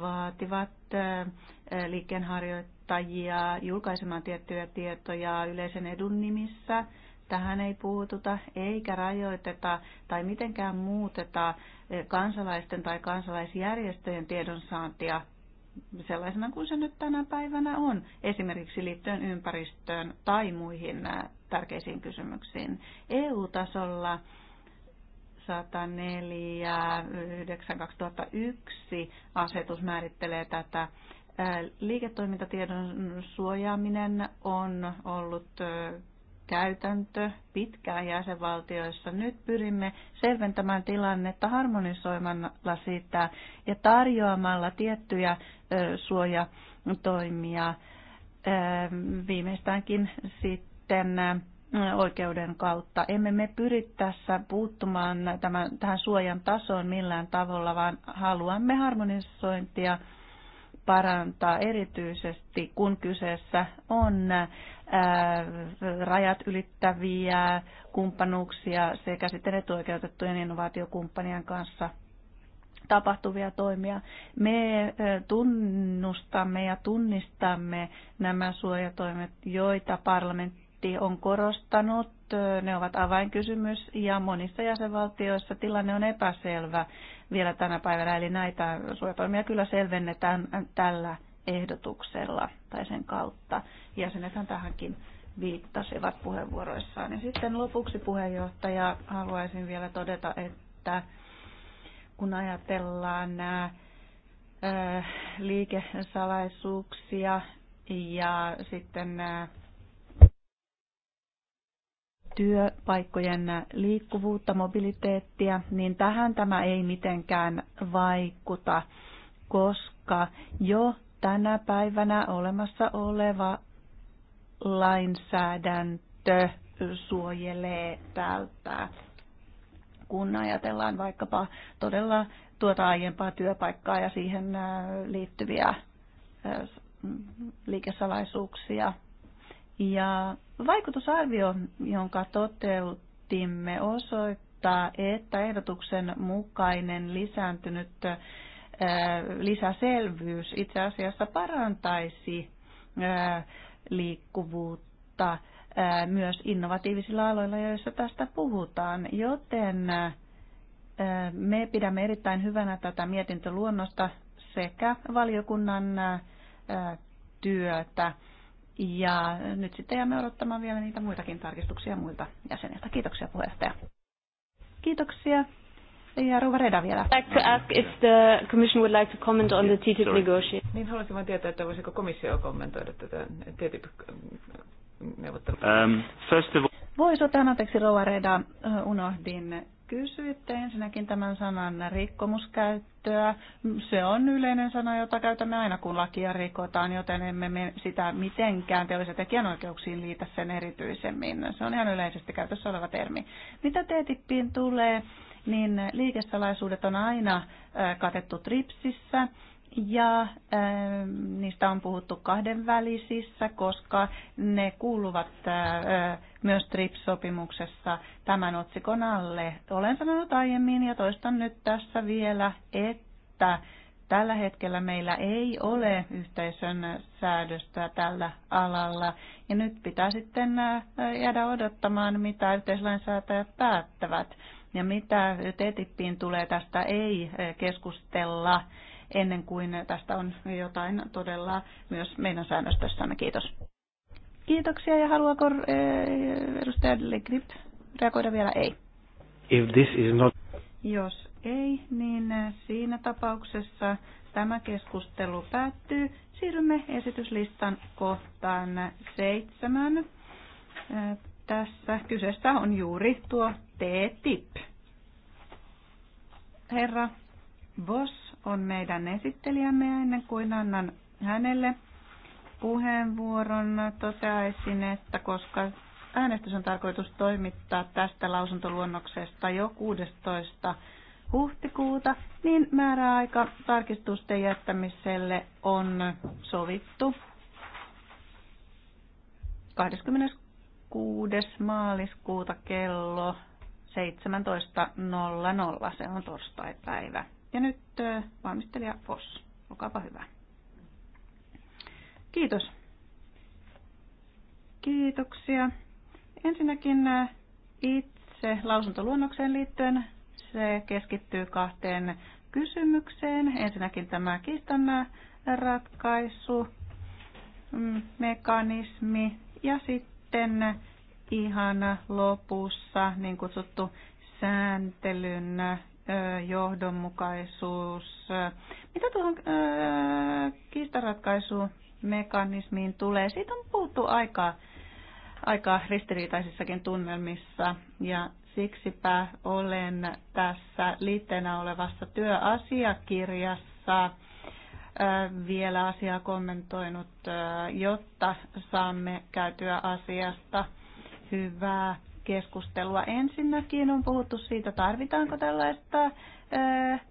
vaativat liikkeenharjoittajia kuluttajia julkaisemaan tiettyjä tietoja yleisen edun nimissä. Tähän ei puututa eikä rajoiteta tai mitenkään muuteta eh, kansalaisten tai kansalaisjärjestöjen tiedonsaantia sellaisena kuin se nyt tänä päivänä on, esimerkiksi liittyen ympäristöön tai muihin eh, tärkeisiin kysymyksiin. EU-tasolla 104 9 2001 asetus määrittelee tätä Liiketoimintatiedon suojaaminen on ollut käytäntö pitkään jäsenvaltioissa. Nyt pyrimme selventämään tilannetta harmonisoimalla sitä ja tarjoamalla tiettyjä suojatoimia viimeistäänkin sitten oikeuden kautta. Emme me pyri tässä puuttumaan tämän, tähän suojan tasoon millään tavalla, vaan haluamme harmonisointia parantaa erityisesti, kun kyseessä on äh, rajat ylittäviä kumppanuuksia sekä sitten etuoikeutettujen innovaatiokumppanien kanssa tapahtuvia toimia. Me äh, tunnustamme ja tunnistamme nämä suojatoimet, joita parlamentti on korostanut. Äh, ne ovat avainkysymys ja monissa jäsenvaltioissa tilanne on epäselvä vielä tänä päivänä. Eli näitä suojatoimia kyllä selvennetään tällä ehdotuksella tai sen kautta. Jäsenethän tähänkin viittasivat puheenvuoroissaan. Ja sitten lopuksi puheenjohtaja haluaisin vielä todeta, että kun ajatellaan nämä äh, liikesalaisuuksia ja sitten äh, työpaikkojen liikkuvuutta, mobiliteettia, niin tähän tämä ei mitenkään vaikuta, koska jo tänä päivänä olemassa oleva lainsäädäntö suojelee tältä. Kun ajatellaan vaikkapa todella tuota aiempaa työpaikkaa ja siihen äh, liittyviä äh, mm, liikesalaisuuksia, ja vaikutusarvio, jonka toteutimme, osoittaa, että ehdotuksen mukainen lisääntynyt äh, lisäselvyys itse asiassa parantaisi äh, liikkuvuutta äh, myös innovatiivisilla aloilla, joissa tästä puhutaan, joten me pidämme erittäin hyvänä tätä mietintöluonnosta sekä valiokunnan työtä. Ja nyt sitten jäämme odottamaan vielä niitä muitakin tarkistuksia muilta jäseniltä. Kiitoksia puheenjohtaja. Kiitoksia. Ja Rova Reda vielä. Like to ask if the commission would like to comment on the TTIP negotiation. Niin haluaisin vain tietää, että voisiko komissio kommentoida tätä TTIP äh, neuvottelua. Um, first of all... Voisi ottaa anteeksi Rouva Reda, äh, unohdin Kysyitte ensinnäkin tämän sanan rikkomuskäyttöä. Se on yleinen sana, jota käytämme aina, kun lakia rikotaan, joten emme me sitä mitenkään teollisen tekijänoikeuksiin liitä sen erityisemmin. Se on ihan yleisesti käytössä oleva termi. Mitä TTIPiin tulee, niin liikesalaisuudet on aina katettu TRIPSissä ja äh, niistä on puhuttu kahdenvälisissä, koska ne kuuluvat äh, äh, myös TRIPS-sopimuksessa tämän otsikon alle. Olen sanonut aiemmin ja toistan nyt tässä vielä, että tällä hetkellä meillä ei ole yhteisön säädöstä tällä alalla ja nyt pitää sitten äh, jäädä odottamaan, mitä yhteislainsäätäjät päättävät ja mitä TTIPiin tulee tästä ei äh, keskustella ennen kuin tästä on jotain todella myös meidän säännöstössämme. Kiitos. Kiitoksia ja haluaako eh, edustaja Le Grip reagoida vielä? Ei. If this is not... Jos ei, niin siinä tapauksessa tämä keskustelu päättyy. Siirrymme esityslistan kohtaan seitsemän. Eh, tässä kyseessä on juuri tuo T-tip. Herra Boss on meidän esittelijämme ja ennen kuin annan hänelle puheenvuoron toteaisin, että koska äänestys on tarkoitus toimittaa tästä lausuntoluonnoksesta jo 16 huhtikuuta, niin määräaika tarkistusten jättämiselle on sovittu 26. maaliskuuta kello 17.00. Se on torstai päivä. Ja nyt valmistelija Foss, olkaapa hyvä. Kiitos. Kiitoksia. Ensinnäkin itse lausuntoluonnokseen liittyen se keskittyy kahteen kysymykseen. Ensinnäkin tämä kiistan ratkaisu, mm, mekanismi ja sitten ihan lopussa niin kutsuttu sääntelyn johdonmukaisuus. Mitä tuohon kiistaratkaisumekanismiin tulee? Siitä on puhuttu aika, aika ristiriitaisissakin tunnelmissa ja siksipä olen tässä liitteenä olevassa työasiakirjassa vielä asiaa kommentoinut, jotta saamme käytyä asiasta hyvää keskustelua. Ensinnäkin on puhuttu siitä, tarvitaanko tällaista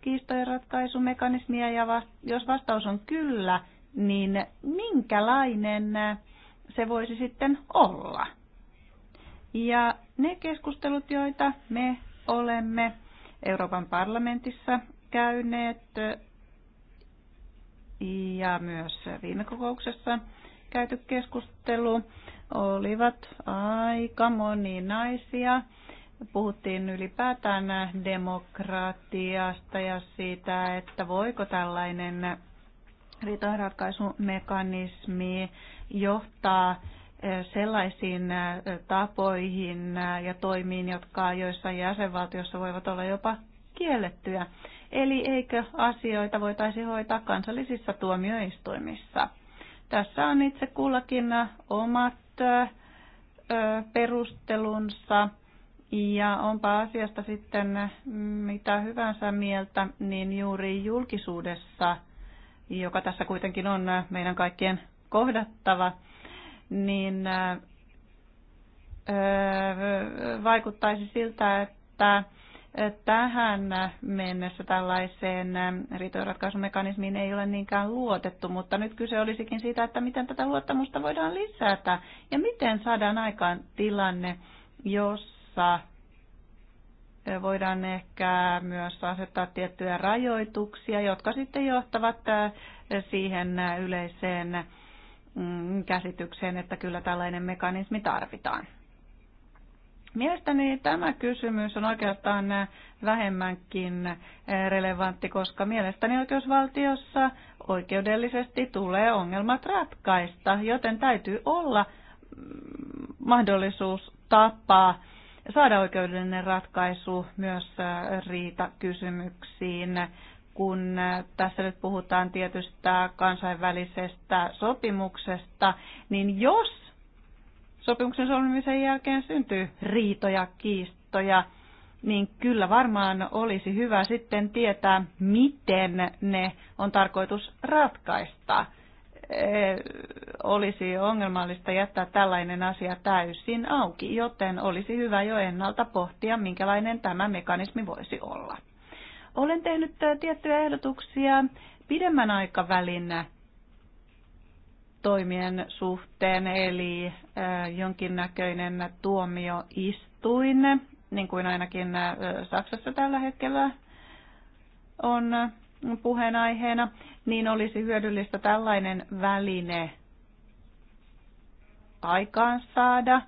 kiistojen ratkaisumekanismia ja jos vastaus on kyllä, niin minkälainen se voisi sitten olla? Ja ne keskustelut, joita me olemme Euroopan parlamentissa käyneet ja myös viime kokouksessa käyty keskustelu olivat aika moninaisia. Puhuttiin ylipäätään demokratiasta ja siitä, että voiko tällainen riitojenratkaisumekanismi johtaa eh, sellaisiin eh, tapoihin eh, ja toimiin, jotka joissain jäsenvaltiossa voivat olla jopa kiellettyjä. Eli eikö asioita voitaisi hoitaa kansallisissa tuomioistuimissa? Tässä on itse kullakin omat perustelunsa. Ja onpa asiasta sitten mitä hyvänsä mieltä, niin juuri julkisuudessa, joka tässä kuitenkin on meidän kaikkien kohdattava, niin vaikuttaisi siltä, että tähän mennessä tällaiseen riitojenratkaisumekanismiin ei ole niinkään luotettu, mutta nyt kyse olisikin siitä, että miten tätä luottamusta voidaan lisätä ja miten saadaan aikaan tilanne, jossa voidaan ehkä myös asettaa tiettyjä rajoituksia, jotka sitten johtavat siihen yleiseen mm, käsitykseen, että kyllä tällainen mekanismi tarvitaan. Mielestäni tämä kysymys on oikeastaan vähemmänkin relevantti, koska mielestäni oikeusvaltiossa oikeudellisesti tulee ongelmat ratkaista, joten täytyy olla mm, mahdollisuus tapaa saada oikeudellinen ratkaisu myös äh, riitakysymyksiin, kun äh, tässä nyt puhutaan tietystä kansainvälisestä sopimuksesta, niin jos sopimuksen solmimisen jälkeen syntyy riitoja, kiistoja, niin kyllä varmaan olisi hyvä sitten tietää, miten ne on tarkoitus ratkaista. Eh, olisi ongelmallista jättää tällainen asia täysin auki, joten olisi hyvä jo ennalta pohtia, minkälainen tämä mekanismi voisi olla. Olen tehnyt eh, tiettyjä ehdotuksia pidemmän aikavälin toimien suhteen, eli jonkinnäköinen tuomioistuin, niin kuin ainakin Saksassa tällä hetkellä on puheenaiheena, niin olisi hyödyllistä tällainen väline aikaansaada –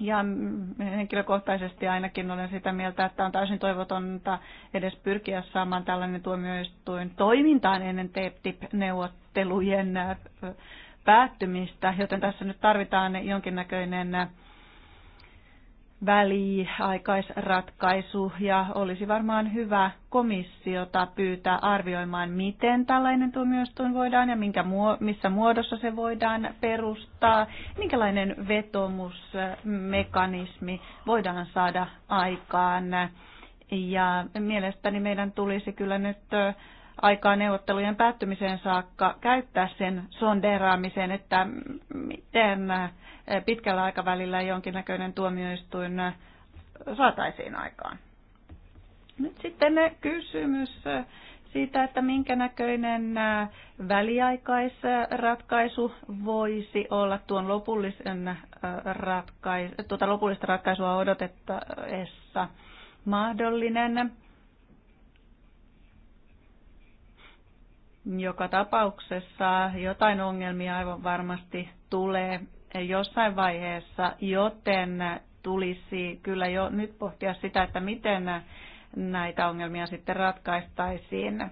ja mm, henkilökohtaisesti ainakin olen sitä mieltä, että on täysin toivotonta edes pyrkiä saamaan tällainen tuomioistuin toimintaan ennen TTIP-neuvottelujen e äh, päättymistä, joten tässä nyt tarvitaan jonkinnäköinen äh, väliaikaisratkaisu ja olisi varmaan hyvä komissiota pyytää arvioimaan, miten tällainen tuomioistuin voidaan ja minkä muo- missä muodossa se voidaan perustaa, minkälainen vetomusmekanismi voidaan saada aikaan. Ja mielestäni meidän tulisi kyllä nyt aikaa neuvottelujen päättymiseen saakka käyttää sen sonderaamiseen, että miten eh, pitkällä aikavälillä jonkinnäköinen tuomioistuin eh, saataisiin aikaan. Nyt sitten kysymys eh, siitä, että minkä näköinen väliaikaisratkaisu voisi olla tuon lopullisen ratkais, tuota lopullista ratkaisua odotettaessa mahdollinen. Joka tapauksessa jotain ongelmia aivan varmasti tulee jossain vaiheessa, joten tulisi kyllä jo nyt pohtia sitä, että miten näitä ongelmia sitten ratkaistaisiin.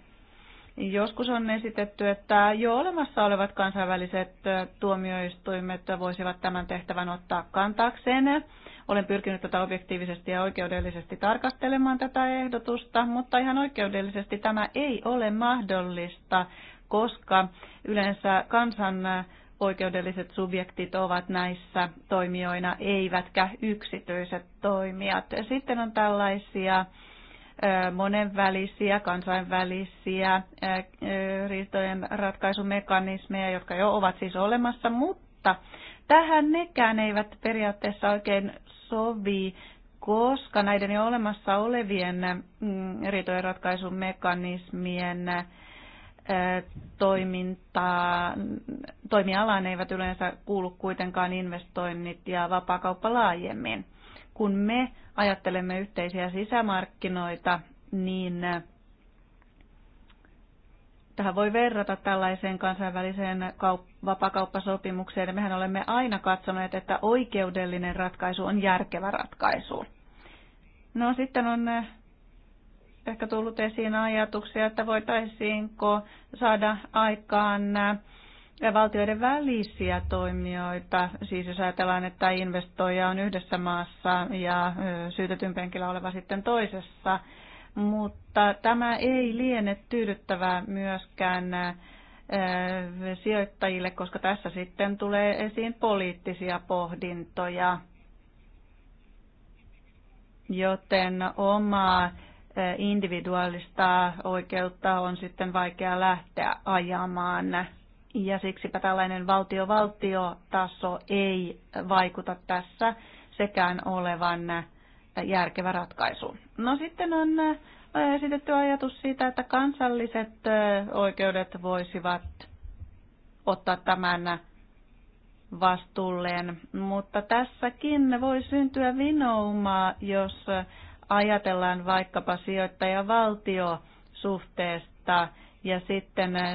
Joskus on esitetty, että jo olemassa olevat kansainväliset tuomioistuimet voisivat tämän tehtävän ottaa kantaakseen. Olen pyrkinyt tätä objektiivisesti ja oikeudellisesti tarkastelemaan tätä ehdotusta, mutta ihan oikeudellisesti tämä ei ole mahdollista, koska yleensä kansan oikeudelliset subjektit ovat näissä toimijoina, eivätkä yksityiset toimijat. Sitten on tällaisia monenvälisiä, kansainvälisiä riistojen ratkaisumekanismeja, jotka jo ovat siis olemassa, mutta tähän nekään eivät periaatteessa oikein sovi, koska näiden jo olemassa olevien mm, riitojen ratkaisun mekanismien toimintaa, toimialaan eivät yleensä kuulu kuitenkaan investoinnit ja vapaakauppa laajemmin. Kun me ajattelemme yhteisiä sisämarkkinoita, niin Tähän voi verrata tällaiseen kansainväliseen kaup- vapakauppasopimukseen. Mehän olemme aina katsoneet, että oikeudellinen ratkaisu on järkevä ratkaisu. No sitten on eh, ehkä tullut esiin ajatuksia, että voitaisiinko saada aikaan eh, valtioiden välisiä toimijoita. Siis jos ajatellaan, että investoija on yhdessä maassa ja eh, syytetyn penkillä oleva sitten toisessa, mutta tämä ei liene tyydyttävää myöskään äh, sijoittajille, koska tässä sitten tulee esiin poliittisia pohdintoja. Joten omaa äh, individuaalista oikeutta on sitten vaikea lähteä ajamaan. Ja siksipä tällainen valtio-valtiotaso ei vaikuta tässä sekään olevan järkevä ratkaisu. No sitten on äh, esitetty ajatus siitä, että kansalliset äh, oikeudet voisivat ottaa tämän vastuulleen, mutta tässäkin voi syntyä vinoumaa, jos ajatellaan vaikkapa sijoittajavaltio suhteesta ja sitten äh,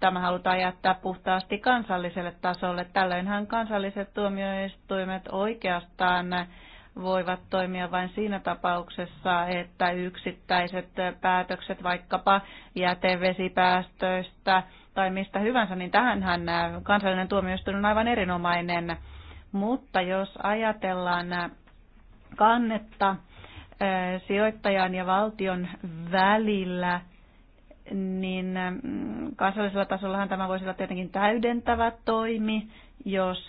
tämä halutaan jättää puhtaasti kansalliselle tasolle. Tällöinhän kansalliset tuomioistuimet oikeastaan voivat toimia vain siinä tapauksessa, että yksittäiset päätökset vaikkapa jätevesipäästöistä tai mistä hyvänsä, niin tähänhän kansallinen tuomioistuin on aivan erinomainen. Mutta jos ajatellaan kannetta sijoittajan ja valtion välillä, niin mm, kansallisella tasollahan tämä voisi olla tietenkin täydentävä toimi, jos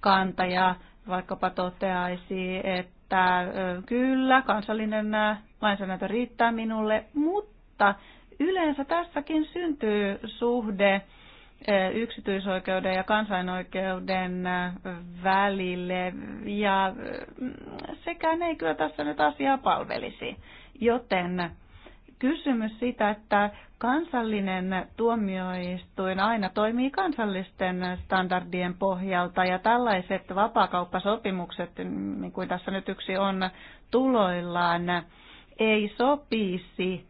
kantaja vaikkapa toteaisi, että kyllä, kansallinen lainsäädäntö riittää minulle, mutta yleensä tässäkin syntyy suhde yksityisoikeuden ja kansainoikeuden välille, ja sekään ei kyllä tässä nyt asiaa palvelisi. Joten kysymys siitä, että kansallinen tuomioistuin aina toimii kansallisten standardien pohjalta ja tällaiset vapaakauppasopimukset, niin kuin tässä nyt yksi on tuloillaan, ei sopisi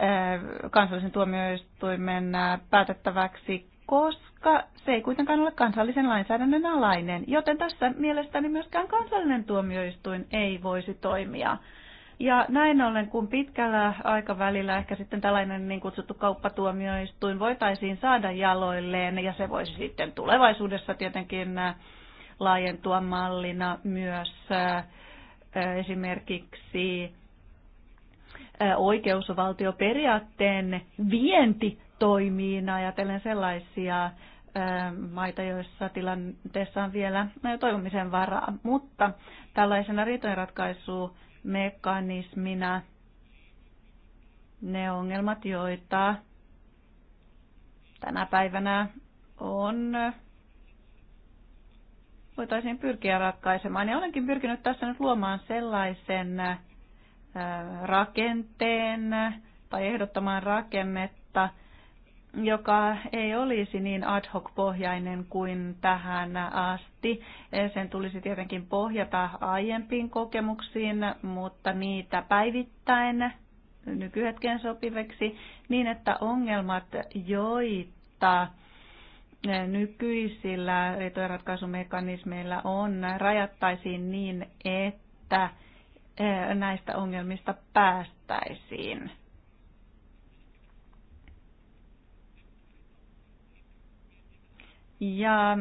eh, kansallisen tuomioistuimen eh, päätettäväksi, koska se ei kuitenkaan ole kansallisen lainsäädännön alainen, joten tässä mielestäni myöskään kansallinen tuomioistuin ei voisi toimia ja näin ollen, kun pitkällä aikavälillä ehkä sitten tällainen niin kutsuttu kauppatuomioistuin voitaisiin saada jaloilleen, ja se voisi sitten tulevaisuudessa tietenkin äh, laajentua mallina myös äh, äh, esimerkiksi oikeusvaltioperiaatteen vientitoimiin ajatellen sellaisia maita, joissa tilanteessa on vielä toivomisen varaa. Mutta tällaisena riitojenratkaisu mekanismina ne ongelmat, joita tänä päivänä on, voitaisiin pyrkiä ratkaisemaan. Ja olenkin pyrkinyt tässä nyt luomaan sellaisen äh, rakenteen tai ehdottamaan rakennetta, joka ei olisi niin ad hoc pohjainen kuin tähän asti. Sen tulisi tietenkin pohjata aiempiin kokemuksiin, mutta niitä päivittäin nykyhetken sopiveksi niin, että ongelmat, joita nykyisillä riitojenratkaisumekanismeilla on, rajattaisiin niin, että eh, näistä ongelmista päästäisiin. Ja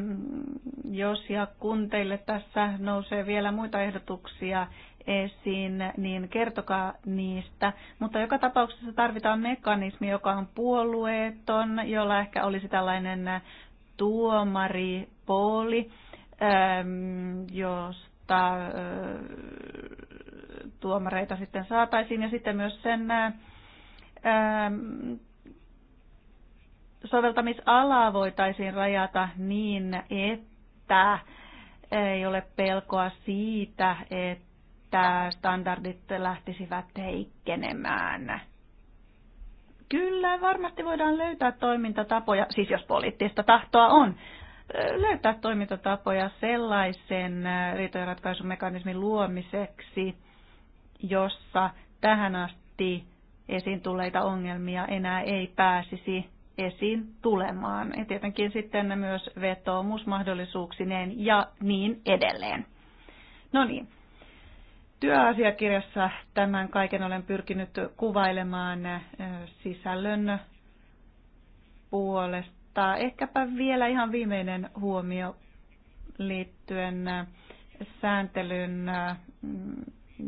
jos ja kun teille tässä nousee vielä muita ehdotuksia esiin, niin kertokaa niistä. Mutta joka tapauksessa tarvitaan mekanismi, joka on puolueeton, jolla ehkä olisi tällainen tuomaripooli, ähm, josta äh, tuomareita sitten saataisiin, ja sitten myös sen äh, ähm, soveltamisalaa voitaisiin rajata niin, että ei ole pelkoa siitä, että standardit lähtisivät heikkenemään. Kyllä, varmasti voidaan löytää toimintatapoja, siis jos poliittista tahtoa on, löytää toimintatapoja sellaisen riitojenratkaisumekanismin luomiseksi, jossa tähän asti esiin tulleita ongelmia enää ei pääsisi esiin tulemaan. Ja tietenkin sitten myös vetoomusmahdollisuuksineen ja niin edelleen. No niin, työasiakirjassa tämän kaiken olen pyrkinyt kuvailemaan äh, sisällön puolesta. Ehkäpä vielä ihan viimeinen huomio liittyen äh, sääntelyn äh,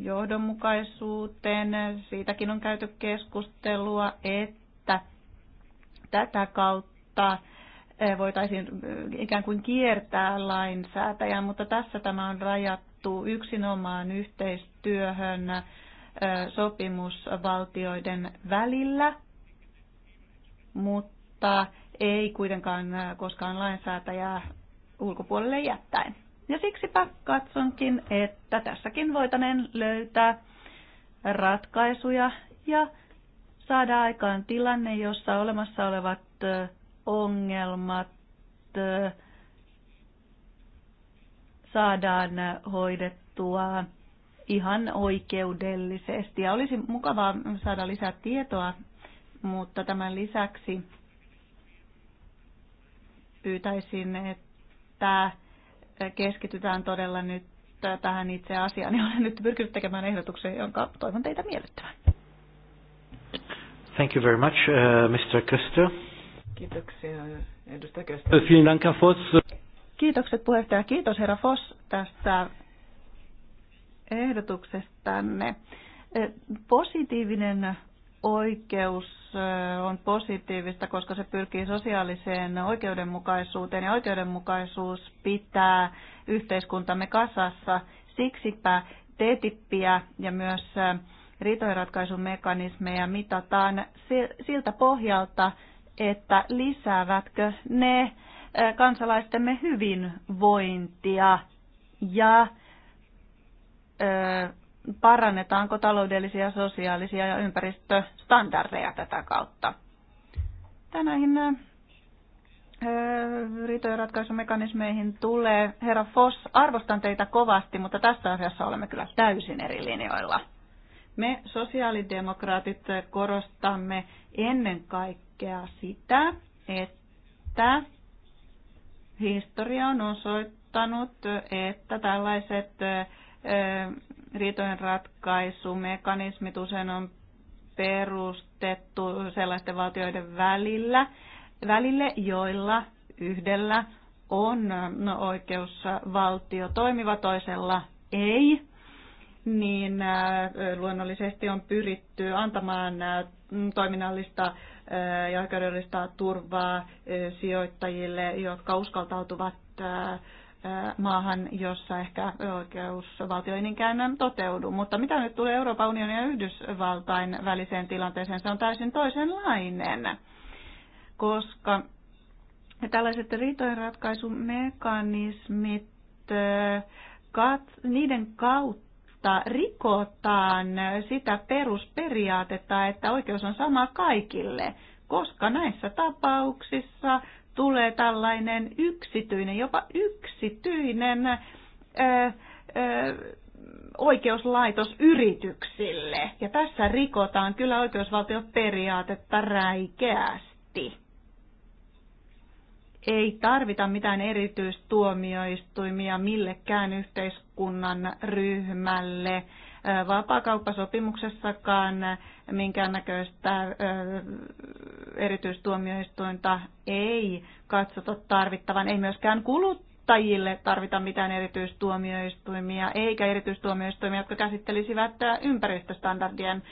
johdonmukaisuuteen. Siitäkin on käyty keskustelua, että tätä kautta voitaisiin ikään kuin kiertää lainsäätäjän, mutta tässä tämä on rajattu yksinomaan yhteistyöhön sopimusvaltioiden välillä, mutta ei kuitenkaan koskaan lainsäätäjää ulkopuolelle jättäen. Ja siksipä katsonkin, että tässäkin voitaneen löytää ratkaisuja ja saada aikaan tilanne, jossa olemassa olevat ongelmat saadaan hoidettua ihan oikeudellisesti. Ja olisi mukavaa saada lisää tietoa, mutta tämän lisäksi pyytäisin, että keskitytään todella nyt tähän itse asiaan. Ja olen nyt pyrkinyt tekemään ehdotuksen, jonka toivon teitä miellyttävän. Thank you very much, uh, Mr. Köster. Kiitoksia, edustaja Köster. Äh, vielen Dank, Herr Voss. Kiitokset puheenjohtaja. Kiitos, herra Foss, tästä ehdotuksestanne. Äh, positiivinen oikeus äh, on positiivista, koska se pyrkii sosiaaliseen oikeudenmukaisuuteen ja oikeudenmukaisuus pitää yhteiskuntamme kasassa. Siksipä TTIPiä ja myös riitojenratkaisun mekanismeja mitataan siltä pohjalta, että lisäävätkö ne kansalaistemme hyvinvointia ja parannetaanko taloudellisia, sosiaalisia ja ympäristöstandardeja tätä kautta. Tänäihin riitojen ratkaisumekanismeihin tulee. Herra Foss, arvostan teitä kovasti, mutta tässä asiassa olemme kyllä täysin eri linjoilla. Me sosiaalidemokraatit korostamme ennen kaikkea sitä, että historia on osoittanut, että tällaiset riitojen ratkaisumekanismit usein on perustettu sellaisten valtioiden välillä, välille, joilla yhdellä on no, oikeusvaltio toimiva, toisella ei niin äh, luonnollisesti on pyritty antamaan äh, mm, toiminnallista äh, ja oikeudellista turvaa sijoittajille, jotka uskaltautuvat maahan, jossa ehkä oikeusvaltio ei niinkään toteudu. Mutta mitä nyt tulee Euroopan unionin ja Yhdysvaltain väliseen tilanteeseen, se on täysin toisenlainen, koska tällaiset riitojenratkaisumekanismit, kat, niiden kautta mutta rikotaan sitä perusperiaatetta, että oikeus on sama kaikille, koska näissä tapauksissa tulee tällainen yksityinen, jopa yksityinen ö, ö, oikeuslaitos yrityksille. Ja tässä rikotaan kyllä oikeusvaltioperiaatetta räikeästi ei tarvita mitään erityistuomioistuimia millekään yhteiskunnan ryhmälle. Vapaakauppasopimuksessakaan minkäännäköistä erityistuomioistuinta ei katsota tarvittavan, ei myöskään kuluttajille tarvita mitään erityistuomioistuimia, eikä erityistuomioistuimia, jotka käsittelisivät ympäristöstandardien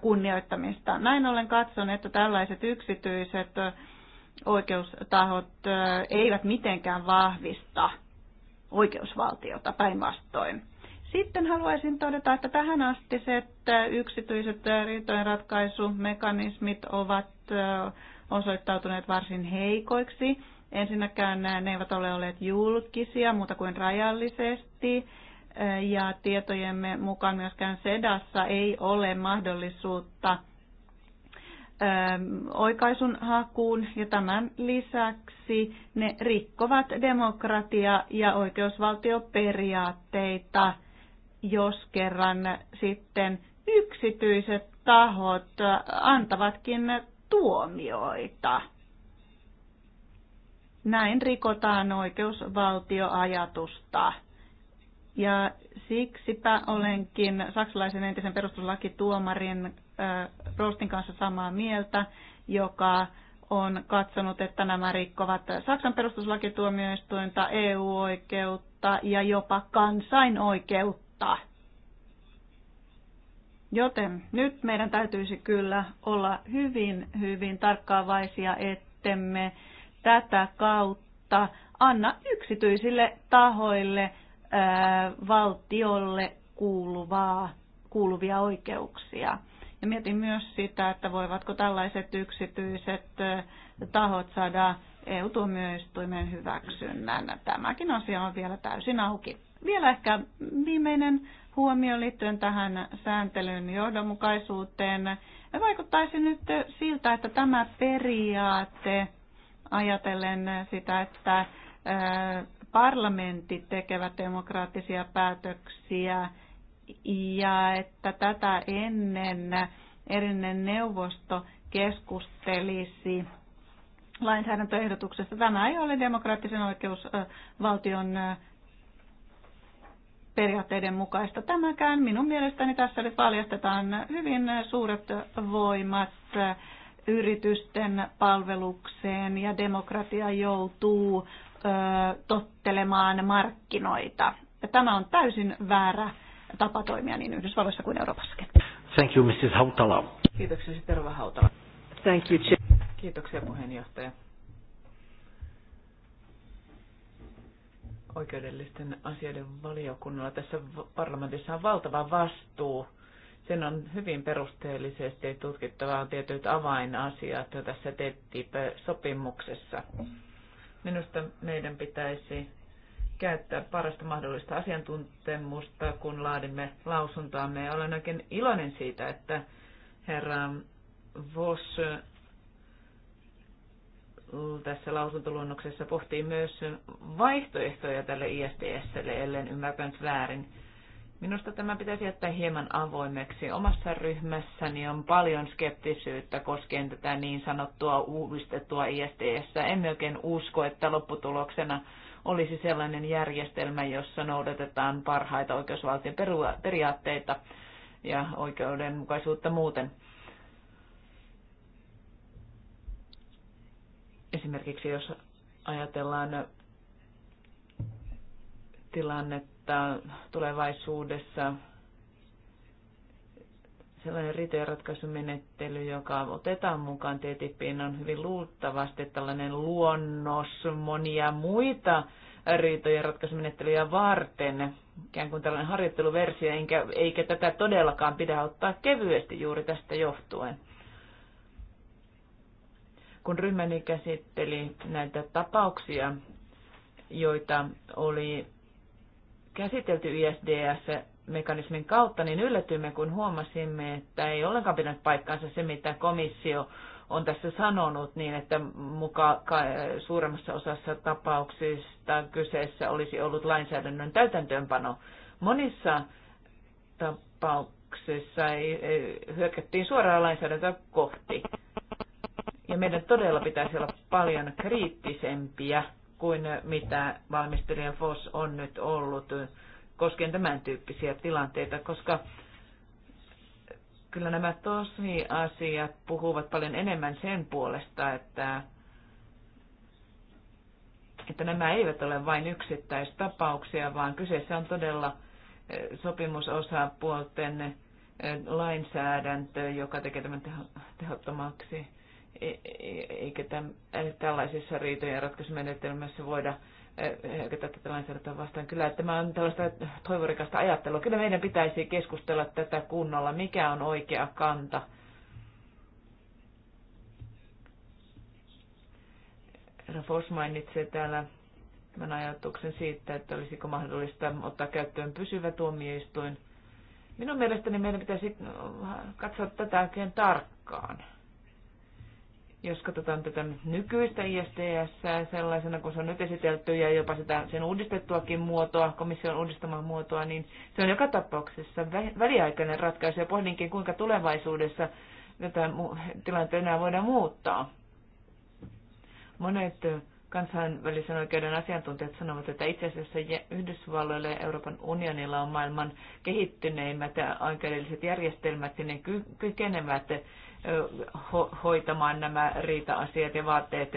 kunnioittamista. Näin ollen katson, että tällaiset yksityiset oikeustahot eivät mitenkään vahvista oikeusvaltiota päinvastoin. Sitten haluaisin todeta, että tähän asti että yksityiset riitojenratkaisumekanismit ovat osoittautuneet varsin heikoiksi. Ensinnäkään ne eivät ole olleet julkisia muuta kuin rajallisesti. Ja tietojemme mukaan myöskään sedassa ei ole mahdollisuutta – Ähm, oikaisun hakuun ja tämän lisäksi ne rikkovat demokratia- ja oikeusvaltioperiaatteita, jos kerran sitten yksityiset tahot äh, antavatkin tuomioita. Näin rikotaan oikeusvaltioajatusta. Ja siksipä olenkin saksalaisen entisen perustuslakituomarin Rostin kanssa samaa mieltä, joka on katsonut, että nämä rikkovat Saksan perustuslakituomioistuinta, EU-oikeutta ja jopa kansainoikeutta. Joten nyt meidän täytyisi kyllä olla hyvin, hyvin tarkkaavaisia, ettemme tätä kautta anna yksityisille tahoille ää, valtiolle kuuluvaa, kuuluvia oikeuksia. Ja mietin myös sitä, että voivatko tällaiset yksityiset tahot saada EU-tuomioistuimen hyväksynnän. Tämäkin asia on vielä täysin auki. Vielä ehkä viimeinen huomio liittyen tähän sääntelyn johdonmukaisuuteen. Vaikuttaisi nyt siltä, että tämä periaate, ajatellen sitä, että parlamentit tekevät demokraattisia päätöksiä, ja että tätä ennen erinen neuvosto keskustelisi lainsäädäntöehdotuksesta. Tämä ei ole demokraattisen oikeusvaltion periaatteiden mukaista. Tämäkään minun mielestäni tässä nyt paljastetaan hyvin suuret voimat yritysten palvelukseen ja demokratia joutuu tottelemaan markkinoita. Ja tämä on täysin väärä tapa toimia niin Yhdysvalloissa kuin Euroopassakin. Thank you, Mrs. Hautala. Kiitoksia, Terva Hautala. Thank you, Kiitoksia, puheenjohtaja. Oikeudellisten asioiden valiokunnalla tässä parlamentissa on valtava vastuu. Sen on hyvin perusteellisesti tutkittava tietyt avainasiat tässä TTIP-sopimuksessa. Minusta meidän pitäisi käyttää parasta mahdollista asiantuntemusta, kun laadimme lausuntoamme. Ja olen oikein iloinen siitä, että herra Voss tässä lausuntoluonnoksessa pohtii myös vaihtoehtoja tälle ISDSlle, ellen ymmärtänyt väärin. Minusta tämä pitäisi jättää hieman avoimeksi. Omassa ryhmässäni on paljon skeptisyyttä koskien tätä niin sanottua uudistettua ISDS. Emme oikein usko, että lopputuloksena olisi sellainen järjestelmä, jossa noudatetaan parhaita oikeusvaltion periaatteita ja oikeudenmukaisuutta muuten. Esimerkiksi jos ajatellaan tilannetta tulevaisuudessa sellainen riitojenratkaisumenettely, joka otetaan mukaan TTIPiin, on hyvin luultavasti tällainen luonnos monia muita riitojen ratkaisumenettelyjä varten. Ikään kuin tällainen harjoitteluversio, eikä, eikä tätä todellakaan pidä ottaa kevyesti juuri tästä johtuen. Kun ryhmäni käsitteli näitä tapauksia, joita oli käsitelty ISDS mekanismin kautta, niin yllätyimme, kun huomasimme, että ei ollenkaan pidä paikkaansa se, mitä komissio on tässä sanonut, niin että muka suuremmassa osassa tapauksista kyseessä olisi ollut lainsäädännön täytäntöönpano. Monissa tapauksissa hyökättiin suoraan lainsäädäntöä kohti. Ja meidän todella pitäisi olla paljon kriittisempiä kuin mitä valmistelija fos on nyt ollut koskien tämän tyyppisiä tilanteita, koska kyllä nämä tosiasiat puhuvat paljon enemmän sen puolesta, että, että nämä eivät ole vain yksittäistapauksia, vaan kyseessä on todella eh, sopimusosapuolten eh, lainsäädäntö, joka tekee tämän tehottomaksi. E-, e-, eikä tämän, tällaisissa riitojen ratkaisumenetelmässä voida hyökätä tätä lainsäädäntöä vastaan. Kyllä että tämä on tällaista toivorikasta ajattelua. Kyllä meidän pitäisi keskustella tätä kunnolla, mikä on oikea kanta. Fos mainitsee täällä tämän ajatuksen siitä, että olisiko mahdollista ottaa käyttöön pysyvä tuomioistuin. Minun mielestäni meidän pitäisi katsoa tätä oikein tarkkaan. Jos katsotaan tätä nykyistä ISDS sellaisena kuin se on nyt esitelty ja jopa sitä, sen uudistettuakin muotoa, komission uudistamaa muotoa, niin se on joka tapauksessa väliaikainen ratkaisu ja pohdinkin, kuinka tulevaisuudessa tätä tilannetta enää voidaan muuttaa. Monet kansainvälisen oikeuden asiantuntijat sanovat, että itse asiassa Yhdysvalloilla ja Euroopan unionilla on maailman kehittyneimmät oikeudelliset järjestelmät ja ne kykenevät hoitamaan nämä riita-asiat ja vaatteet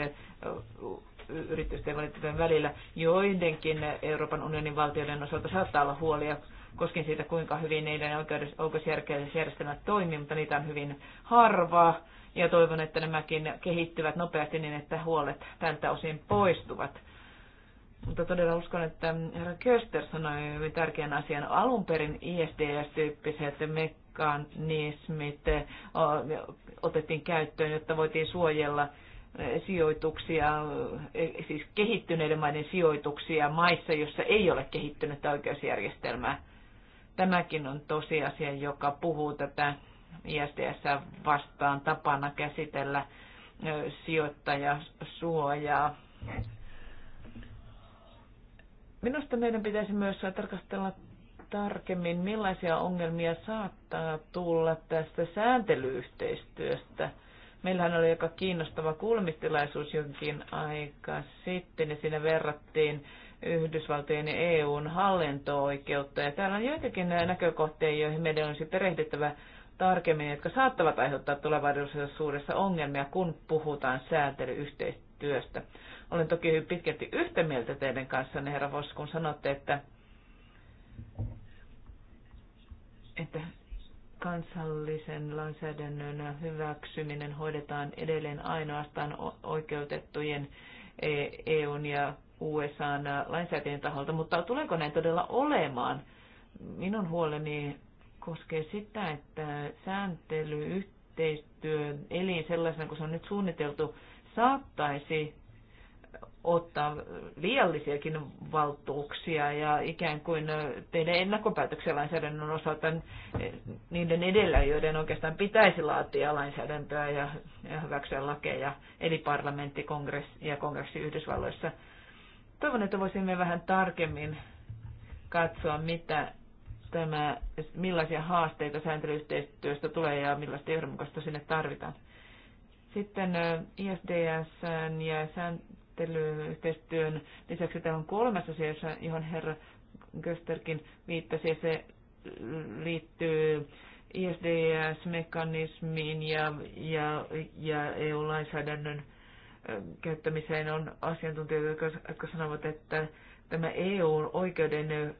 yritysten ja välillä. Joidenkin Euroopan unionin valtioiden osalta saattaa olla huolia koskien siitä, kuinka hyvin niiden oikeusjärjestelmät toimii, mutta niitä on hyvin harvaa. Ja toivon, että nämäkin kehittyvät nopeasti niin, että huolet tältä osin poistuvat. Mutta todella uskon, että herra Köster sanoi hyvin tärkeän asian. Alun perin ISDS-tyyppiset mekanismit eh, otettiin käyttöön, jotta voitiin suojella eh, sijoituksia, eh, siis kehittyneiden maiden sijoituksia maissa, joissa ei ole kehittynyt oikeusjärjestelmää. Tämäkin on tosiasia, joka puhuu tätä ISDS vastaan tapana käsitellä sijoittajasuojaa. Minusta meidän pitäisi myös tarkastella tarkemmin, millaisia ongelmia saattaa tulla tästä sääntelyyhteistyöstä. Meillähän oli aika kiinnostava kuulemistilaisuus jonkin aika sitten ja siinä verrattiin Yhdysvaltojen ja EUn hallinto-oikeutta. Ja täällä on joitakin näkökohtia, joihin meidän olisi perehdyttävä tarkemmin, jotka saattavat aiheuttaa tulevaisuudessa ongelmia, kun puhutaan sääntelyyhteistyöstä. Olen toki hyvin pitkälti yhtä mieltä teidän kanssanne, herra Vos, kun sanotte, että että kansallisen lainsäädännön hyväksyminen hoidetaan edelleen ainoastaan oikeutettujen EUn e ja USAn lainsäätäjien taholta, mutta tuleeko näin todella olemaan? Minun huoleni koskee sitä, että sääntelyyhteistyö, eli sellaisena kuin se on nyt suunniteltu, saattaisi ottaa liiallisiakin valtuuksia ja ikään kuin tehdä ennakkopäätöksiä lainsäädännön osalta niiden edellä, joiden oikeastaan pitäisi laatia lainsäädäntöä ja, ja hyväksyä lakeja, eli parlamentti kongressi ja kongressi Yhdysvalloissa. Toivon, että voisimme vähän tarkemmin katsoa, mitä tämä, millaisia haasteita sääntelyyhteistyöstä tulee ja millaista johdonmukaista sinne tarvitaan. Sitten ISDS ja säätelyyhteistyön lisäksi täällä on kolmas asia, johon herra Kösterkin viittasi, ja se liittyy ISDS-mekanismiin ja, ja, ja EU-lainsäädännön käyttämiseen on asiantuntijoita, jotka, jotka sanovat, että tämä EU-oikeuden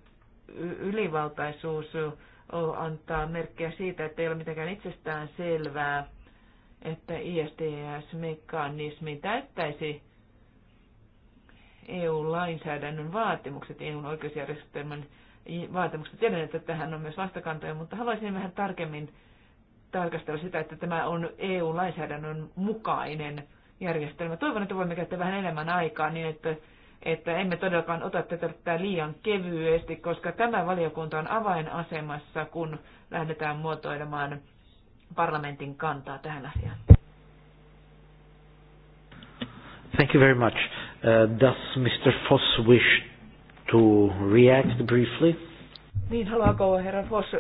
ylivaltaisuus antaa merkkejä siitä, että ei ole mitenkään itsestään selvää, että ISDS-mekanismi täyttäisi EU-lainsäädännön vaatimukset, EUn oikeusjärjestelmän vaatimukset. Tiedän, että tähän on myös vastakantoja, mutta haluaisin vähän tarkemmin tarkastella sitä, että tämä on EU-lainsäädännön mukainen järjestelmä. Toivon, että voimme käyttää vähän enemmän aikaa niin, että, että emme todellakaan ota tätä liian kevyesti, koska tämä valiokunta on avainasemassa, kun lähdetään muotoilemaan parlamentin kantaa tähän asiaan. Thank you very much. Uh, does Mr. Foss wish to react briefly? Niin, haluaako herra Foss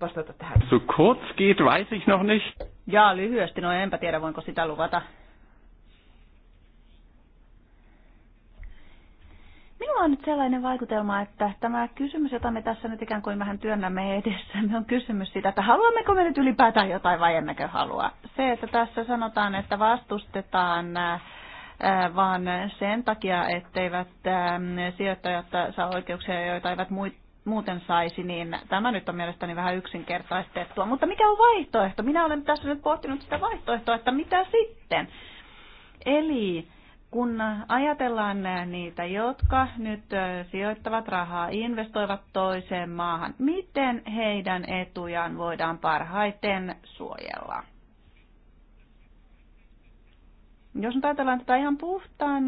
vastata tähän? So kurz geht, weiß ich noch nicht. Jaa, lyhyesti, no enpä tiedä voinko sitä luvata. Minulla on nyt sellainen vaikutelma, että tämä kysymys, jota me tässä nyt ikään kuin vähän työnnämme me on kysymys siitä, että haluammeko me nyt ylipäätään jotain vai emmekö halua. Se, että tässä sanotaan, että vastustetaan äh, Äh, vaan sen takia, etteivät ähm, sijoittajat saa oikeuksia, joita eivät muuten saisi, niin tämä nyt on mielestäni vähän yksinkertaistettua. Mutta mikä on vaihtoehto? Minä olen tässä nyt pohtinut sitä vaihtoehtoa, että mitä sitten? Eli kun ajatellaan niitä, jotka nyt äh, sijoittavat rahaa, investoivat toiseen maahan, miten heidän etujaan voidaan parhaiten suojella? Jos nyt ajatellaan tätä ihan puhtaan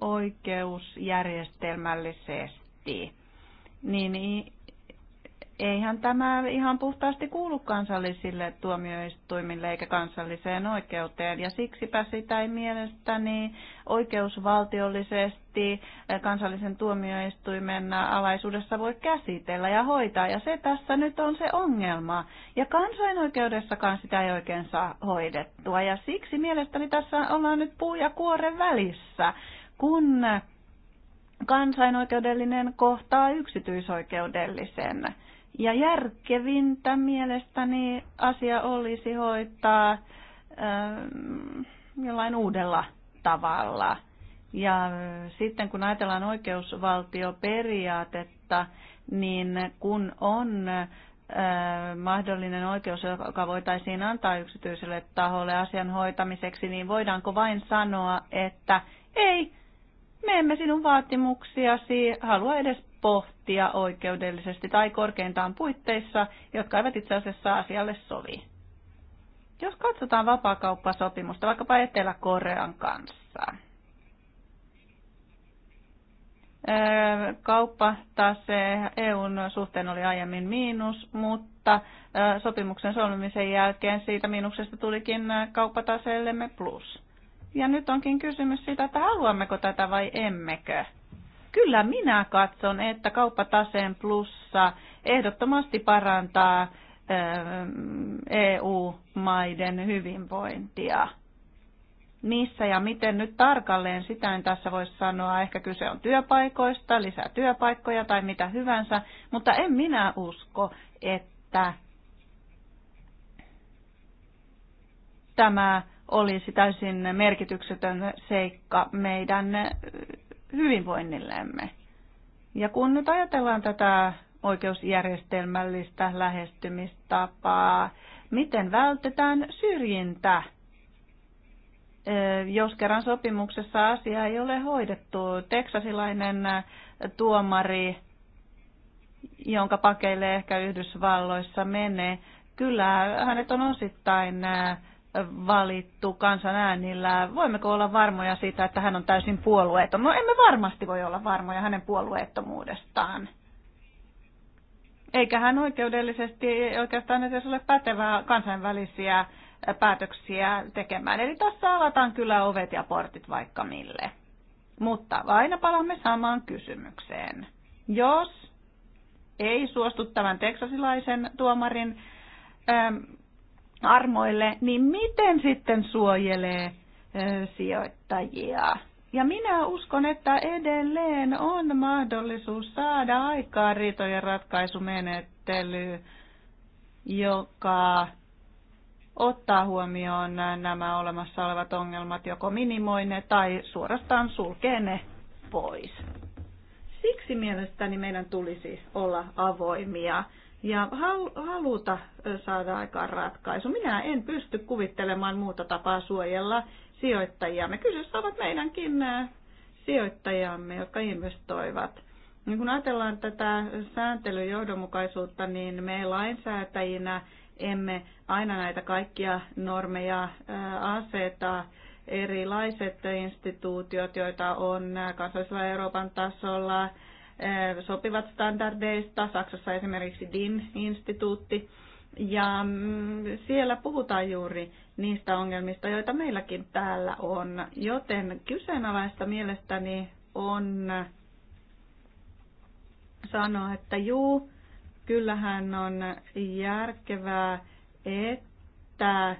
oikeusjärjestelmällisesti, niin eihän tämä ihan puhtaasti kuulu kansallisille tuomioistuimille eikä kansalliseen oikeuteen. Ja siksipä sitä ei mielestäni oikeusvaltiollisesti eh, kansallisen tuomioistuimen alaisuudessa voi käsitellä ja hoitaa. Ja se tässä nyt on se ongelma. Ja kansainoikeudessakaan sitä ei oikein saa hoidettua. Ja siksi mielestäni tässä ollaan nyt puu ja kuoren välissä. Kun kansainoikeudellinen kohtaa yksityisoikeudellisen ja järkevintä mielestäni asia olisi hoitaa ähm, jollain uudella tavalla. Ja äh, sitten kun ajatellaan oikeusvaltioperiaatetta, niin kun on äh, mahdollinen oikeus, joka voitaisiin antaa yksityiselle taholle asian hoitamiseksi, niin voidaanko vain sanoa, että ei, me emme sinun vaatimuksiasi halua edes pohtia oikeudellisesti tai korkeintaan puitteissa, jotka eivät itse asiassa asialle sovi. Jos katsotaan vapaakauppasopimusta vaikkapa Etelä-Korean kanssa, öö, kauppatase EUn suhteen oli aiemmin miinus, mutta sopimuksen solmimisen jälkeen siitä miinuksesta tulikin kauppataseellemme plus. Ja nyt onkin kysymys siitä, että haluammeko tätä vai emmekö. Kyllä minä katson, että kauppataseen plussa ehdottomasti parantaa EU-maiden hyvinvointia. Missä ja miten nyt tarkalleen, sitä en tässä voisi sanoa. Ehkä kyse on työpaikoista, lisää työpaikkoja tai mitä hyvänsä, mutta en minä usko, että tämä olisi täysin merkityksetön seikka meidän hyvinvoinnillemme. Ja kun nyt ajatellaan tätä oikeusjärjestelmällistä lähestymistapaa, miten vältetään syrjintä, jos kerran sopimuksessa asia ei ole hoidettu. Teksasilainen tuomari, jonka pakeille ehkä Yhdysvalloissa menee, kyllä hänet on osittain valittu kansan äänillä. Voimmeko olla varmoja siitä, että hän on täysin puolueeton? No emme varmasti voi olla varmoja hänen puolueettomuudestaan. Eikä hän oikeudellisesti oikeastaan edes ole pätevää kansainvälisiä päätöksiä tekemään. Eli tässä avataan kyllä ovet ja portit vaikka mille. Mutta aina palaamme samaan kysymykseen. Jos ei suostu tämän teksasilaisen tuomarin armoille, niin miten sitten suojelee sijoittajia? Ja minä uskon, että edelleen on mahdollisuus saada aikaan riitojen ratkaisumenettely, joka ottaa huomioon nämä olemassa olevat ongelmat, joko minimoi ne tai suorastaan sulkee ne pois. Siksi mielestäni meidän tulisi olla avoimia ja haluta saada aikaan ratkaisu. Minä en pysty kuvittelemaan muuta tapaa suojella Me Kyseessä ovat meidänkin sijoittajamme, jotka investoivat. Niin kun ajatellaan tätä sääntelyjohdonmukaisuutta, niin me lainsäätäjinä emme aina näitä kaikkia normeja aseta. Erilaiset instituutiot, joita on kansallisella Euroopan tasolla, sopivat standardeista, Saksassa esimerkiksi DIN-instituutti, ja mm, siellä puhutaan juuri niistä ongelmista, joita meilläkin täällä on. Joten kyseenalaista mielestäni on sanoa, että juu, kyllähän on järkevää, että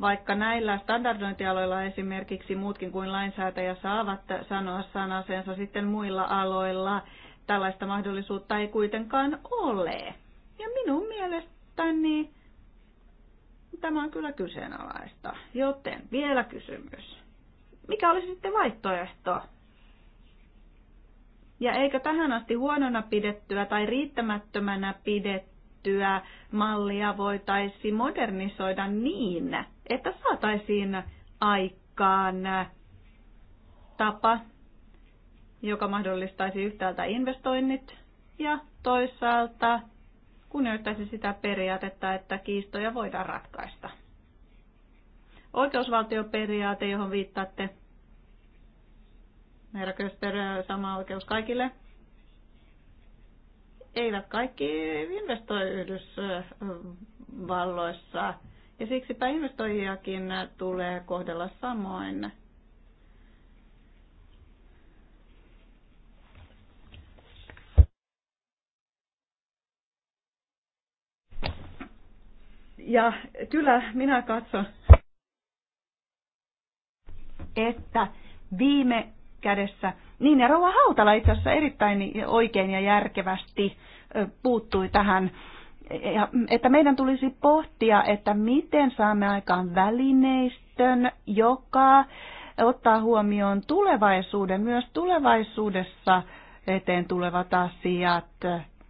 vaikka näillä standardointialoilla esimerkiksi muutkin kuin lainsäätäjä saavat sanoa sanasensa, sitten muilla aloilla tällaista mahdollisuutta ei kuitenkaan ole. Ja minun mielestäni tämä on kyllä kyseenalaista. Joten vielä kysymys. Mikä olisi sitten vaihtoehto? Ja eikö tähän asti huonona pidettyä tai riittämättömänä pidettyä käytettyä mallia voitaisiin modernisoida niin, että saataisiin aikaan tapa, joka mahdollistaisi yhtäältä investoinnit ja toisaalta kunnioittaisi sitä periaatetta, että kiistoja voidaan ratkaista. Oikeusvaltioperiaate, johon viittaatte, Herra Köster, sama oikeus kaikille, eivät kaikki investoi Yhdysvalloissa. Ja siksipä investoijiakin tulee kohdella samoin. Ja kyllä minä katson, että viime kädessä niin, ja Rauha Hautala itse asiassa erittäin oikein ja järkevästi puuttui tähän, että meidän tulisi pohtia, että miten saamme aikaan välineistön, joka ottaa huomioon tulevaisuuden, myös tulevaisuudessa eteen tulevat asiat,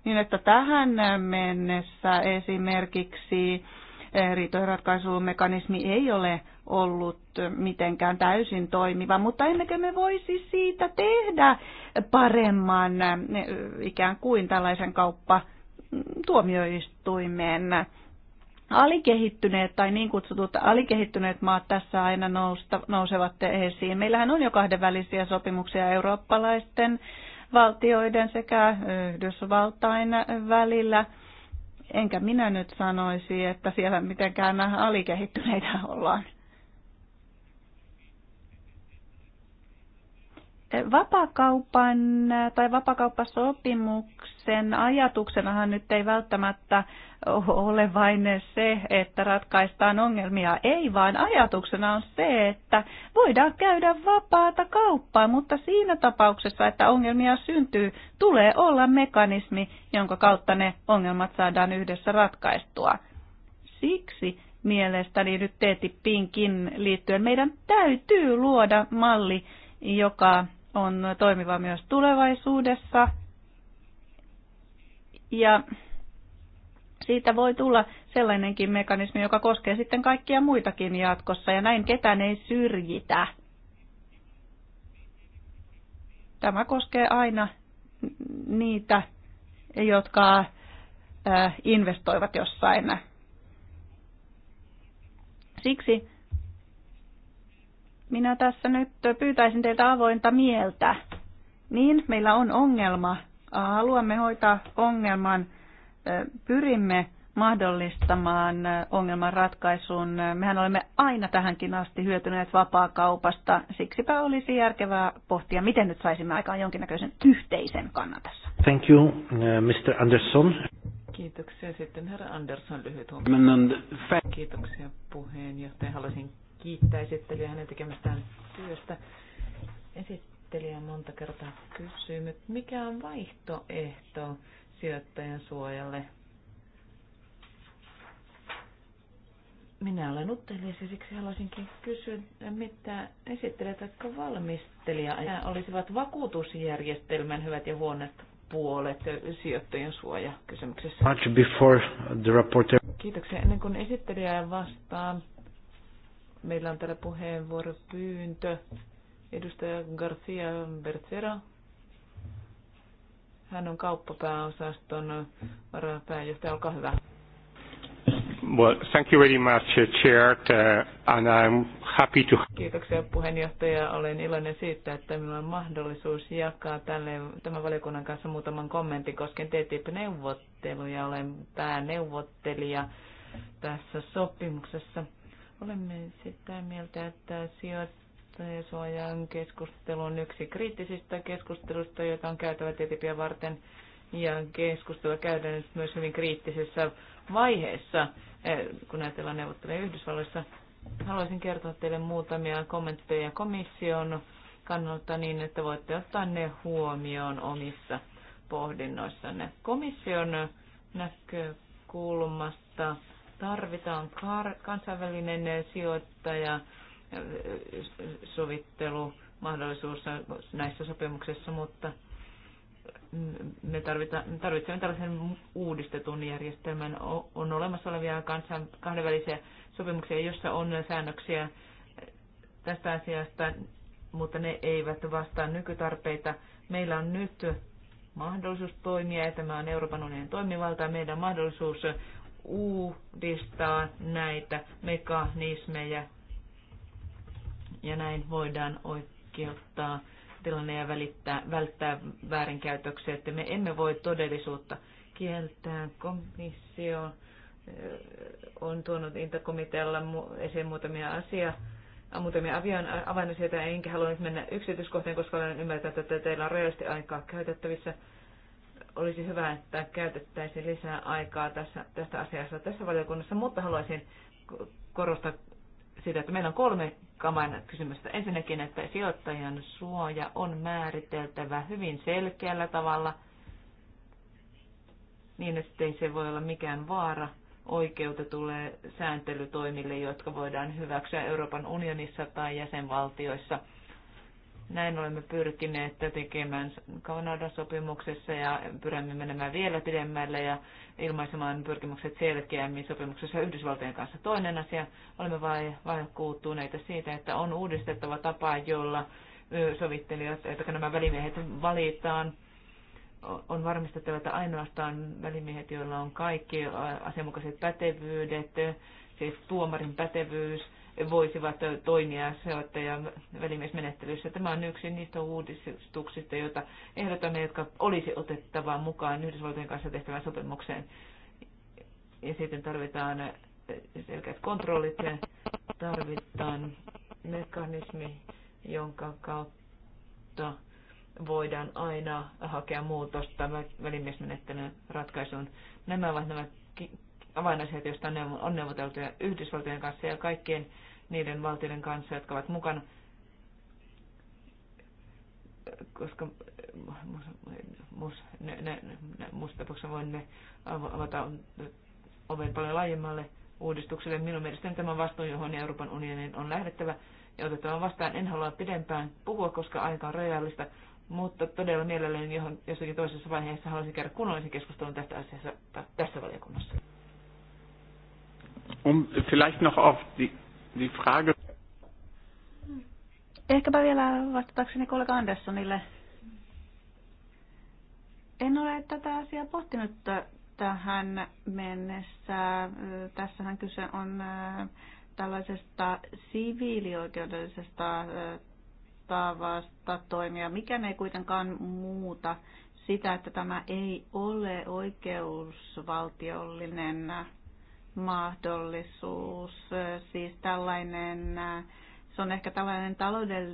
niin että tähän mennessä esimerkiksi riitojenratkaisumekanismi ei ole ollut mitenkään täysin toimiva, mutta emmekö me voisi siitä tehdä paremman ikään kuin tällaisen kauppa tuomioistuimeen alikehittyneet tai niin kutsutut alikehittyneet maat tässä aina nousta, nousevat esiin. Meillähän on jo kahdenvälisiä sopimuksia eurooppalaisten valtioiden sekä Yhdysvaltain välillä. Enkä minä nyt sanoisi, että siellä mitenkään alikehittyneitä ollaan. Vapakaupan tai vapakauppasopimuksen ajatuksenahan nyt ei välttämättä ole vain se, että ratkaistaan ongelmia. Ei, vaan ajatuksena on se, että voidaan käydä vapaata kauppaa, mutta siinä tapauksessa, että ongelmia syntyy, tulee olla mekanismi, jonka kautta ne ongelmat saadaan yhdessä ratkaistua. Siksi mielestäni nyt teetipinkin liittyen meidän täytyy luoda malli, joka on toimiva myös tulevaisuudessa. Ja siitä voi tulla sellainenkin mekanismi, joka koskee sitten kaikkia muitakin jatkossa, ja näin ketään ei syrjitä. Tämä koskee aina niitä, jotka investoivat jossain. Siksi minä tässä nyt pyytäisin teiltä avointa mieltä. Niin, meillä on ongelma. Haluamme hoitaa ongelman. Pyrimme mahdollistamaan ongelman ratkaisun. Mehän olemme aina tähänkin asti hyötyneet vapaakaupasta. Siksipä olisi järkevää pohtia, miten nyt saisimme aikaan jonkinnäköisen yhteisen kannan tässä. Thank you, uh, Mr. Anderson. Kiitoksia. Sitten herra Andersson lyhyt huomio. Kiitoksia puheenjohtaja. Haluaisin kiittää esittelyä hänen tekemästään työstä. Esittelijä monta kertaa kysyy, mikä on vaihtoehto sijoittajan suojalle? Minä olen uttelias ja siksi haluaisinkin kysyä, mitä esittelijä tai valmistelija Nämä olisivat vakuutusjärjestelmän hyvät ja huonot puolet sijoittajien suoja kysymyksessä. Much before the reporter. Kiitoksia. Ennen kuin esittelijä vastaa Meillä on täällä puheenvuoropyyntö. Edustaja Garcia Bercera. Hän on kauppapääosaston varapääjohtaja. Olkaa hyvä. Well, thank you very much, uh, Chair, uh, and I'm happy to... Kiitoksia puheenjohtaja. Olen iloinen siitä, että minulla on mahdollisuus jakaa tälle, tämän valiokunnan kanssa muutaman kommentin koskien TTIP-neuvotteluja. Olen pääneuvottelija tässä sopimuksessa. Olemme sitä mieltä, että sijoittajasuojan keskustelu on yksi kriittisistä keskustelusta, jota on käytävä tietipiä varten. Ja keskustelua käydään nyt myös hyvin kriittisessä vaiheessa, eh, kun ajatellaan neuvotteluja Yhdysvalloissa. Haluaisin kertoa teille muutamia kommentteja komission kannalta niin, että voitte ottaa ne huomioon omissa pohdinnoissanne. Komission näkökulmasta tarvitaan kansainvälinen sijoittaja, sovittelu, mahdollisuus näissä sopimuksissa, mutta me, me tarvitsemme tällaisen uudistetun järjestelmän. On olemassa olevia kansan, kahdenvälisiä sopimuksia, joissa on säännöksiä tästä asiasta, mutta ne eivät vastaa nykytarpeita. Meillä on nyt mahdollisuus toimia ja tämä on Euroopan unionin toimivalta. Meidän mahdollisuus uudistaa näitä mekanismeja ja näin voidaan oikeuttaa tilanne ja välittää, välttää väärinkäytöksiä, että me emme voi todellisuutta kieltää. Komissio on tuonut Intakomitealla esiin muutamia asiaa, muutamia avainasioita, enkä halua nyt mennä yksityiskohtiin, koska olen ymmärtänyt, että teillä on rajallisesti aikaa käytettävissä olisi hyvä, että käytettäisiin lisää aikaa tässä, tästä asiasta tässä valiokunnassa, mutta haluaisin korostaa sitä, että meillä on kolme kaman kysymystä. Ensinnäkin, että sijoittajan suoja on määriteltävä hyvin selkeällä tavalla, niin ettei se voi olla mikään vaara oikeutetulle sääntelytoimille, jotka voidaan hyväksyä Euroopan unionissa tai jäsenvaltioissa – näin olemme pyrkineet tekemään Kanadan sopimuksessa ja pyrimme menemään vielä pidemmälle ja ilmaisemaan pyrkimykset selkeämmin sopimuksessa Yhdysvaltojen kanssa. Toinen asia, olemme kuuttuneita siitä, että on uudistettava tapa, jolla sovittelijat, että nämä välimiehet valitaan. On varmistettava, että ainoastaan välimiehet, joilla on kaikki asianmukaiset pätevyydet, siis tuomarin pätevyys, voisivat toimia sijoittajan välimiesmenettelyssä. Tämä on yksi niistä uudistuksista, joita ehdotamme, jotka olisi otettava mukaan Yhdysvaltojen kanssa tehtävään sopimukseen. Ja sitten tarvitaan selkeät kontrollit ja tarvitaan mekanismi, jonka kautta voidaan aina hakea muutosta välimiesmenettelyn ratkaisuun. Nämä ovat nämä avainasiat, joista on neuvoteltu Yhdysvaltojen kanssa ja kaikkien niiden valtioiden kanssa, jotka ovat mukana, koska minusta tapauksessa voimme avata oven paljon laajemmalle uudistukselle. Minun mielestäni tämä vastuu, johon Euroopan unionin on lähdettävä ja otettava vastaan. En halua pidempään puhua, koska aika on rajallista, mutta todella mielelläni johon jossakin toisessa vaiheessa haluaisin käydä kunnollisen keskustelun tästä asiasta tässä valiokunnassa. Um, vielleicht noch auf die Die niin, Frage... Ehkäpä vielä vastatakseni kollega Anderssonille. En ole tätä asiaa pohtinut tähän mennessä. Tässähän kyse on tällaisesta siviilioikeudellisesta tavasta toimia. Mikään ei kuitenkaan muuta sitä, että tämä ei ole oikeusvaltiollinen mahdollisuus, siis tällainen, se on ehkä tällainen talouden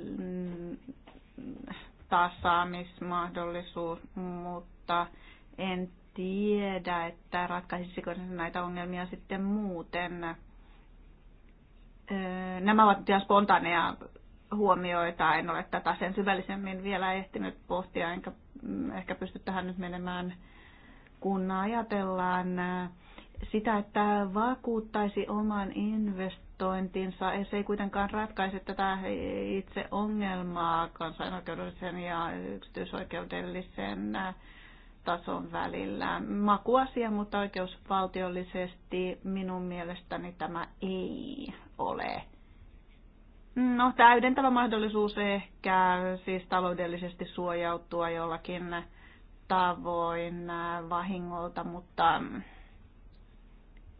tasaamismahdollisuus, mutta en tiedä, että ratkaisisiko näitä ongelmia sitten muuten. Nämä ovat ihan spontaaneja huomioita, en ole tätä sen syvällisemmin vielä ehtinyt pohtia, enkä mm, ehkä pysty tähän nyt menemään, kun ajatellaan sitä, että vakuuttaisi oman investointinsa, se ei kuitenkaan ratkaise tätä itse ongelmaa kansainoikeudellisen ja yksityisoikeudellisen äh, tason välillä. Makuasia, mutta oikeusvaltiollisesti minun mielestäni tämä ei ole. No, täydentävä mahdollisuus ehkä siis taloudellisesti suojautua jollakin tavoin äh, vahingolta, mutta mm,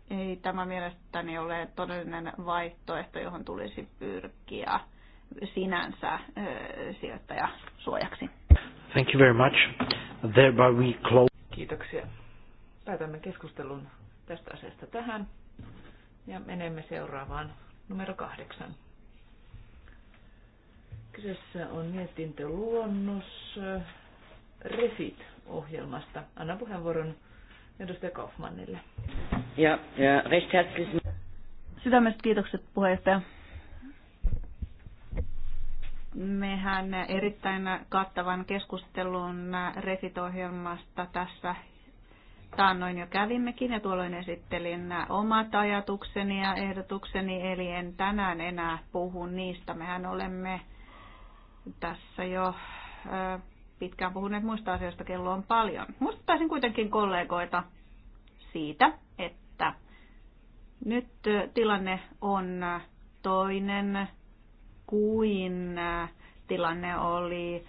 ei tämä mielestäni ole todellinen vaihtoehto, johon tulisi pyrkiä sinänsä sijoittaja suojaksi. Thank you very much. Thereby we close. Kiitoksia. Päätämme keskustelun tästä asiasta tähän ja menemme seuraavaan numero kahdeksan. Kyseessä on mietintöluonnos Refit-ohjelmasta. Anna puheenvuoron edustaja Kaufmannille. Ja, ja recht herzlich. Sydämestä kiitokset puheenjohtaja. Mehän erittäin kattavan keskustelun refitohjelmasta tässä taannoin jo kävimmekin ja tuolloin esittelin omat ajatukseni ja ehdotukseni, eli en tänään enää puhu niistä. Mehän olemme tässä jo pitkään puhuneet muista asioista, kello on paljon. Muistuttaisin kuitenkin kollegoita siitä, että nyt tilanne on toinen kuin tilanne oli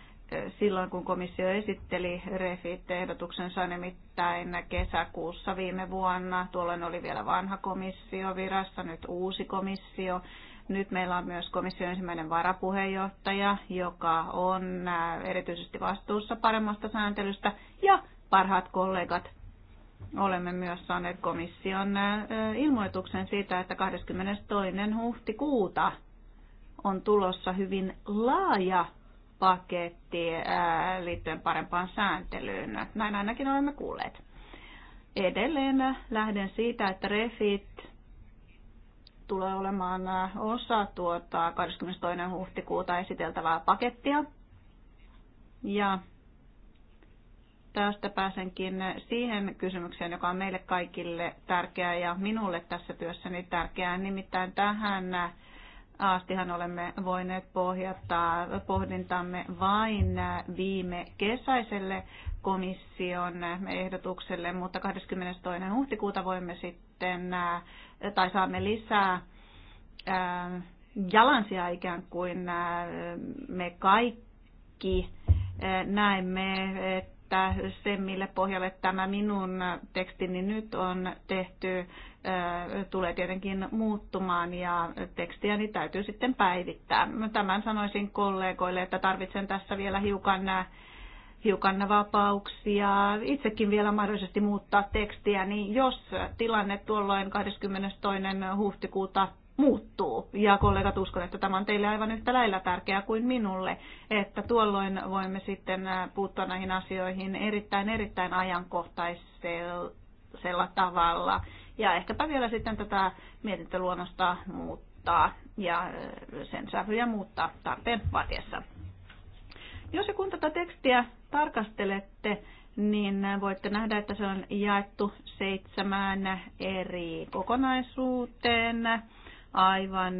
silloin, kun komissio esitteli REFIT-ehdotuksensa nimittäin kesäkuussa viime vuonna. Tuolloin oli vielä vanha komissio virassa, nyt uusi komissio. Nyt meillä on myös komission ensimmäinen varapuheenjohtaja, joka on äh, erityisesti vastuussa paremmasta sääntelystä ja parhaat kollegat. Olemme myös saaneet komission äh, äh, ilmoituksen siitä, että 22. huhtikuuta on tulossa hyvin laaja paketti liittyen parempaan sääntelyyn. Näin ainakin olemme kuulleet. Edelleen lähden siitä, että refit tulee olemaan osa tuota 22. huhtikuuta esiteltävää pakettia. Ja tästä pääsenkin siihen kysymykseen, joka on meille kaikille tärkeää ja minulle tässä työssäni tärkeää. Nimittäin tähän Aastihan olemme voineet pohjata pohdintamme vain viime kesäiselle komission ehdotukselle, mutta 22. huhtikuuta voimme sitten sitten äh, tai saamme lisää äh, jalansia ikään kuin äh, me kaikki näemme, että se, mille pohjalle tämä minun tekstini nyt on tehty, tulee tietenkin muuttumaan ja tekstiäni täytyy sitten päivittää. Tämän sanoisin kollegoille, että tarvitsen tässä vielä hiukan hiukan vapauksia, itsekin vielä mahdollisesti muuttaa tekstiä, niin jos tilanne tuolloin 22. huhtikuuta muuttuu, ja kollegat uskon, että tämä on teille aivan yhtä lailla tärkeää kuin minulle, että tuolloin voimme sitten puuttua näihin asioihin erittäin erittäin ajankohtaisella tavalla, ja ehkäpä vielä sitten tätä mietintöluonnosta muuttaa ja sen sävyjä muuttaa tarpeen vaatiessa. Jos ja kun tätä tekstiä tarkastelette, niin voitte nähdä, että se on jaettu seitsemään eri kokonaisuuteen. Aivan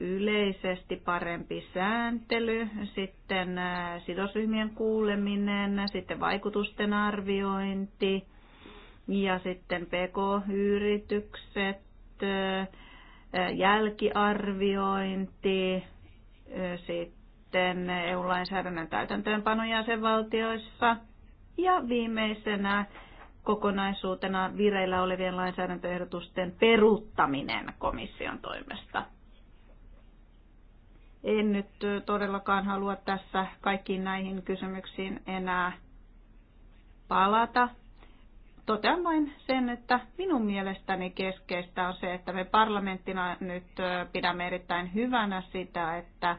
yleisesti parempi sääntely, sitten sidosryhmien kuuleminen, sitten vaikutusten arviointi ja sitten pk-yritykset, jälkiarviointi, sitten sitten EU-lainsäädännön täytäntöönpano jäsenvaltioissa ja viimeisenä kokonaisuutena vireillä olevien lainsäädäntöehdotusten peruuttaminen komission toimesta. En nyt todellakaan halua tässä kaikkiin näihin kysymyksiin enää palata. Totean vain sen, että minun mielestäni keskeistä on se, että me parlamenttina nyt pidämme erittäin hyvänä sitä, että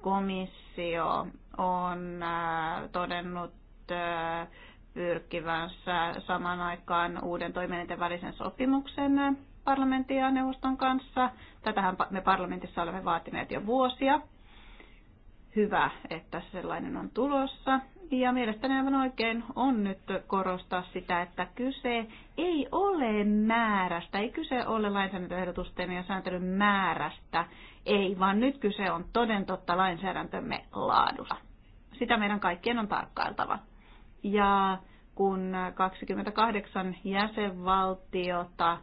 komissio on äh, todennut äh, pyrkivänsä saman aikaan uuden toimenpiteen välisen sopimuksen äh, parlamentin ja neuvoston kanssa. Tätähän me parlamentissa olemme vaatineet jo vuosia. Hyvä, että sellainen on tulossa. Ja mielestäni aivan oikein on nyt korostaa sitä, että kyse ei ole määrästä, ei kyse ole lainsäädäntöehdotusten ja sääntelyn määrästä, ei, vaan nyt kyse on toden totta lainsäädäntömme laadusta. Sitä meidän kaikkien on tarkkailtava. Ja kun 28 jäsenvaltiota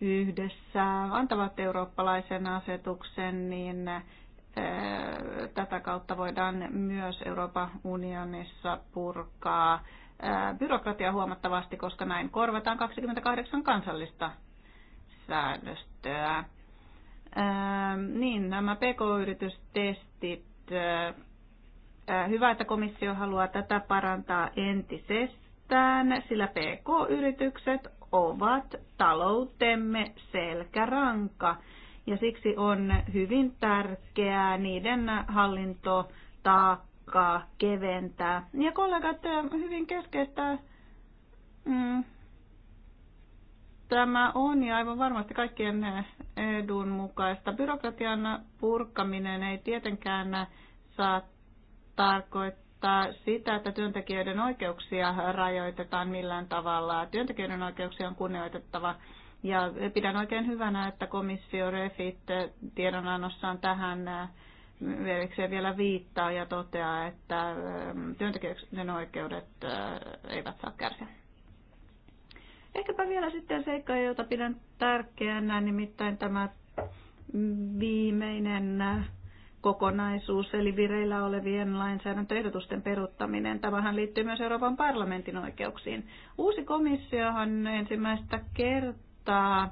yhdessä antavat eurooppalaisen asetuksen, niin tätä kautta voidaan myös Euroopan unionissa purkaa byrokratiaa huomattavasti, koska näin korvataan 28 kansallista säännöstöä. Niin, nämä pk-yritystestit. Hyvä, että komissio haluaa tätä parantaa entisestään, sillä pk-yritykset ovat taloutemme selkäranka ja siksi on hyvin tärkeää niiden hallintotaakkaa keventää. Ja kollegat, eh, hyvin keskeistä mm, tämä on ja aivan varmasti kaikkien eh, edun mukaista. Byrokratian purkaminen ei tietenkään saa tarkoittaa sitä, että työntekijöiden oikeuksia rajoitetaan millään tavalla. Työntekijöiden oikeuksia on kunnioitettava ja pidän oikein hyvänä, että komissio Refit tiedonannossaan tähän äh, erikseen vielä viittaa ja toteaa, että ähm, työntekijöiden oikeudet äh, eivät saa kärsiä. Ehkäpä vielä sitten seikka, jota pidän tärkeänä, nimittäin tämä viimeinen äh, kokonaisuus, eli vireillä olevien lainsäädäntöehdotusten peruuttaminen. Tämähän liittyy myös Euroopan parlamentin oikeuksiin. Uusi komissiohan ensimmäistä kertaa mutta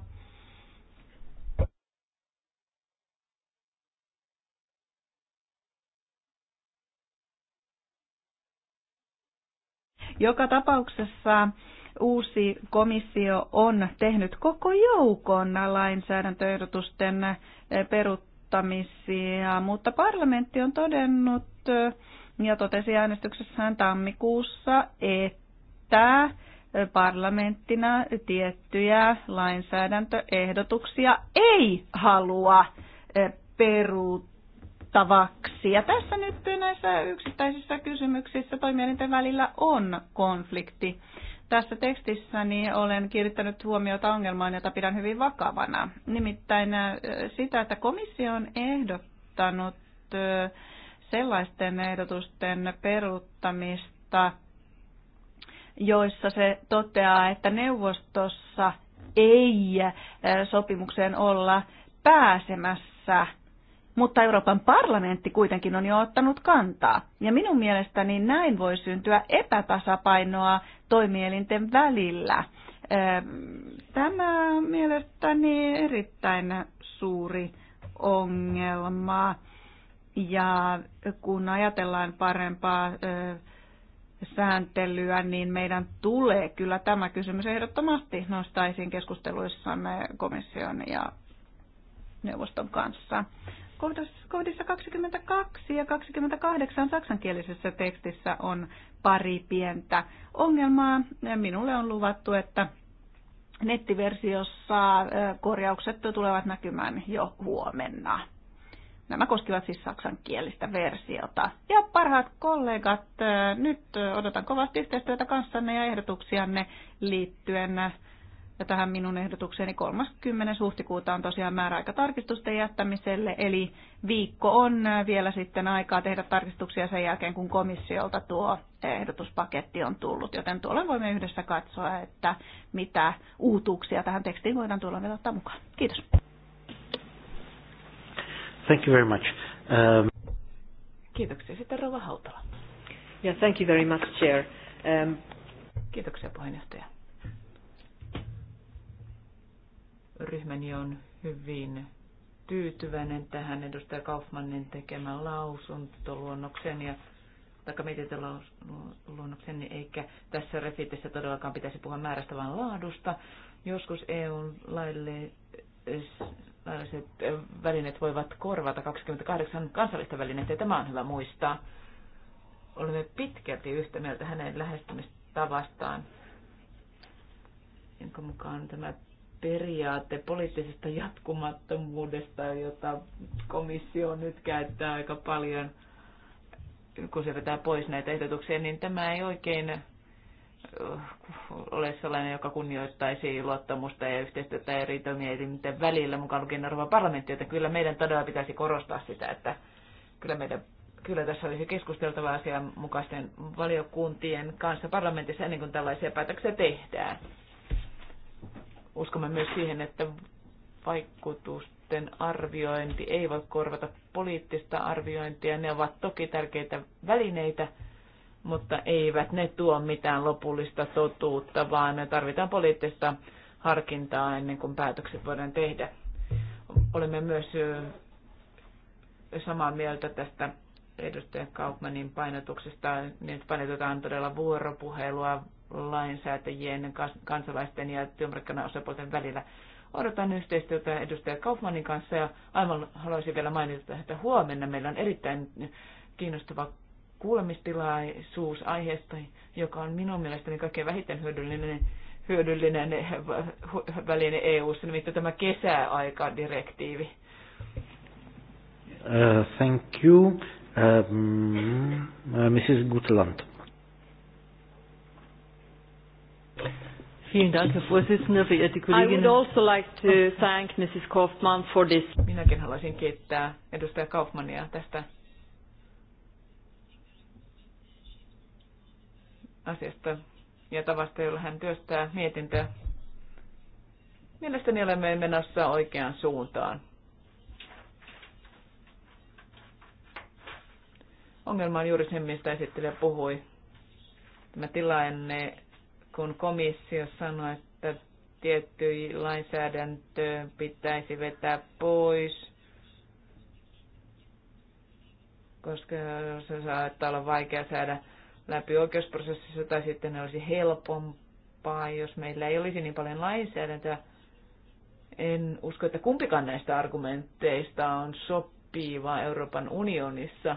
joka tapauksessa uusi komissio on tehnyt koko joukon lainsäädäntöehdotusten eh, peruttamisia, mutta parlamentti on todennut eh, ja totesi äänestyksessään tammikuussa, että parlamenttina tiettyjä lainsäädäntöehdotuksia ei halua eh, peruuttavaksi. Ja tässä nyt näissä yksittäisissä kysymyksissä toimielinten välillä on konflikti. Tässä tekstissäni olen kiinnittänyt huomiota ongelmaan, jota pidän hyvin vakavana. Nimittäin eh, sitä, että komissio on ehdottanut eh, sellaisten ehdotusten peruuttamista, joissa se toteaa, että neuvostossa ei sopimukseen olla pääsemässä, mutta Euroopan parlamentti kuitenkin on jo ottanut kantaa. Ja minun mielestäni näin voi syntyä epätasapainoa toimielinten välillä. Tämä mielestäni erittäin suuri ongelma. Ja kun ajatellaan parempaa sääntelyä, niin meidän tulee kyllä tämä kysymys ehdottomasti esiin keskusteluissamme komission ja neuvoston kanssa. Kohdissa 22 ja 28 saksankielisessä tekstissä on pari pientä ongelmaa. Minulle on luvattu, että nettiversiossa korjaukset tulevat näkymään jo huomenna. Nämä koskivat siis saksankielistä versiota. Ja parhaat kollegat, äh, nyt äh, odotan kovasti yhteistyötä kanssanne ja ehdotuksianne liittyen äh, tähän minun ehdotukseeni 30. huhtikuuta on tosiaan määräaika tarkistusten jättämiselle, eli viikko on vielä sitten aikaa tehdä tarkistuksia sen jälkeen, kun komissiolta tuo ehdotuspaketti on tullut, joten tuolla voimme yhdessä katsoa, että mitä uutuuksia tähän tekstiin voidaan tuolla vielä ottaa mukaan. Kiitos. Thank you very much. Um... Kiitoksia. Sitten Rova Hautala. Yeah, thank you very much, Chair. Um... Kiitoksia puheenjohtaja. Ryhmäni on hyvin tyytyväinen tähän edustaja Kaufmannin tekemään lausuntoluonnokseen ja taikka mietintöluonnoksen, niin eikä tässä refitissä todellakaan pitäisi puhua määrästä, vaan laadusta. Joskus eu laille kansalliset välineet voivat korvata 28 kansallista välinettä, ja tämä on hyvä muistaa. Olemme pitkälti yhtä mieltä hänen lähestymistavastaan, jonka mukaan tämä periaate poliittisesta jatkumattomuudesta, jota komissio nyt käyttää aika paljon, kun se vetää pois näitä ehdotuksia, niin tämä ei oikein ole sellainen, joka kunnioittaisi luottamusta ja yhteistyötä eri toimijoiden välillä, mukaan lukien Euroopan parlamentti, että kyllä meidän todella pitäisi korostaa sitä, että kyllä meidän kyllä tässä olisi keskusteltava asian mukaisten valiokuntien kanssa parlamentissa ennen kuin tällaisia päätöksiä tehdään. Uskomme myös siihen, että vaikutusten arviointi ei voi korvata poliittista arviointia. Ne ovat toki tärkeitä välineitä, mutta eivät ne tuo mitään lopullista totuutta, vaan me tarvitaan poliittista harkintaa ennen kuin päätökset voidaan tehdä. Olemme myös samaa mieltä tästä edustaja Kaupmanin painotuksesta. Nyt painotetaan todella vuoropuhelua lainsäätäjien, kansalaisten ja työmarkkinaosapuolten välillä. Odotan yhteistyötä edustaja Kaufmanin kanssa ja aivan haluaisin vielä mainita, että huomenna meillä on erittäin kiinnostava kuulemistilaisuus aiheesta, joka on minun mielestäni kaikkein vähiten hyödyllinen, hyödyllinen väline EU-ssa, nimittäin tämä kesäaikadirektiivi. Uh, thank you. Um, uh, Mrs. Gutland. Vielen Dank, Herr Vorsitzender, verehrte Kolleginnen. I would also like to thank Mrs. Kaufmann for this. Minäkin haluaisin kiittää edustaja Kaufmannia tästä asiasta ja tavasta, jolla hän työstää mietintöä. Mielestäni olemme menossa oikeaan suuntaan. Ongelma on juuri se, mistä esittelijä puhui. Tämä tilanne, kun komissio sanoi, että tietty lainsäädäntö pitäisi vetää pois, koska se saattaa olla vaikea saada läpi oikeusprosessissa tai sitten ne olisi helpompaa, jos meillä ei olisi niin paljon lainsäädäntöä. En usko, että kumpikaan näistä argumenteista on sopiva Euroopan unionissa.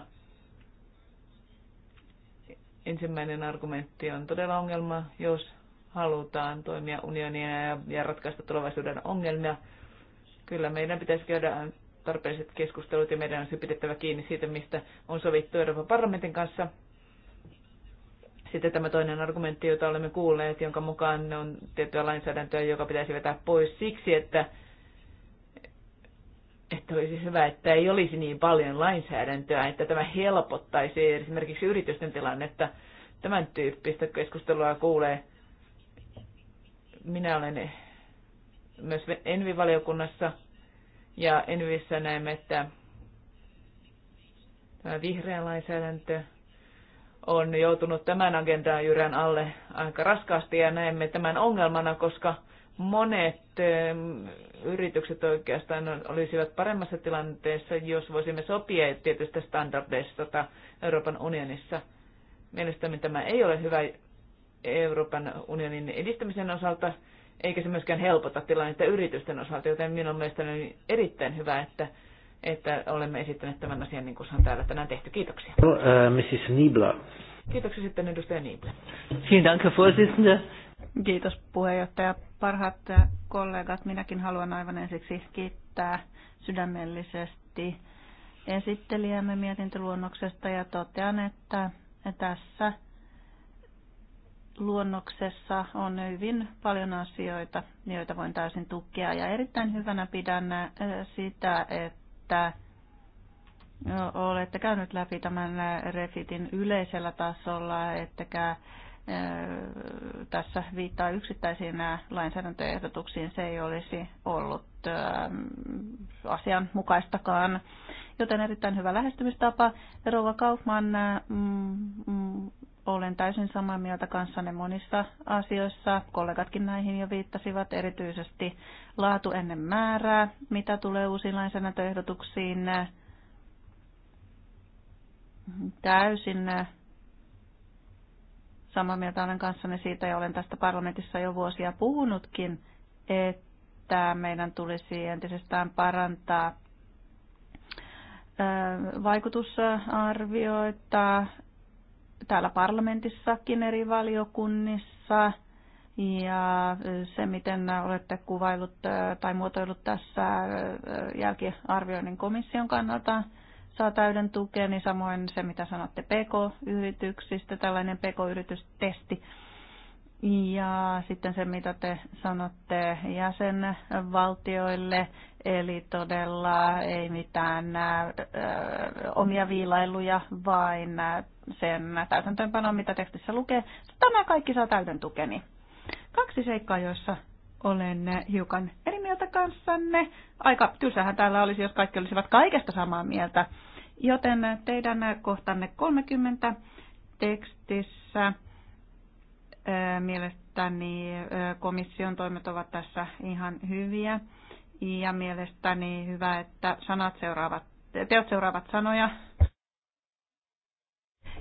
Ensimmäinen argumentti on todella ongelma, jos halutaan toimia unionina ja ratkaista tulevaisuuden ongelmia. Kyllä meidän pitäisi käydä tarpeelliset keskustelut ja meidän on pidettävä kiinni siitä, mistä on sovittu Euroopan parlamentin kanssa sitten tämä toinen argumentti, jota olemme kuulleet, jonka mukaan on tiettyä lainsäädäntöä, joka pitäisi vetää pois siksi, että, että olisi hyvä, että ei olisi niin paljon lainsäädäntöä, että tämä helpottaisi esimerkiksi yritysten tilannetta. Tämän tyyppistä keskustelua kuulee. Minä olen myös Envi-valiokunnassa ja Envissä näemme, että tämä vihreä lainsäädäntö on joutunut tämän agendan jyrän alle aika raskaasti ja näemme tämän ongelmana, koska monet yritykset oikeastaan olisivat paremmassa tilanteessa, jos voisimme sopia tietystä standardeista Euroopan unionissa. Mielestäni tämä ei ole hyvä Euroopan unionin edistämisen osalta, eikä se myöskään helpota tilannetta yritysten osalta, joten minun mielestäni on erittäin hyvä, että että olemme esittäneet tämän asian niin kuin se on täällä tänään tehty. Kiitoksia. No, uh, äh, Mrs. Nibla. Kiitoksia sitten edustaja Nibla. Vielen Dank, Herr Kiitos puheenjohtaja. Parhaat äh, kollegat, minäkin haluan aivan ensiksi kiittää sydämellisesti esittelijämme mietintöluonnoksesta ja totean, että tässä luonnoksessa on hyvin paljon asioita, joita voin täysin tukea. Ja erittäin hyvänä pidän äh, sitä, että että olette käynyt läpi tämän refitin yleisellä tasolla, ettekä tässä viittaa yksittäisiin lainsäädäntöehdotuksiin, se ei olisi ollut asianmukaistakaan. Joten erittäin hyvä lähestymistapa. Rouva Kaufman mm, mm, olen täysin samaa mieltä kanssanne monissa asioissa. Kollegatkin näihin jo viittasivat, erityisesti laatu ennen määrää, mitä tulee uusiin lainsäädäntöehdotuksiin. Täysin samaa mieltä olen kanssanne siitä ja olen tästä parlamentissa jo vuosia puhunutkin, että meidän tulisi entisestään parantaa vaikutusarvioita, täällä parlamentissakin eri valiokunnissa ja se, miten olette kuvailut tai muotoillut tässä jälkiarvioinnin komission kannalta, saa täyden tukea, niin samoin se, mitä sanotte PK-yrityksistä, tällainen PK-yritystesti. Ja sitten se, mitä te sanotte jäsenvaltioille, eli todella ei mitään omia viilailuja, vain sen täytäntöönpanoon, mitä tekstissä lukee. Tämä kaikki saa täyden tukeni. Kaksi seikkaa, joissa olen hiukan eri mieltä kanssanne. Aika tylsähän täällä olisi, jos kaikki olisivat kaikesta samaa mieltä. Joten teidän kohtanne 30 tekstissä mielestäni komission toimet ovat tässä ihan hyviä. Ja mielestäni hyvä, että sanat seuraavat, teot seuraavat sanoja.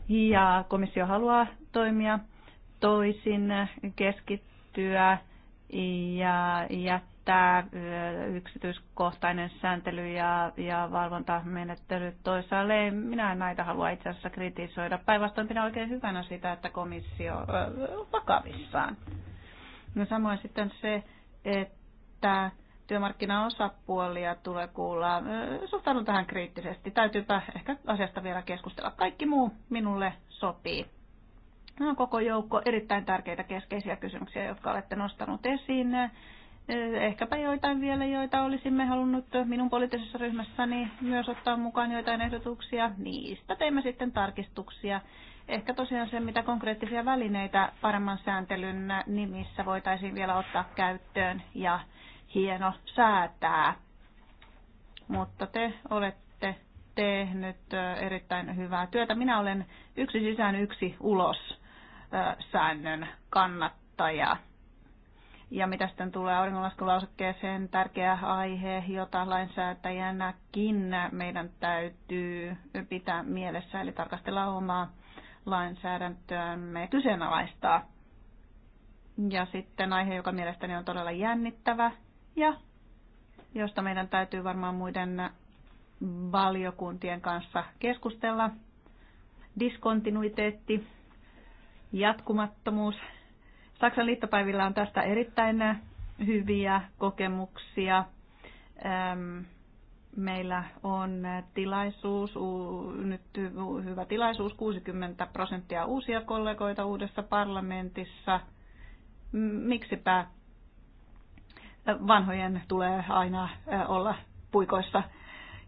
Ja komissio haluaa toimia toisin, keskittyä ja jättää yksityiskohtainen sääntely ja, ja valvontamenettely toisaalle. Minä en näitä halua itse asiassa kritisoida. Päinvastoin pidän oikein hyvänä sitä, että komissio on vakavissaan. No samoin sitten se, että työmarkkinaosapuolia tulee kuulla. Suhtaudun tähän kriittisesti. Täytyypä ehkä asiasta vielä keskustella. Kaikki muu minulle sopii. Nämä on koko joukko erittäin tärkeitä keskeisiä kysymyksiä, jotka olette nostanut esiin. Ehkäpä joitain vielä, joita olisimme halunnut minun poliittisessa ryhmässäni myös ottaa mukaan joitain ehdotuksia. Niistä teimme sitten tarkistuksia. Ehkä tosiaan se, mitä konkreettisia välineitä paremman sääntelyn nimissä voitaisiin vielä ottaa käyttöön ja hieno säätää. Mutta te olette tehnyt erittäin hyvää työtä. Minä olen yksi sisään yksi ulos säännön kannattaja. Ja mitä sitten tulee auringonlaskulausekkeeseen, tärkeä aihe, jota lainsäätäjänäkin meidän täytyy pitää mielessä, eli tarkastella omaa lainsäädäntöämme kyseenalaistaa. Ja sitten aihe, joka mielestäni on todella jännittävä, ja josta meidän täytyy varmaan muiden valiokuntien kanssa keskustella. Diskontinuiteetti, jatkumattomuus. Saksan liittopäivillä on tästä erittäin hyviä kokemuksia. Meillä on tilaisuus, nyt hyvä tilaisuus, 60 prosenttia uusia kollegoita uudessa parlamentissa. Miksipä vanhojen tulee aina olla puikoissa.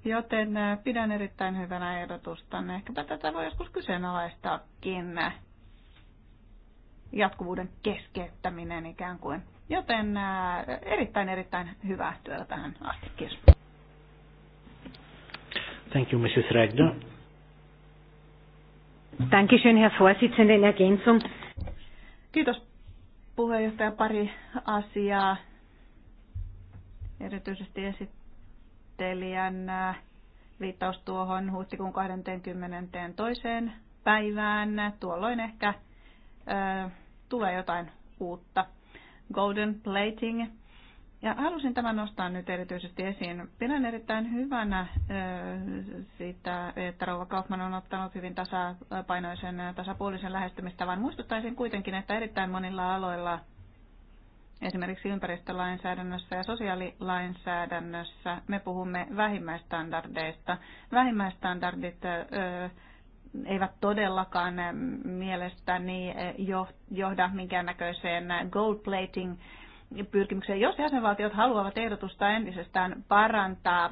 Joten pidän erittäin hyvänä ehdotusta. Ehkäpä tätä voi joskus kyseenalaistaakin jatkuvuuden keskeyttäminen ikään kuin. Joten erittäin erittäin hyvää työtä tähän asti. Kiitos. Thank you, Mrs. Regner. Dankeschön, Herr Vorsitzenden, Ergänzung. Kiitos puheenjohtaja. Pari asiaa erityisesti esittelijän äh, viittaus tuohon huhtikuun toiseen päivään. Tuolloin ehkä ö, äh, tulee jotain uutta. Golden plating. Ja halusin tämän nostaa nyt erityisesti esiin. Pidän erittäin hyvänä ö, äh, sitä, että Rouva Kaufman on ottanut hyvin tasapainoisen, tasapuolisen lähestymistavan. Muistuttaisin kuitenkin, että erittäin monilla aloilla – esimerkiksi ympäristölainsäädännössä ja sosiaalilainsäädännössä me puhumme vähimmäistandardeista. Vähimmäistandardit eivät todellakaan mielestäni johda minkäännäköiseen gold plating pyrkimykseen. Jos jäsenvaltiot haluavat ehdotusta entisestään parantaa,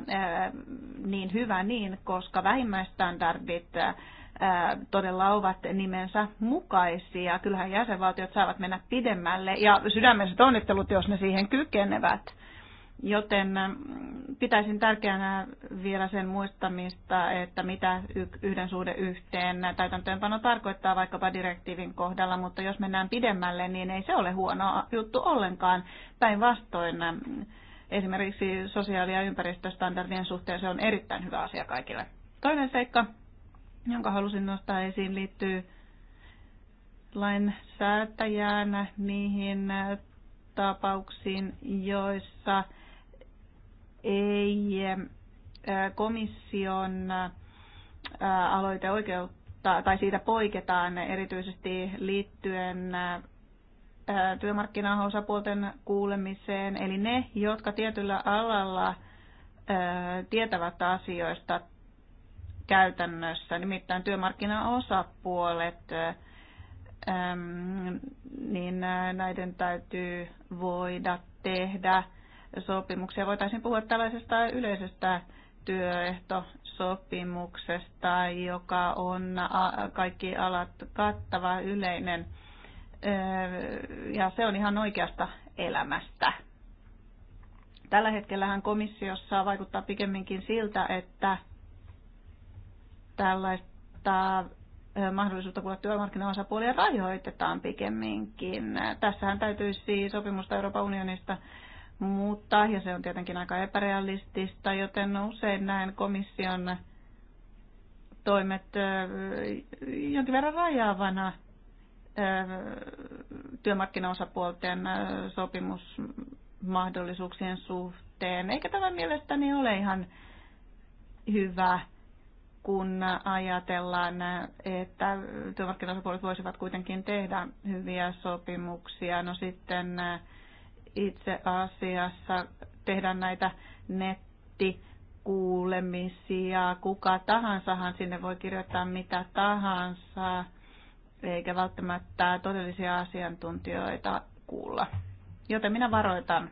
niin hyvä niin, koska vähimmäistandardit todella ovat nimensä mukaisia. Kyllähän jäsenvaltiot saavat mennä pidemmälle ja sydämessä onnittelut, jos ne siihen kykenevät. Joten mm, pitäisin tärkeänä vielä sen muistamista, että mitä yhden suhde yhteen täytäntöönpano tarkoittaa vaikkapa direktiivin kohdalla, mutta jos mennään pidemmälle, niin ei se ole huono juttu ollenkaan. Päinvastoin mm, esimerkiksi sosiaali- ja ympäristöstandardien suhteen se on erittäin hyvä asia kaikille. Toinen seikka, jonka halusin nostaa esiin, liittyy lainsäätäjään niihin äh, tapauksiin, joissa ei äh, komission äh, aloiteoikeutta tai siitä poiketaan erityisesti liittyen työmarkkinaosapuolten kuulemiseen. Eli ne, jotka tietyllä alalla tietävät asioista käytännössä, nimittäin työmarkkinaosapuolet, niin näiden täytyy voida tehdä sopimuksia. Voitaisiin puhua tällaisesta yleisestä työehtosopimuksesta, joka on kaikki alat kattava yleinen ja se on ihan oikeasta elämästä. Tällä hetkellähän komissiossa vaikuttaa pikemminkin siltä, että tällaista mahdollisuutta kuulla työmarkkinaosapuolia rajoitetaan pikemminkin. Tässähän täytyisi siis sopimusta Euroopan unionista mutta ja se on tietenkin aika epärealistista, joten usein näen komission toimet jonkin verran rajaavana työmarkkinaosapuolten sopimusmahdollisuuksien suhteen. Eikä tämä mielestäni ole ihan hyvä kun ajatellaan, että työmarkkinaosapuolet voisivat kuitenkin tehdä hyviä sopimuksia. No sitten itse asiassa tehdään näitä nettikuulemisia. Kuka tahansahan sinne voi kirjoittaa mitä tahansa, eikä välttämättä todellisia asiantuntijoita kuulla. Joten minä varoitan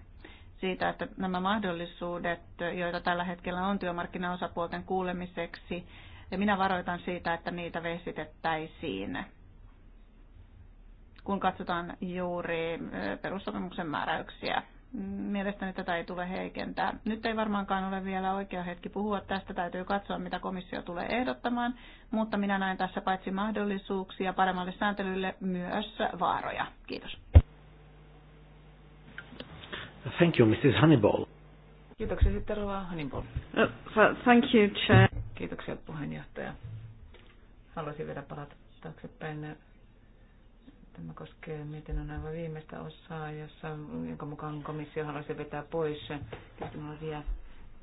siitä, että nämä mahdollisuudet, joita tällä hetkellä on työmarkkinaosapuolten kuulemiseksi, ja minä varoitan siitä, että niitä vesitettäisiin, kun katsotaan juuri eh, perussopimuksen määräyksiä. Mielestäni tätä ei tule heikentää. Nyt ei varmaankaan ole vielä oikea hetki puhua tästä. Täytyy katsoa, mitä komissio tulee ehdottamaan, mutta minä näen tässä paitsi mahdollisuuksia paremmalle sääntelylle myös vaaroja. Kiitos. Thank you, Mrs. Hannibal. Kiitoksia sitten Rova Hannibal. Uh, thank you, Chair. Kiitoksia puheenjohtaja. Haluaisin vielä palata taaksepäin. Tämä koskee mietinnön aivan viimeistä osaa, jossa, jonka mukaan komissio haluaisi vetää pois teknologia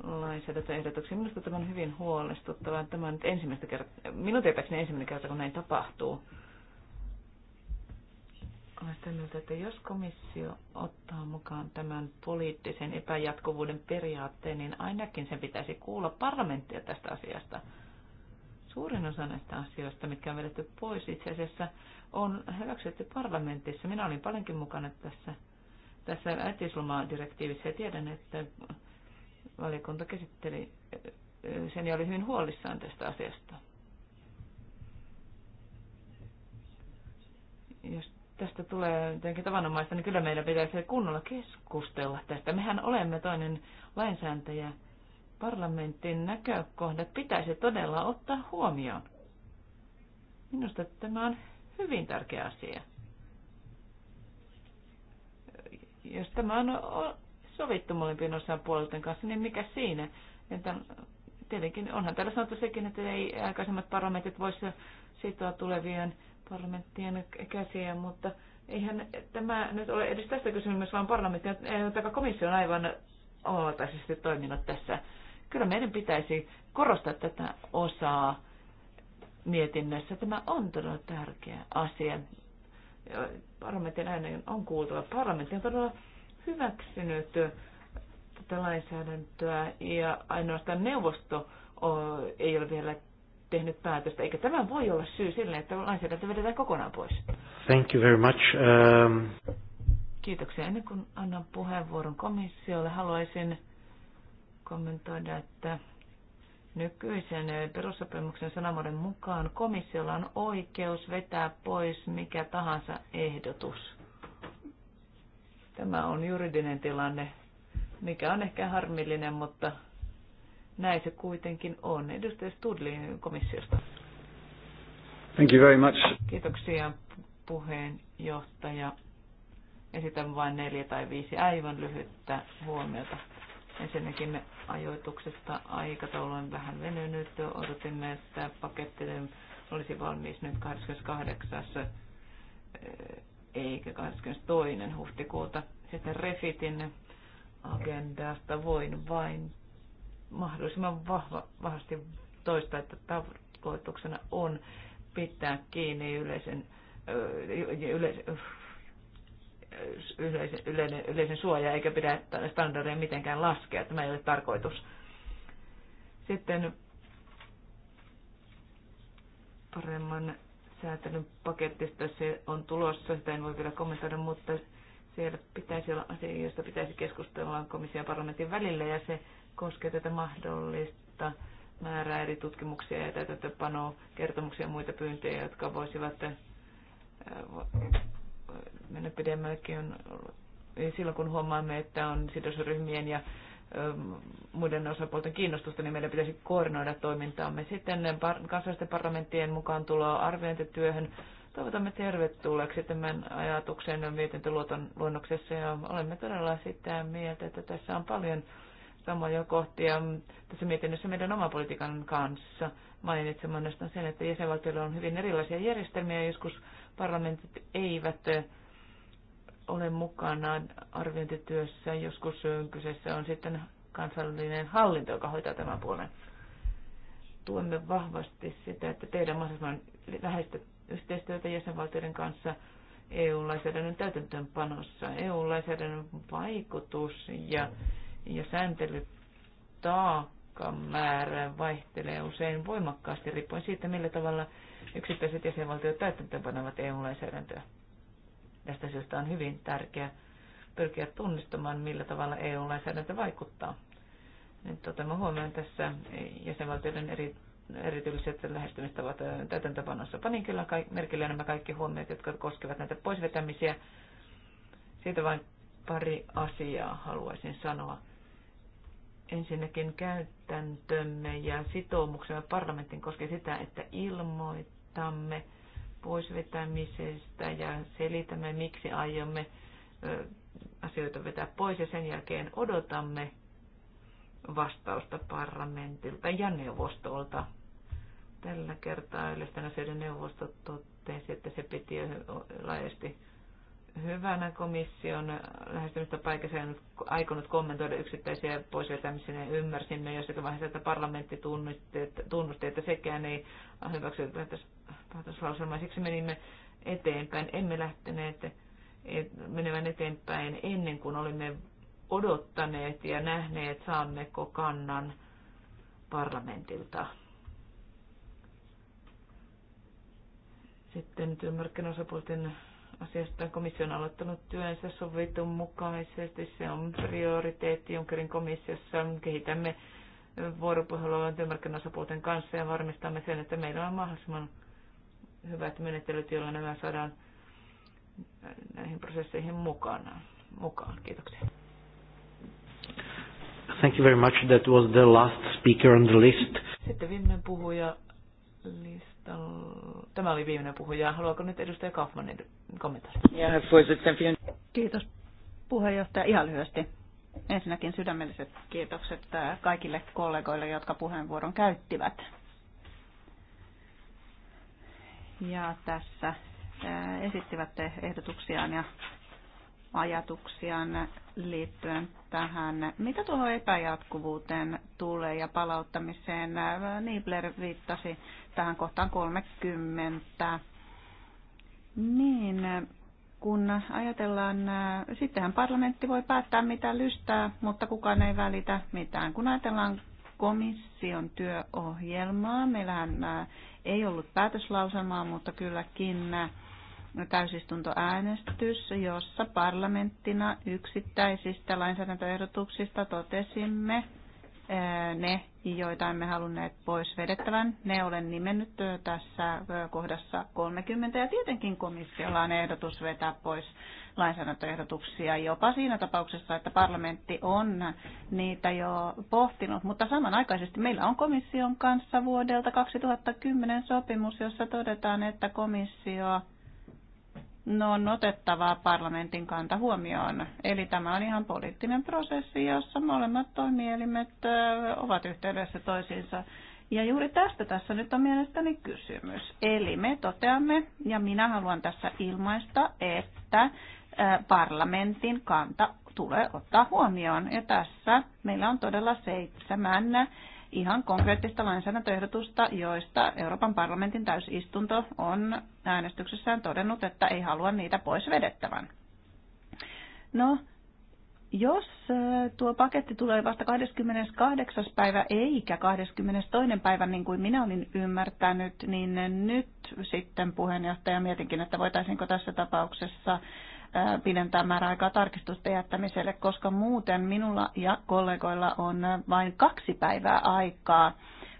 lainsäädäntöehdotuksia. Minusta tämä on hyvin huolestuttavaa. Tämä on nyt ensimmäistä kertaa, minun tietääkseni ensimmäinen kerta, kun näin tapahtuu olen sitä mieltä, että jos komissio ottaa mukaan tämän poliittisen epäjatkuvuuden periaatteen, niin ainakin sen pitäisi kuulla parlamenttia tästä asiasta. Suurin osa näistä asioista, mitkä on vedetty pois itse asiassa, on hyväksytty parlamentissa. Minä olin paljonkin mukana tässä, tässä äitiyslomadirektiivissä ja tiedän, että valiokunta käsitteli sen ja oli hyvin huolissaan tästä asiasta. Jos tästä tulee jotenkin tavanomaista, niin kyllä meidän pitäisi kunnolla keskustella tästä. Mehän olemme toinen lainsääntäjä. Parlamentin näkökohdat pitäisi todella ottaa huomioon. Minusta tämä on hyvin tärkeä asia. Jos tämä on sovittu molempien osapuolten kanssa, niin mikä siinä? Entä tietenkin onhan täällä sanottu sekin, että ei aikaisemmat parlamentit voisi sitoa tulevien parlamenttien käsiä, mutta eihän tämä nyt ole edes tästä kysymys, vaan parlamentti tai komissio on aivan omavaltaisesti toiminut tässä. Kyllä meidän pitäisi korostaa tätä osaa mietinnössä. Tämä on todella tärkeä asia. Parlamentin äänen on kuultava. Parlamentti on todella hyväksynyt tätä lainsäädäntöä ja ainoastaan neuvosto ei ole vielä tehnyt päätöstä, eikä tämä voi olla syy sille, että lainsäädäntö vedetään kokonaan pois. Thank you very much. Um... Kiitoksia. Ennen kuin annan puheenvuoron komissiolle, haluaisin kommentoida, että nykyisen perussopimuksen sanamuodon mukaan komissiolla on oikeus vetää pois mikä tahansa ehdotus. Tämä on juridinen tilanne, mikä on ehkä harmillinen, mutta näin se kuitenkin on. Edustaja Studlin komissiosta. Thank you very much. Kiitoksia puheenjohtaja. Esitän vain neljä tai viisi aivan lyhyttä huomiota. Ensinnäkin ajoituksesta aikataulu on vähän venynyt. Odotimme, että paketti olisi valmis nyt 28. Eh, eikä 22. huhtikuuta. Sitten Refitin agendasta voin vain mahdollisimman vahva, vahvasti toista, että tarkoituksena on pitää kiinni yleisen, yleisen, yleisen, yleisen, suojaa, eikä pidä standardeja mitenkään laskea. Tämä ei ole tarkoitus. Sitten paremman säätelyn pakettista se on tulossa, sitä en voi vielä kommentoida, mutta siellä pitäisi olla asia, josta pitäisi keskustella komission ja parlamentin välillä, ja se koskee tätä mahdollista määrää eri tutkimuksia ja täytäntöpanoa, kertomuksia ja muita pyyntöjä, jotka voisivat äh, mennä pidemmällekin silloin, kun huomaamme, että on sidosryhmien ja ähm, muiden osapuolten kiinnostusta, niin meidän pitäisi koordinoida toimintaamme. Sitten kansallisten parlamenttien mukaan tuloa arviointityöhön. Toivotamme tervetulleeksi tämän ajatuksen mietintöluoton luonnoksessa ja olemme todella sitä mieltä, että tässä on paljon samoja kohtia tässä mietinnössä meidän oma politiikan kanssa. Mainitsen ainoastaan sen, että jäsenvaltioilla on hyvin erilaisia järjestelmiä joskus parlamentit eivät eh, ole mukana arviointityössä. Joskus eh, kyseessä on sitten kansallinen hallinto, joka hoitaa tämän puolen. Tuemme vahvasti sitä, että tehdään mahdollisimman läheistä yhteistyötä jäsenvaltioiden kanssa EU-lainsäädännön täytäntöönpanossa. EU-lainsäädännön vaikutus ja mm ja sääntelytaakan määrä vaihtelee usein voimakkaasti riippuen siitä, millä tavalla yksittäiset jäsenvaltiot täytäntöönpanevat EU-lainsäädäntöä. Tästä syystä on hyvin tärkeää pyrkiä tunnistamaan, millä tavalla EU-lainsäädäntö vaikuttaa. Nyt otamme huomioon tässä jäsenvaltioiden eri, erityiset lähestymistavat täytäntöpanossa. Panin kyllä merkille nämä kaikki huomiot, jotka koskevat näitä poisvetämisiä. Siitä vain pari asiaa haluaisin sanoa. Ensinnäkin käytäntömme ja sitoumuksemme parlamentin koskee sitä, että ilmoitamme poisvetämisestä ja selitämme, miksi aiomme asioita vetää pois ja sen jälkeen odotamme vastausta parlamentilta ja neuvostolta. Tällä kertaa yleisten asioiden neuvosto totesi, että se piti laajasti hyvänä komission lähestymistä paikassa on aikonut kommentoida yksittäisiä pois vetämisiä. Ymmärsimme jossakin vaiheessa, että parlamentti tunnusti, tunnusti että sekään ei hyväksy päätöslauselmaa. Siksi menimme eteenpäin. Emme lähteneet menevän eteenpäin ennen kuin olimme odottaneet ja nähneet, saammeko kannan parlamentilta. Sitten työmarkkinaosapuolten asiasta komissio on aloittanut työnsä sovitun mukaisesti. Se on prioriteetti Junckerin komissiossa. Kehitämme vuoropuhelua työmarkkinaosapuolten kanssa ja varmistamme sen, että meillä on mahdollisimman hyvät menettelyt, joilla nämä saadaan näihin prosesseihin mukana. mukaan. Kiitoksia. Thank you very much. That was the last speaker on the list. Sitten viimeinen puhuja list Tämä oli viimeinen puhuja. Haluaako nyt edustaja Kaufmanin kommentoida? Kiitos puheenjohtaja. Ihan lyhyesti. Ensinnäkin sydämelliset kiitokset äh, kaikille kollegoille, jotka puheenvuoron käyttivät. Ja tässä äh, esittivät ehdotuksiaan ja ajatuksiaan liittyen tähän. Mitä tuohon epäjatkuvuuteen tulee ja palauttamiseen? Niibler viittasi tähän kohtaan 30. Niin, kun ajatellaan, sittenhän parlamentti voi päättää mitä lystää, mutta kukaan ei välitä mitään. Kun ajatellaan komission työohjelmaa, meillähän ei ollut päätöslauselmaa, mutta kylläkin täysistuntoäänestys, jossa parlamenttina yksittäisistä lainsäädäntöehdotuksista totesimme ne, joita emme halunneet pois vedettävän. Ne olen nimennyt tässä kohdassa 30 ja tietenkin komissiolla on ehdotus vetää pois lainsäädäntöehdotuksia jopa siinä tapauksessa, että parlamentti on niitä jo pohtinut, mutta samanaikaisesti meillä on komission kanssa vuodelta 2010 sopimus, jossa todetaan, että komissio no, on otettavaa parlamentin kanta huomioon. Eli tämä on ihan poliittinen prosessi, jossa molemmat toimielimet ovat yhteydessä toisiinsa. Ja juuri tästä tässä nyt on mielestäni kysymys. Eli me toteamme, ja minä haluan tässä ilmaista, että parlamentin kanta tulee ottaa huomioon. Ja tässä meillä on todella seitsemän ihan konkreettista lainsäädäntöehdotusta, joista Euroopan parlamentin täysistunto on äänestyksessään todennut, että ei halua niitä pois vedettävän. No, jos äh, tuo paketti tulee vasta 28. päivä eikä 22. päivä, niin kuin minä olin ymmärtänyt, niin nyt sitten puheenjohtaja mietinkin, että voitaisiinko tässä tapauksessa pidentää määräaikaa tarkistusten jättämiselle, koska muuten minulla ja kollegoilla on vain kaksi päivää aikaa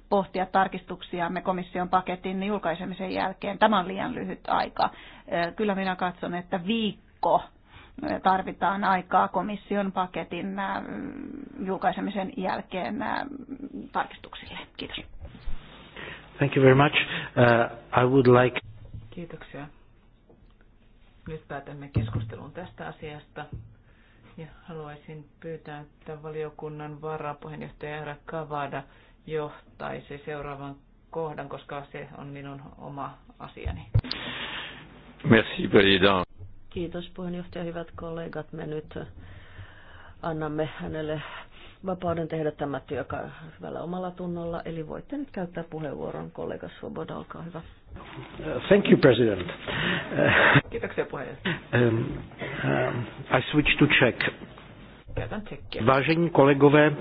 pohtia tarkistuksiamme komission paketin julkaisemisen jälkeen. Tämä on liian lyhyt aika. Kyllä minä katson, että viikko tarvitaan aikaa komission paketin julkaisemisen jälkeen tarkistuksille. Kiitos. Thank you very much. Uh, I would like... Kiitoksia. Nyt päätämme keskustelun tästä asiasta. Ja haluaisin pyytää, että valiokunnan varapuheenjohtaja Herra Kavada johtaisi seuraavan kohdan, koska se on minun oma asiani. Merci, président. Kiitos puheenjohtaja, hyvät kollegat. Me nyt annamme hänelle vapauden tehdä tämä työ hyvällä omalla tunnolla, eli voitte nyt käyttää puheenvuoron. Kollega Svoboda, olkaa hyvä. Thank you, President. Kiitoksia puheenjohtaja. Uh, um, um, I switch to Czech. Vážení kolegové, uh,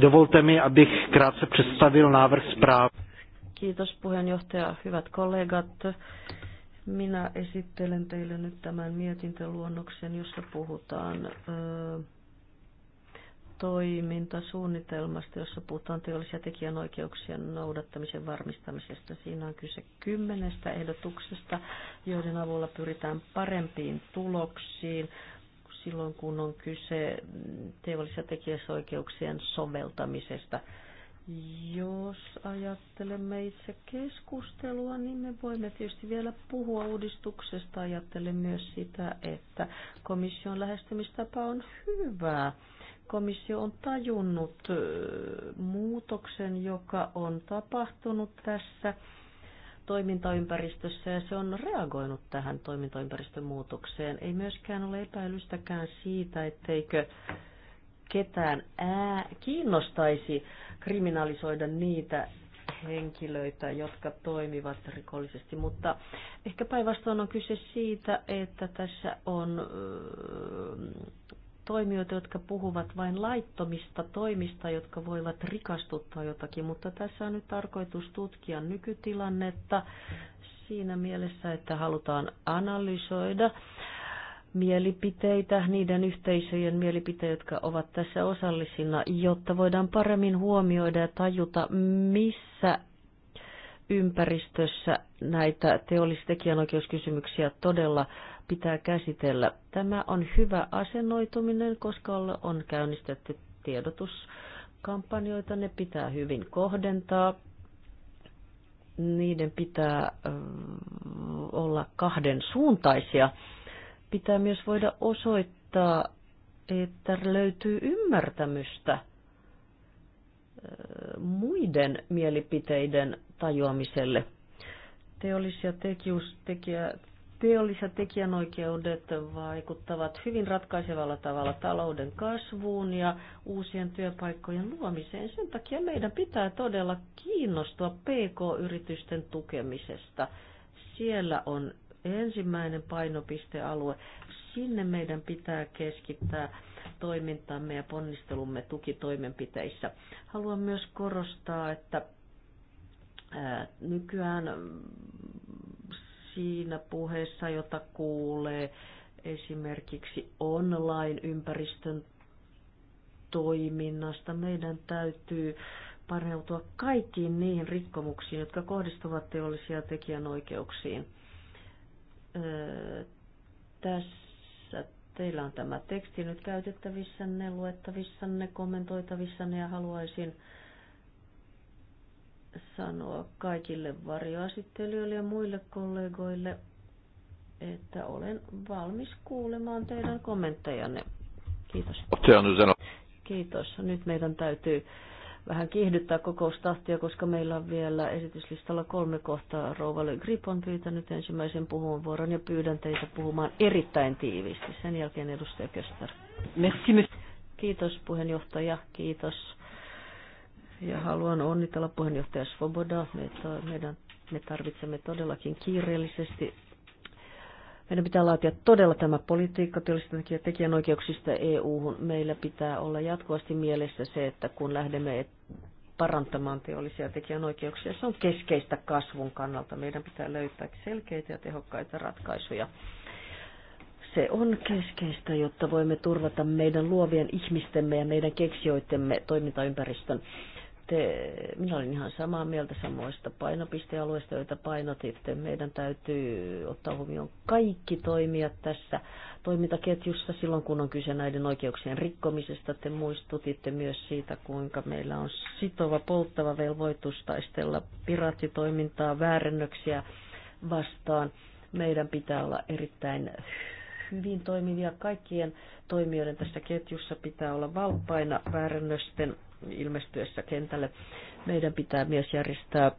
dovolte mi, abych krátce představil návrh zpráv. Kiitos puheenjohtaja, hyvät kollegat. Minä esittelen teille nyt tämän mietintöluonnoksen, jossa puhutaan uh, toimintasuunnitelmasta, jossa puhutaan teollisia tekijänoikeuksien noudattamisen varmistamisesta. Siinä on kyse kymmenestä ehdotuksesta, joiden avulla pyritään parempiin tuloksiin silloin, kun on kyse teollisia tekijäsoikeuksien soveltamisesta. Jos ajattelemme itse keskustelua, niin me voimme tietysti vielä puhua uudistuksesta. Ajattelen myös sitä, että komission lähestymistapa on hyvä komissio on tajunnut muutoksen, joka on tapahtunut tässä toimintaympäristössä ja se on reagoinut tähän toimintaympäristön muutokseen. Ei myöskään ole epäilystäkään siitä, etteikö ketään ää, kiinnostaisi kriminalisoida niitä henkilöitä, jotka toimivat rikollisesti, mutta ehkä päinvastoin on kyse siitä, että tässä on toimijoita, jotka puhuvat vain laittomista toimista, jotka voivat rikastuttaa jotakin, mutta tässä on nyt tarkoitus tutkia nykytilannetta siinä mielessä, että halutaan analysoida mielipiteitä, niiden yhteisöjen mielipiteitä, jotka ovat tässä osallisina, jotta voidaan paremmin huomioida ja tajuta, missä ympäristössä näitä teollistekijänoikeuskysymyksiä todella pitää käsitellä. Tämä on hyvä asennoituminen, koska on käynnistetty tiedotuskampanjoita, ne pitää hyvin kohdentaa. Niiden pitää äh, olla kahden suuntaisia. Pitää myös voida osoittaa, että löytyy ymmärtämystä äh, muiden mielipiteiden tajuamiselle. Teollis- ja tekijus, ja tekijänoikeudet vaikuttavat hyvin ratkaisevalla tavalla talouden kasvuun ja uusien työpaikkojen luomiseen. Sen takia meidän pitää todella kiinnostua PK-yritysten tukemisesta. Siellä on ensimmäinen painopistealue. Sinne meidän pitää keskittää toimintamme ja ponnistelumme tukitoimenpiteissä. Haluan myös korostaa, että nykyään siinä puheessa, jota kuulee esimerkiksi online-ympäristön toiminnasta. Meidän täytyy paneutua kaikkiin niihin rikkomuksiin, jotka kohdistuvat teollisia tekijänoikeuksiin. Öö, tässä teillä on tämä teksti nyt käytettävissänne, luettavissanne, kommentoitavissanne ja haluaisin sanoa kaikille varjoasittelijoille ja muille kollegoille, että olen valmis kuulemaan teidän kommenttejanne. Kiitos. Kiitos. Nyt meidän täytyy vähän kiihdyttää kokoustahtia, koska meillä on vielä esityslistalla kolme kohtaa. Rouvalle Grip on pyytänyt ensimmäisen puheenvuoron ja pyydän teitä puhumaan erittäin tiiviisti. Sen jälkeen edustaja Köster. Merci. Kiitos puheenjohtaja, kiitos ja haluan onnitella puheenjohtaja Svoboda. Me, meidän, me tarvitsemme todellakin kiireellisesti meidän pitää laatia todella tämä politiikka ja tekijänoikeuksista EU-hun. Meillä pitää olla jatkuvasti mielessä se, että kun lähdemme parantamaan teollisia tekijänoikeuksia, se on keskeistä kasvun kannalta. Meidän pitää löytää selkeitä ja tehokkaita ratkaisuja. Se on keskeistä, jotta voimme turvata meidän luovien ihmistemme ja meidän keksijoitemme toimintaympäristön sitten minä olin ihan samaa mieltä samoista painopistealueista, joita painotitte. Meidän täytyy ottaa huomioon kaikki toimijat tässä toimintaketjussa silloin, kun on kyse näiden oikeuksien rikkomisesta. Te muistutitte myös siitä, kuinka meillä on sitova polttava velvoitus taistella piraattitoimintaa, väärännöksiä vastaan. Meidän pitää olla erittäin hyvin toimivia. Kaikkien toimijoiden tässä ketjussa pitää olla valppaina väärännösten ilmestyessä kentälle. Meidän pitää myös järjestää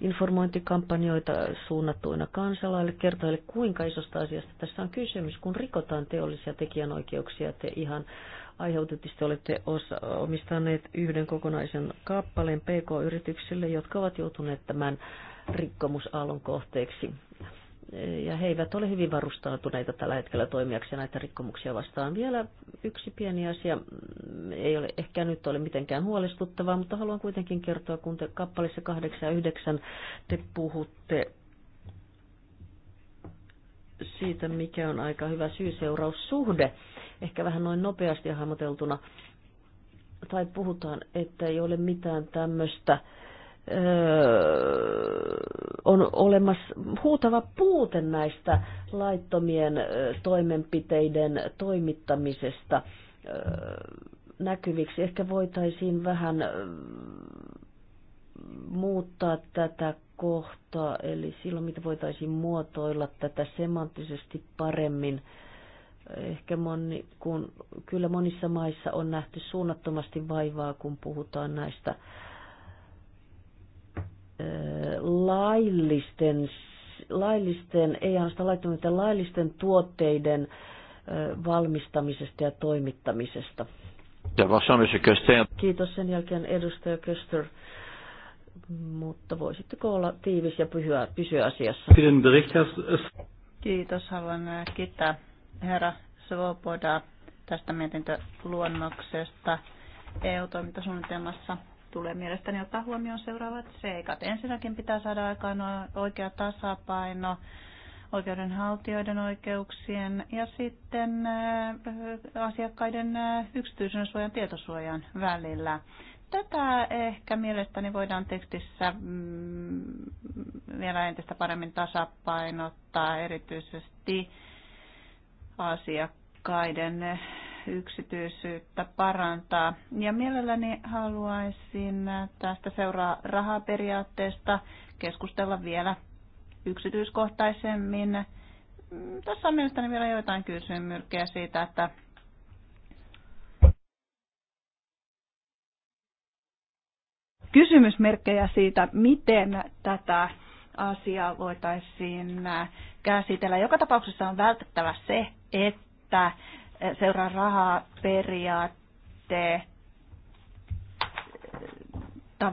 informointikampanjoita suunnattuina kansalaille, kertoille kuinka isosta asiasta tässä on kysymys, kun rikotaan teollisia tekijänoikeuksia, te ihan aiheutuvasti olette osa, omistaneet yhden kokonaisen kappaleen PK-yrityksille, jotka ovat joutuneet tämän rikkomusaallon kohteeksi ja he eivät ole hyvin varustautuneita tällä hetkellä toimijaksi näitä rikkomuksia vastaan. Vielä yksi pieni asia, ei ole ehkä nyt ole mitenkään huolestuttavaa, mutta haluan kuitenkin kertoa, kun te kappalissa 8 ja 9 te puhutte siitä, mikä on aika hyvä syy-seuraussuhde. Ehkä vähän noin nopeasti hahmoteltuna. Tai puhutaan, että ei ole mitään tämmöistä äh, Öö, on olemassa huutava puute näistä laittomien toimenpiteiden toimittamisesta näkyviksi. Ehkä voitaisiin vähän muuttaa tätä kohtaa, eli silloin mitä voitaisiin muotoilla tätä semanttisesti paremmin. Ehkä moni, kun kyllä monissa maissa on nähty suunnattomasti vaivaa, kun puhutaan näistä äh, laillisten, laillisten, ei ainoastaan laittomien, laillisten tuotteiden valmistamisesta ja toimittamisesta. Kiitos sen jälkeen edustaja Köster, mutta voisitteko olla tiivis ja pysyä, pysyä asiassa? Kiitos, haluan äh, kiittää herra Svoboda tästä mietintöluonnoksesta EU-toimintasuunnitelmassa tulee mielestäni ottaa huomioon seuraavat seikat. Ensinnäkin pitää saada aikaan oikea tasapaino oikeudenhaltijoiden oikeuksien ja sitten äh, asiakkaiden äh, yksityisen suojan tietosuojan välillä. Tätä ehkä mielestäni voidaan tekstissä mm, vielä entistä paremmin tasapainottaa erityisesti asiakkaiden yksityisyyttä parantaa. Ja mielelläni haluaisin tästä seuraa rahaperiaatteesta keskustella vielä yksityiskohtaisemmin. Tässä on mielestäni vielä joitain kysymyrkkejä siitä, että kysymysmerkkejä siitä, miten tätä asiaa voitaisiin käsitellä. Joka tapauksessa on vältettävä se, että seuraa rahaa periaatte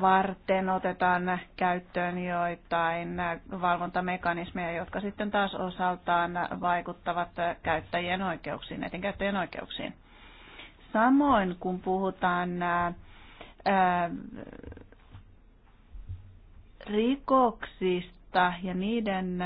varten otetaan käyttöön joitain valvontamekanismeja, jotka sitten taas osaltaan vaikuttavat käyttäjien oikeuksiin, näiden käyttäjien oikeuksiin. Samoin kun puhutaan ää, rikoksista ja niiden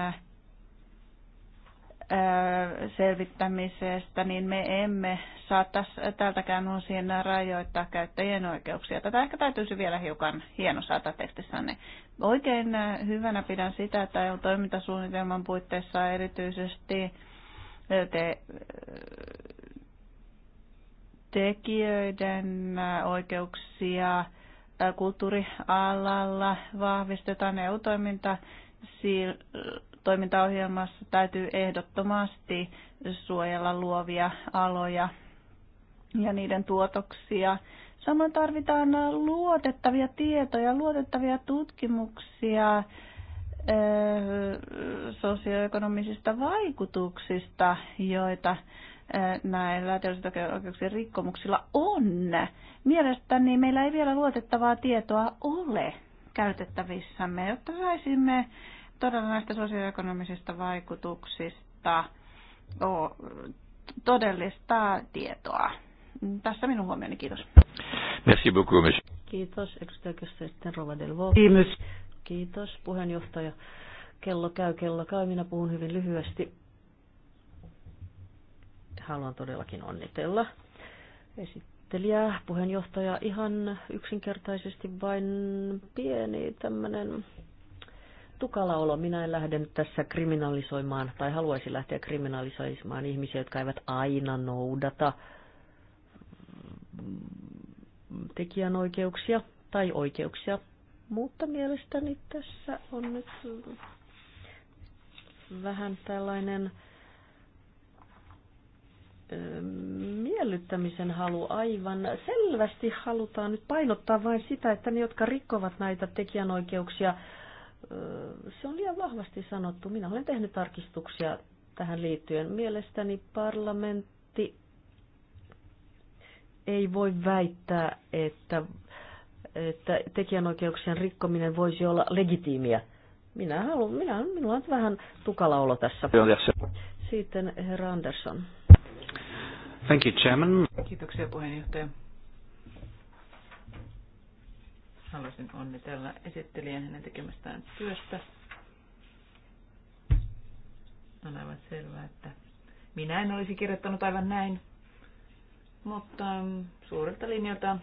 selvittämisestä, niin me emme saattaisi tältäkään osin rajoittaa käyttäjien oikeuksia. Tätä ehkä täytyisi vielä hiukan hieno saata tekstissänne. Oikein hyvänä pidän sitä, että on toimintasuunnitelman puitteissa erityisesti te, tekijöiden oikeuksia kulttuurialalla vahvistetaan EU-toiminta toimintaohjelmassa täytyy ehdottomasti suojella luovia aloja ja niiden tuotoksia. Samoin tarvitaan luotettavia tietoja, luotettavia tutkimuksia eh, sosioekonomisista vaikutuksista, joita eh, näillä teollisuusoikeuksien rikkomuksilla on. Mielestäni meillä ei vielä luotettavaa tietoa ole käytettävissämme, jotta saisimme todella näistä sosioekonomisista vaikutuksista ole todellista tietoa. Tässä minun huomioni, kiitos. Merci beaucoup, monsieur. Kiitos, Rova Kiitos. Kiitos, puheenjohtaja. Kello käy, kello käy. Minä puhun hyvin lyhyesti. Haluan todellakin onnitella esittelijää, puheenjohtaja. Ihan yksinkertaisesti vain pieni tämmöinen tukala olo. Minä en lähde nyt tässä kriminalisoimaan tai haluaisin lähteä kriminalisoimaan ihmisiä, jotka eivät aina noudata tekijänoikeuksia tai oikeuksia. Mutta mielestäni tässä on nyt vähän tällainen miellyttämisen halu aivan selvästi halutaan nyt painottaa vain sitä, että ne, jotka rikkovat näitä tekijänoikeuksia, se on liian vahvasti sanottu. Minä olen tehnyt tarkistuksia tähän liittyen. Mielestäni parlamentti ei voi väittää, että, että tekijänoikeuksien rikkominen voisi olla legitiimiä. Minä haluan, minä, minulla on vähän tukala olo tässä. Sitten herra Andersson. Thank you, Chairman. Kiitoksia puheenjohtaja. Haluaisin onnitella esittelijän hänen tekemästään työstä. On aivan selvää, että minä en olisi kirjoittanut aivan näin, mutta suurelta linjalta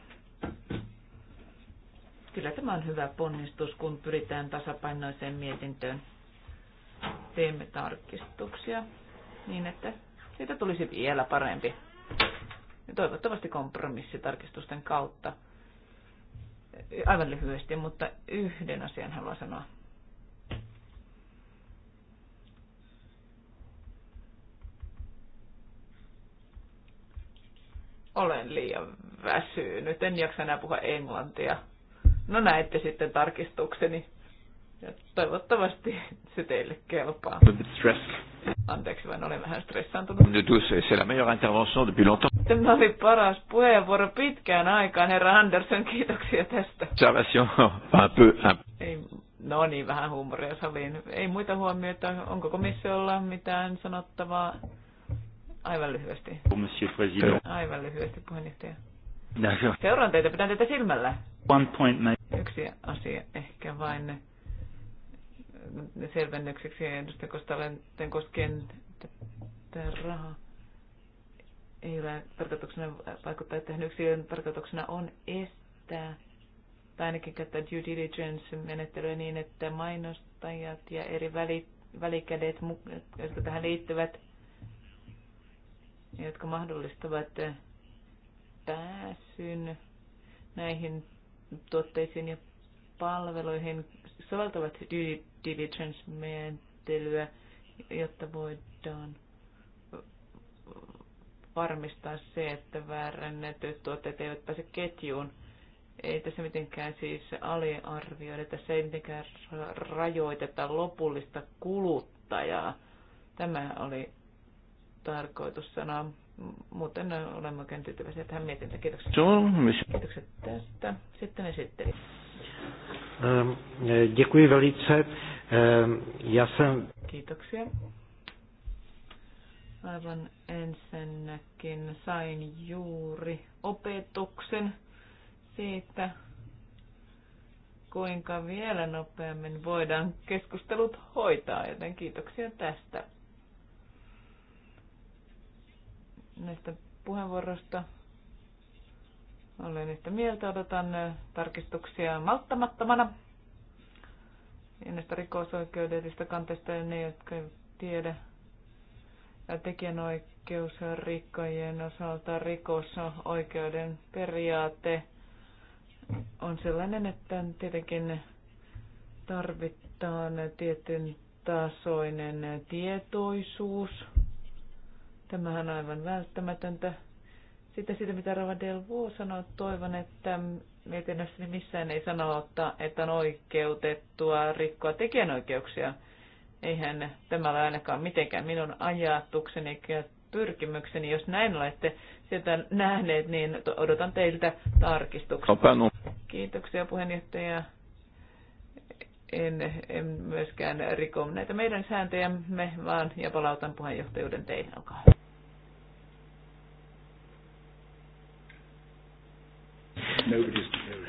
kyllä tämä on hyvä ponnistus, kun pyritään tasapainoiseen mietintöön. Teemme tarkistuksia niin, että siitä tulisi vielä parempi. Ja toivottavasti kompromissitarkistusten kautta aivan lyhyesti, mutta yhden asian haluan sanoa. Olen liian väsynyt, en jaksa enää puhua englantia. No näette sitten tarkistukseni. Ja toivottavasti se teille kelpaa. Anteeksi, vain olen vähän stressaantunut. De c'est la meilleure intervention depuis longtemps. Tämä oli paras puheenvuoro pitkään aikaan, herra Andersson, kiitoksia tästä. Observation, un peu, Ei, no niin, vähän huumoria saliin. Ei muita huomioita, onko komissiolla mitään sanottavaa? Aivan lyhyesti. Monsieur President. Aivan lyhyesti, puheenjohtaja. Seuraan teitä, pidän teitä silmällä. One point, Yksi asia ehkä vain selvennykseksi edustaja Kostalen koskien tätä rahaa. Ei ole tarkoituksena vaikuttaa tähän yksilön tarkoituksena on estää tai ainakin käyttää due diligence-menettelyä niin, että mainostajat ja eri väli välikädet, jotka tähän liittyvät, jotka mahdollistavat pääsyn näihin tuotteisiin ja palveluihin soveltuvat due diligence jotta voidaan varmistaa se, että väärännetyt tuotteet eivät pääse ketjuun. Ei tässä mitenkään siis aliarvioida, tässä ei mitenkään rajoiteta lopullista kuluttajaa. Tämä oli tarkoitus sanoa. Muuten olen oikein tyytyväisiä tähän mietintään. Kiitokset. Kiitokset tästä. Sitten esittelin. Ehm, děkuji velice. Ehm, jsem... Kiitoksia. Aivan ensinnäkin sain juuri opetuksen siitä, kuinka vielä nopeammin voidaan keskustelut hoitaa, joten kiitoksia tästä. Näistä puheenvuoroista. Olen yhtä mieltä, odotan tarkistuksia malttamattomana. Ja näistä rikosoikeudellisista kanteista ja ne, jotka eivät tiedä. Ja tekijänoikeusrikkojen osalta rikosoikeuden periaate on sellainen, että tietenkin tarvitaan tietyn tasoinen tietoisuus. Tämähän on aivan välttämätöntä sitten siitä, mitä Rova Delvo sanoi, toivon, että mietinnössäni missään ei sanota, että on oikeutettua rikkoa tekijänoikeuksia. Eihän tämä ole ainakaan mitenkään minun ajatukseni ja pyrkimykseni. Jos näin olette sieltä nähneet, niin odotan teiltä tarkistuksia. Sopenu. No. Kiitoksia puheenjohtaja. En, en myöskään riko näitä meidän sääntöjämme, vaan ja palautan puheenjohtajuuden teille. Olkaa hyvä. Mr.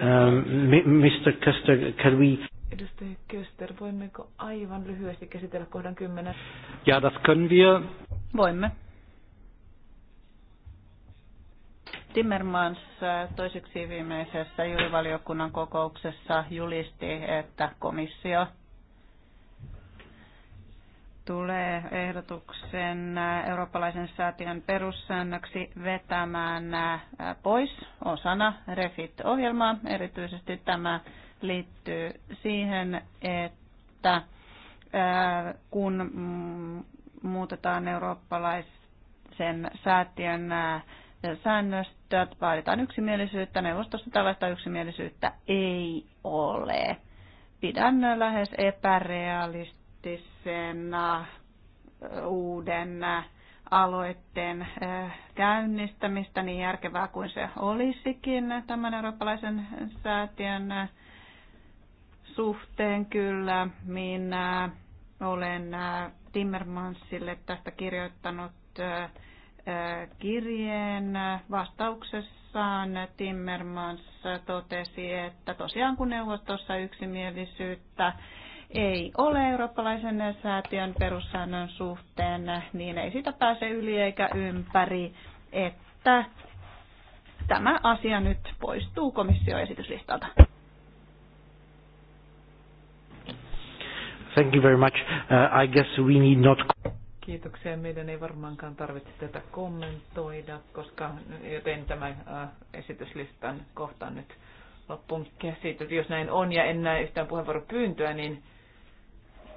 Ähm, Kester, can we... Edustaja Köster, voimmeko aivan lyhyesti käsitellä kohdan 10? Ja, das können wir. Voimme. Timmermans äh, toiseksi viimeisessä juurivaliokunnan kokouksessa julisti, että komissio tulee ehdotuksen eurooppalaisen säätiön perussäännöksi vetämään pois osana REFIT-ohjelmaa. Erityisesti tämä liittyy siihen, että kun mm, muutetaan eurooppalaisen säätiön säännöstöt, vaaditaan yksimielisyyttä. Neuvostossa tällaista yksimielisyyttä ei ole. Pidän lähes epärealistista mahdollisena äh, uuden äh, aloitteen äh, käynnistämistä niin järkevää kuin se olisikin tämän eurooppalaisen säätiön suhteen kyllä. Minä olen Timmermansille tästä kirjoittanut kirjeen vastauksessaan Timmermans totesi, että tosiaan kun neuvostossa yksimielisyyttä ei ole eurooppalaisen säätiön perussäännön suhteen, niin ei sitä pääse yli eikä ympäri, että tämä asia nyt poistuu komissioesityslistalta. Thank you very much. Uh, I guess we need not... Kiitoksia. Meidän ei varmaankaan tarvitse tätä kommentoida, koska joten tämä uh, esityslistan kohta nyt loppuun käsitelty. Jos näin on ja en näe yhtään puheenvuoropyyntöä, niin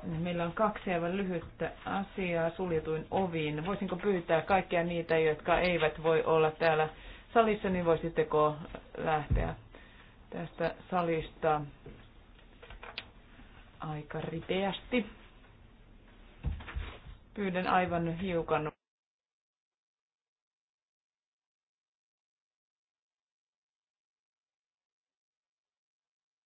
Meillä on kaksi aivan lyhyttä asiaa suljetuin oviin. Voisinko pyytää kaikkia niitä, jotka eivät voi olla täällä salissa, niin voisitteko lähteä tästä salista aika ripeästi. Pyydän aivan hiukan